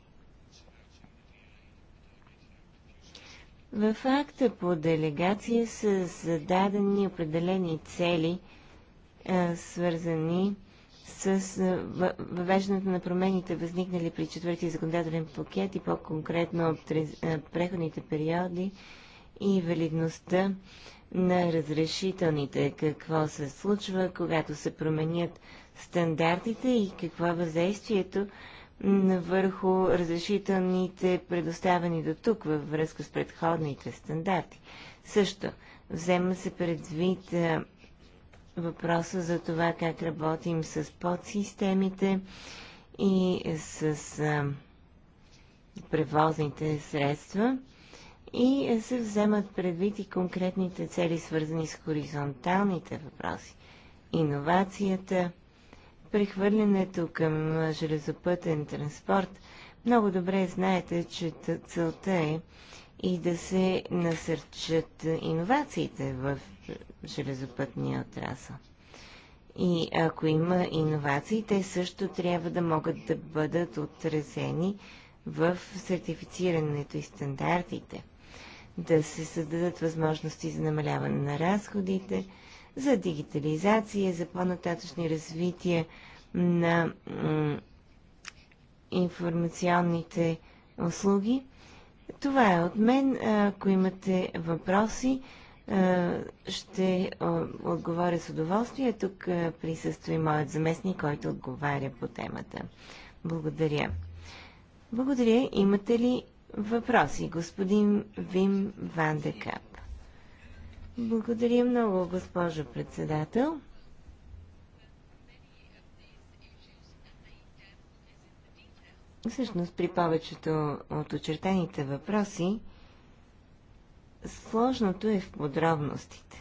В акта по делегация са зададени определени цели – е, свързани с е, въвеждането на промените, възникнали при четвъртия законодателен пакет и по-конкретно от е, преходните периоди и валидността на разрешителните. Какво се случва, когато се променят стандартите и какво е въздействието върху разрешителните предоставени до тук във връзка с предходните стандарти. Също взема се предвид въпроса за това как работим с подсистемите и с а, превозните средства и се вземат предвид и конкретните цели, свързани с хоризонталните въпроси. Иновацията, прехвърлянето към железопътен транспорт. Много добре знаете, че целта е и да се насърчат иновациите в железопътния отрасъл. И ако има иновации, те също трябва да могат да бъдат отразени в сертифицирането и стандартите. Да се създадат възможности за намаляване на разходите, за дигитализация, за по-нататъчни развития на информационните услуги това е от мен. Ако имате въпроси, ще отговоря с удоволствие. Тук присъства и моят заместник, който отговаря по темата. Благодаря. Благодаря. Имате ли въпроси, господин Вим Вандекап. Благодаря много, госпожо председател. Всъщност при повечето от очертаните въпроси сложното е в подробностите.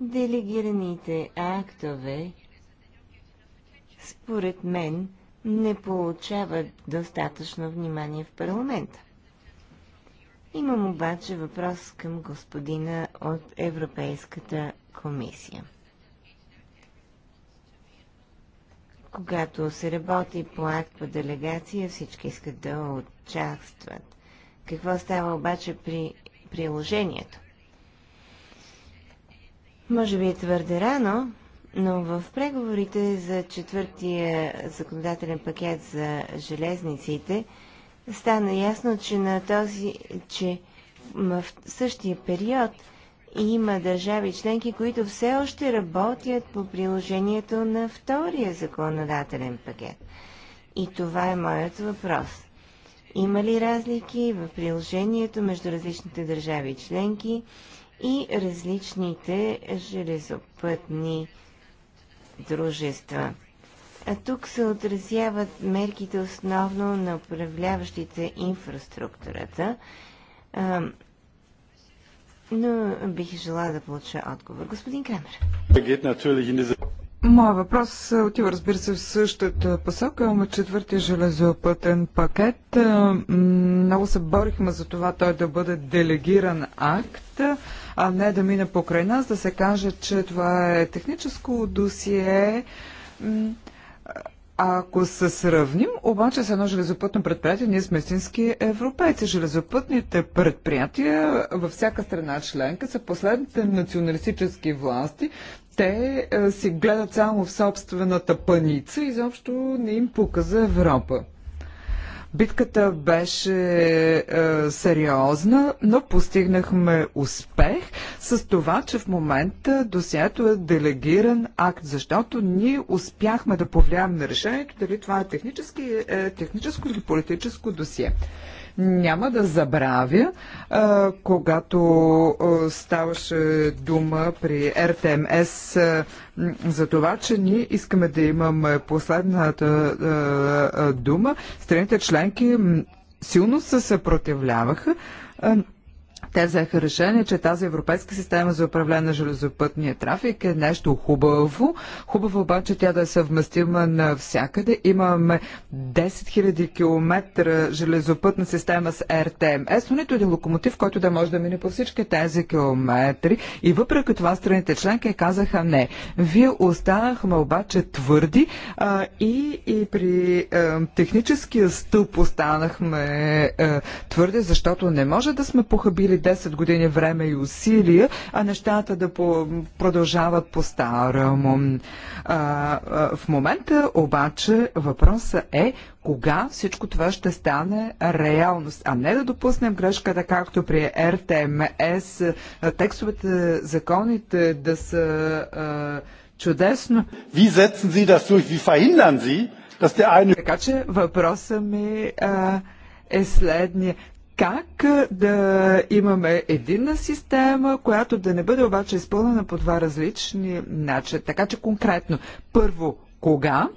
Делегираните актове според мен не получават достатъчно внимание в парламента. Имам обаче въпрос към господина от Европейската комисия – Когато се работи по акт по делегация, всички искат да участват. Какво става обаче при приложението? Може би е твърде рано, но в преговорите за четвъртия законодателен пакет за железниците стана ясно, че на този, че в същия период – има държави членки, които все още работят по приложението на втория законодателен пакет. И това е моят въпрос. Има ли разлики в приложението между различните държави членки и различните железопътни дружества? А тук се отразяват мерките основно на управляващите инфраструктурата но бих желая да получа отговор. Господин Кремер. Моя въпрос отива, разбира се, в същата посока. Има четвъртия железопътен пакет. Много се борихме за това той да бъде делегиран акт, а не да мине покрай нас, да се каже, че това е техническо досие. Ако се сравним обаче с едно железопътно предприятие, ние сме истински европейци. Железопътните предприятия във всяка страна членка са последните националистически власти. Те е, си гледат само в собствената паница и изобщо не им пука за Европа. Битката беше е, сериозна, но постигнахме успех с това, че в момента досието е делегиран акт, защото ние успяхме да повлияем на решението дали това е, технически, е техническо или политическо досие. Няма да забравя, а, когато а, ставаше дума при РТМС а, за това, че ние искаме да имаме последната а, а, дума. Страните членки силно се съпротивляваха. А, те взеха решение, че тази европейска система за управление на железопътния трафик е нещо хубаво. Хубаво обаче тя да е съвместима навсякъде. Имаме 10 000 км железопътна система с РТМС, но нито един локомотив, който да може да мине по всички тези километри. И въпреки това страните членки казаха не. Вие останахме обаче твърди а, и, и при а, техническия стълб останахме а, твърди, защото не може да сме похабили 10 години време и усилия, а нещата да по продължават по-старому. В момента обаче въпросът е кога всичко това ще стане реалност, а не да допуснем грешката, както при РТМС, текстовете, законите да са чудесно. Wie setzen Sie das durch? Wie verhindern Sie, dass der eine... Така че въпросът ми а, е следния как да имаме единна система, която да не бъде обаче изпълнена по два различни начина. Така че конкретно, първо, кога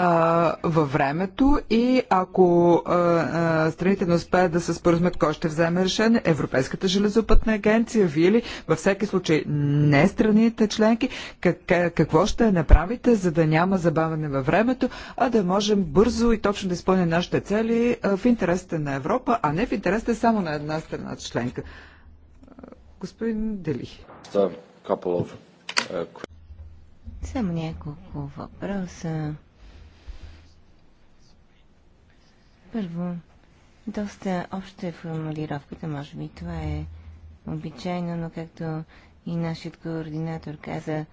а, във времето и ако а, а, страните не успеят да се споразумят кой ще вземе решение, Европейската железопътна агенция, вие ли, във всеки случай не страните членки, как, какво ще направите, за да няма забавяне във времето, а да можем бързо и точно да изпълним нашите цели в интересите на Европа, а не в интересите само на една страна членка. Господин Дели. Uh, само няколко въпроса. Първо, доста обща е формулировката, може би това е обичайно, но както и нашият координатор каза,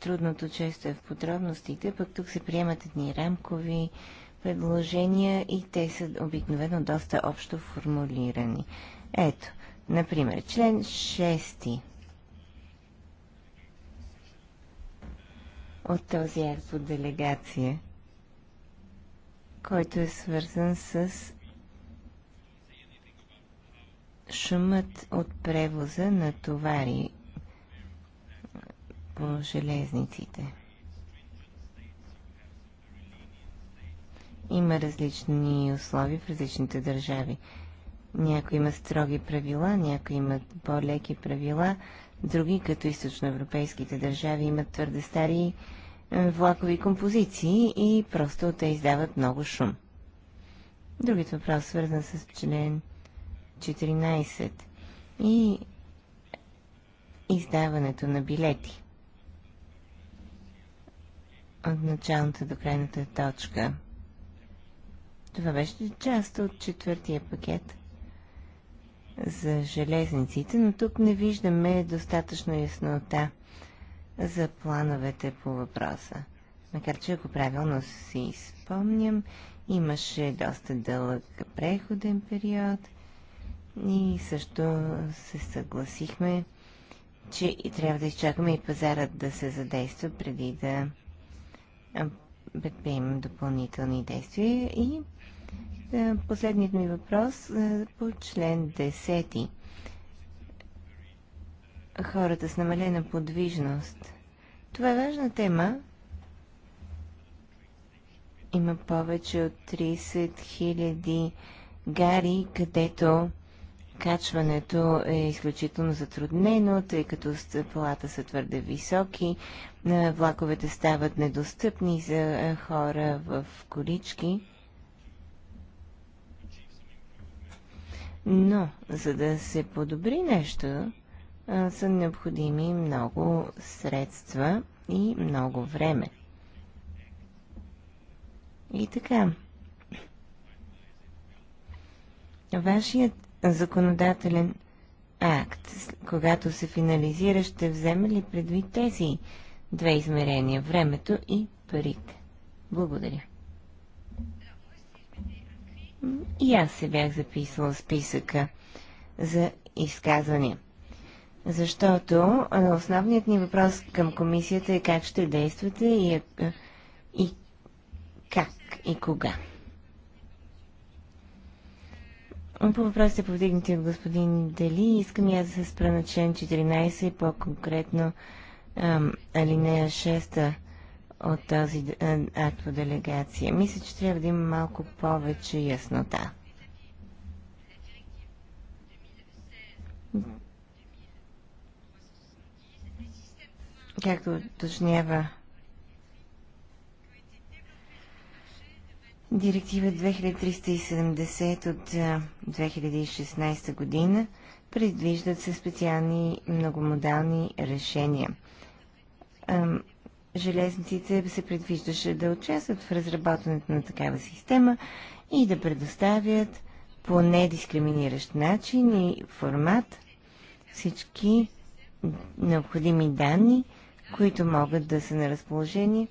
трудното често е в подробностите, пък тук се приемат едни рамкови предложения и те са обикновено доста общо формулирани. Ето, например, член 6 от този акт делегация който е свързан с шумът от превоза на товари по железниците. Има различни условия в различните държави. Някои имат строги правила, някои имат по-леки правила, други, като източноевропейските държави, имат твърде стари влакови композиции и просто те издават много шум. Другият въпрос, свързан с член 14 и издаването на билети. От началната до крайната точка. Това беше част от четвъртия пакет за железниците, но тук не виждаме достатъчно яснота за плановете по въпроса. Макар че ако правилно си спомням, имаше доста дълъг преходен период и също се съгласихме, че трябва да изчакаме и пазарът да се задейства преди да предприемем допълнителни действия. И последният ми въпрос по член хората с намалена подвижност. Това е важна тема. Има повече от 30 000 гари, където качването е изключително затруднено, тъй като стъпалата са твърде високи, влаковете стават недостъпни за хора в колички. Но, за да се подобри нещо, са необходими много средства и много време. И така. Вашият законодателен акт, когато се финализира, ще вземе ли предвид тези две измерения времето и парите? Благодаря. И аз се бях записала списъка за изказвания. Защото основният ни въпрос към комисията е как ще действате и, е, е, и как и кога. По въпросите повдигнати от господин Дели, искам и аз да се спра на член 14 и по-конкретно алинея 6 от този акт по делегация. Мисля, че трябва да има малко повече яснота. както уточнява Директива 2370 от 2016 година предвиждат се специални многомодални решения. Железниците се предвиждаше да участват в разработването на такава система и да предоставят по недискриминиращ начин и формат всички необходими данни които могат да са на разположение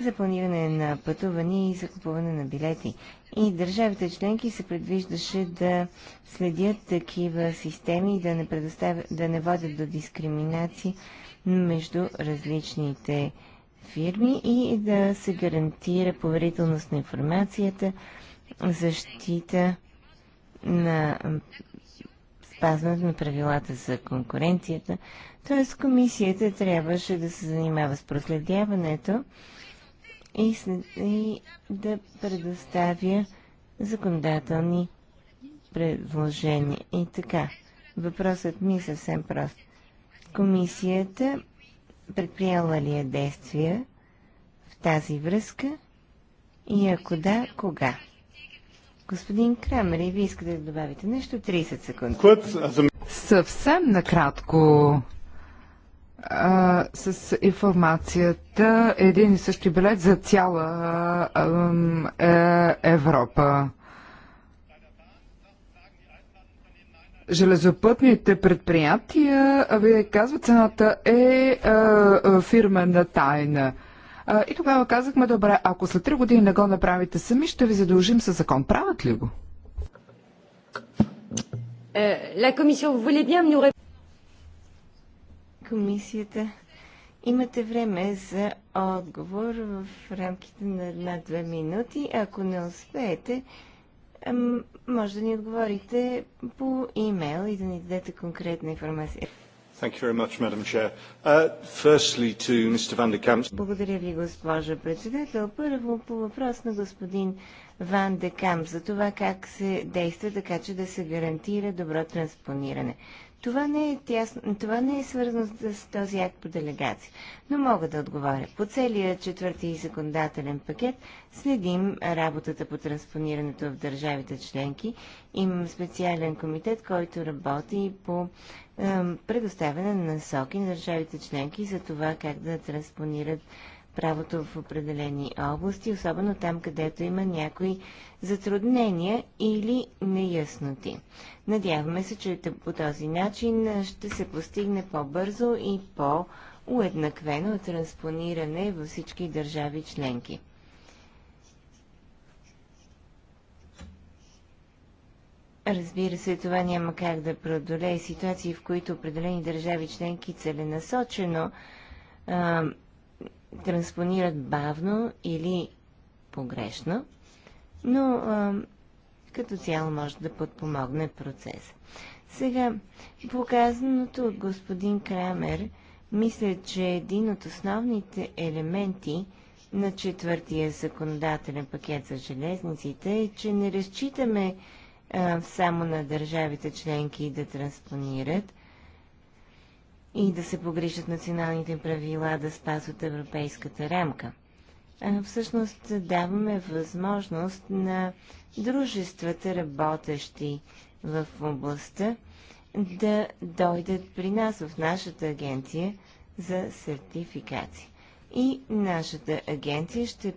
за планиране на пътувания и закупуване на билети. И държавите членки се предвиждаше да следят такива системи и да не, да не водят до дискриминации между различните фирми и да се гарантира поверителност на информацията, защита на спазването на правилата за конкуренцията, т.е. комисията трябваше да се занимава с проследяването и, и да предоставя законодателни предложения. И така, въпросът ми е съвсем прост. Комисията предприела ли е действия в тази връзка и ако да, кога? Господин Крамер, и ви искате да добавите нещо? 30 секунди. Съвсем накратко а, с информацията един и същи билет за цяла а, е, Европа. Железопътните предприятия, вие казват, цената е а, а, фирмена тайна. А, и тогава казахме, добре, ако след 3 години не го направите сами, ще ви задължим със закон. Правят ли го? La commission, vous voulez комисията. Имате време за отговор в рамките на една-две минути. Ако не успеете, може да ни отговорите по имейл и да ни дадете конкретна информация. Much, uh, firstly, Благодаря ви, госпожа председател. Първо по въпрос на господин Ван де Камп за това как се действа така, че да се гарантира добро транспониране. Това не е, тясно, това не е свързано с този акт по делегация. Но мога да отговоря. По целия четвърти законодателен пакет следим работата по транспонирането в държавите членки. Имам специален комитет, който работи по е, предоставяне на насоки на държавите членки за това как да транспонират правото в определени области, особено там, където има някои затруднения или неясноти. Надяваме се, че по този начин ще се постигне по-бързо и по-уеднаквено транспониране във всички държави членки. Разбира се, това няма как да преодолее ситуации, в които определени държави членки целенасочено а, транспонират бавно или погрешно, но а, като цяло може да подпомогне процеса. Сега, показаното от господин Крамер, мисля, че е един от основните елементи на четвъртия законодателен пакет за железниците е, че не разчитаме а, само на държавите членки да транспонират, и да се погрижат националните правила да спазват европейската рамка. А, всъщност даваме възможност на дружествата, работещи в областта, да дойдат при нас в нашата агенция за сертификация. И нашата агенция ще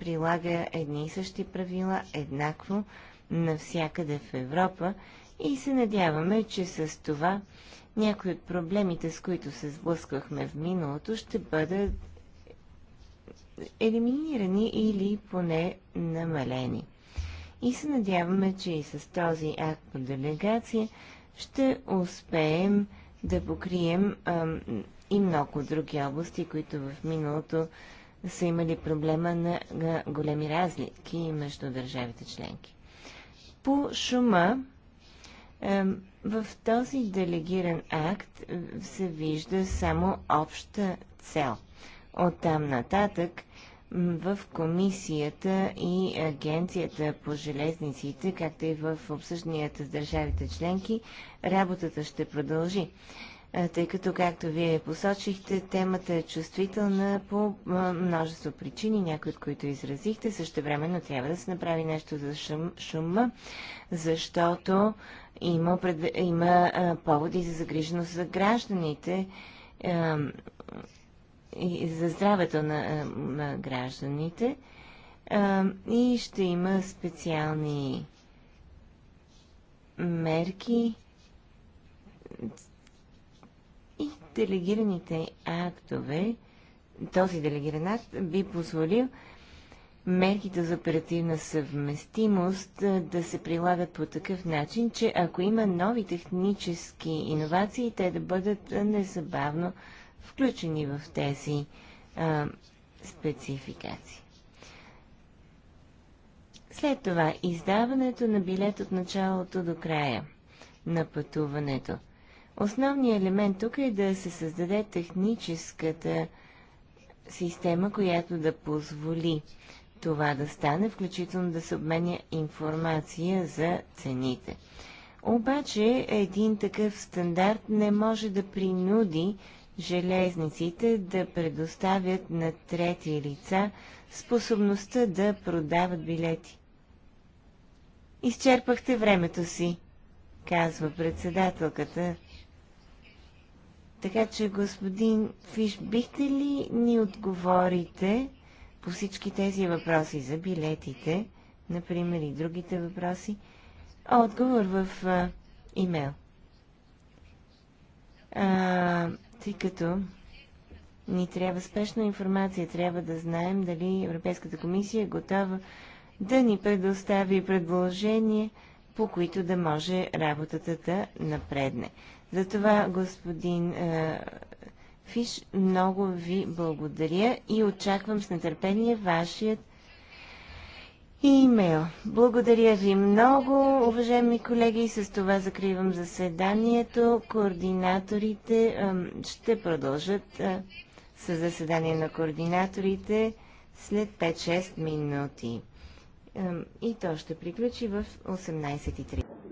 прилага едни и същи правила еднакво навсякъде в Европа и се надяваме, че с това някои от проблемите, с които се сблъсквахме в миналото, ще бъдат елиминирани или поне намалени. И се надяваме, че и с този акт по делегация ще успеем да покрием а, и много други области, които в миналото са имали проблема на, големи разлики между държавите членки. По шума, в този делегиран акт се вижда само обща цел. От там нататък в комисията и агенцията по железниците, както и в обсъжданията с държавите членки, работата ще продължи. Е, тъй като, както вие посочихте, темата е чувствителна по множество причини, някои от които изразихте. Също времено трябва да се направи нещо за шум, шума, защото има, пред, има а, поводи за загриженост за гражданите а, и за здравето на, на гражданите а, и ще има специални мерки и делегираните актове, този делегиран акт би позволил мерките за оперативна съвместимост да се прилагат по такъв начин, че ако има нови технически иновации, те да бъдат незабавно включени в тези а, спецификации. След това издаването на билет от началото до края на пътуването. Основният елемент тук е да се създаде техническата система, която да позволи това да стане, включително да се обменя информация за цените. Обаче един такъв стандарт не може да принуди железниците да предоставят на трети лица способността да продават билети. Изчерпахте времето си, казва председателката. Така че, господин Фиш, бихте ли ни отговорите по всички тези въпроси за билетите, например, и другите въпроси, отговор в а, имейл. А, тъй като ни трябва спешна информация, трябва да знаем дали Европейската комисия е готова да ни предостави предложение, по които да може работата да напредне. Затова, господин Фиш, много ви благодаря и очаквам с нетърпение вашият имейл. Благодаря ви много, уважаеми колеги. и С това закривам заседанието. Координаторите ще продължат с заседание на координаторите след 5-6 минути. и то ще приключи в 18.30.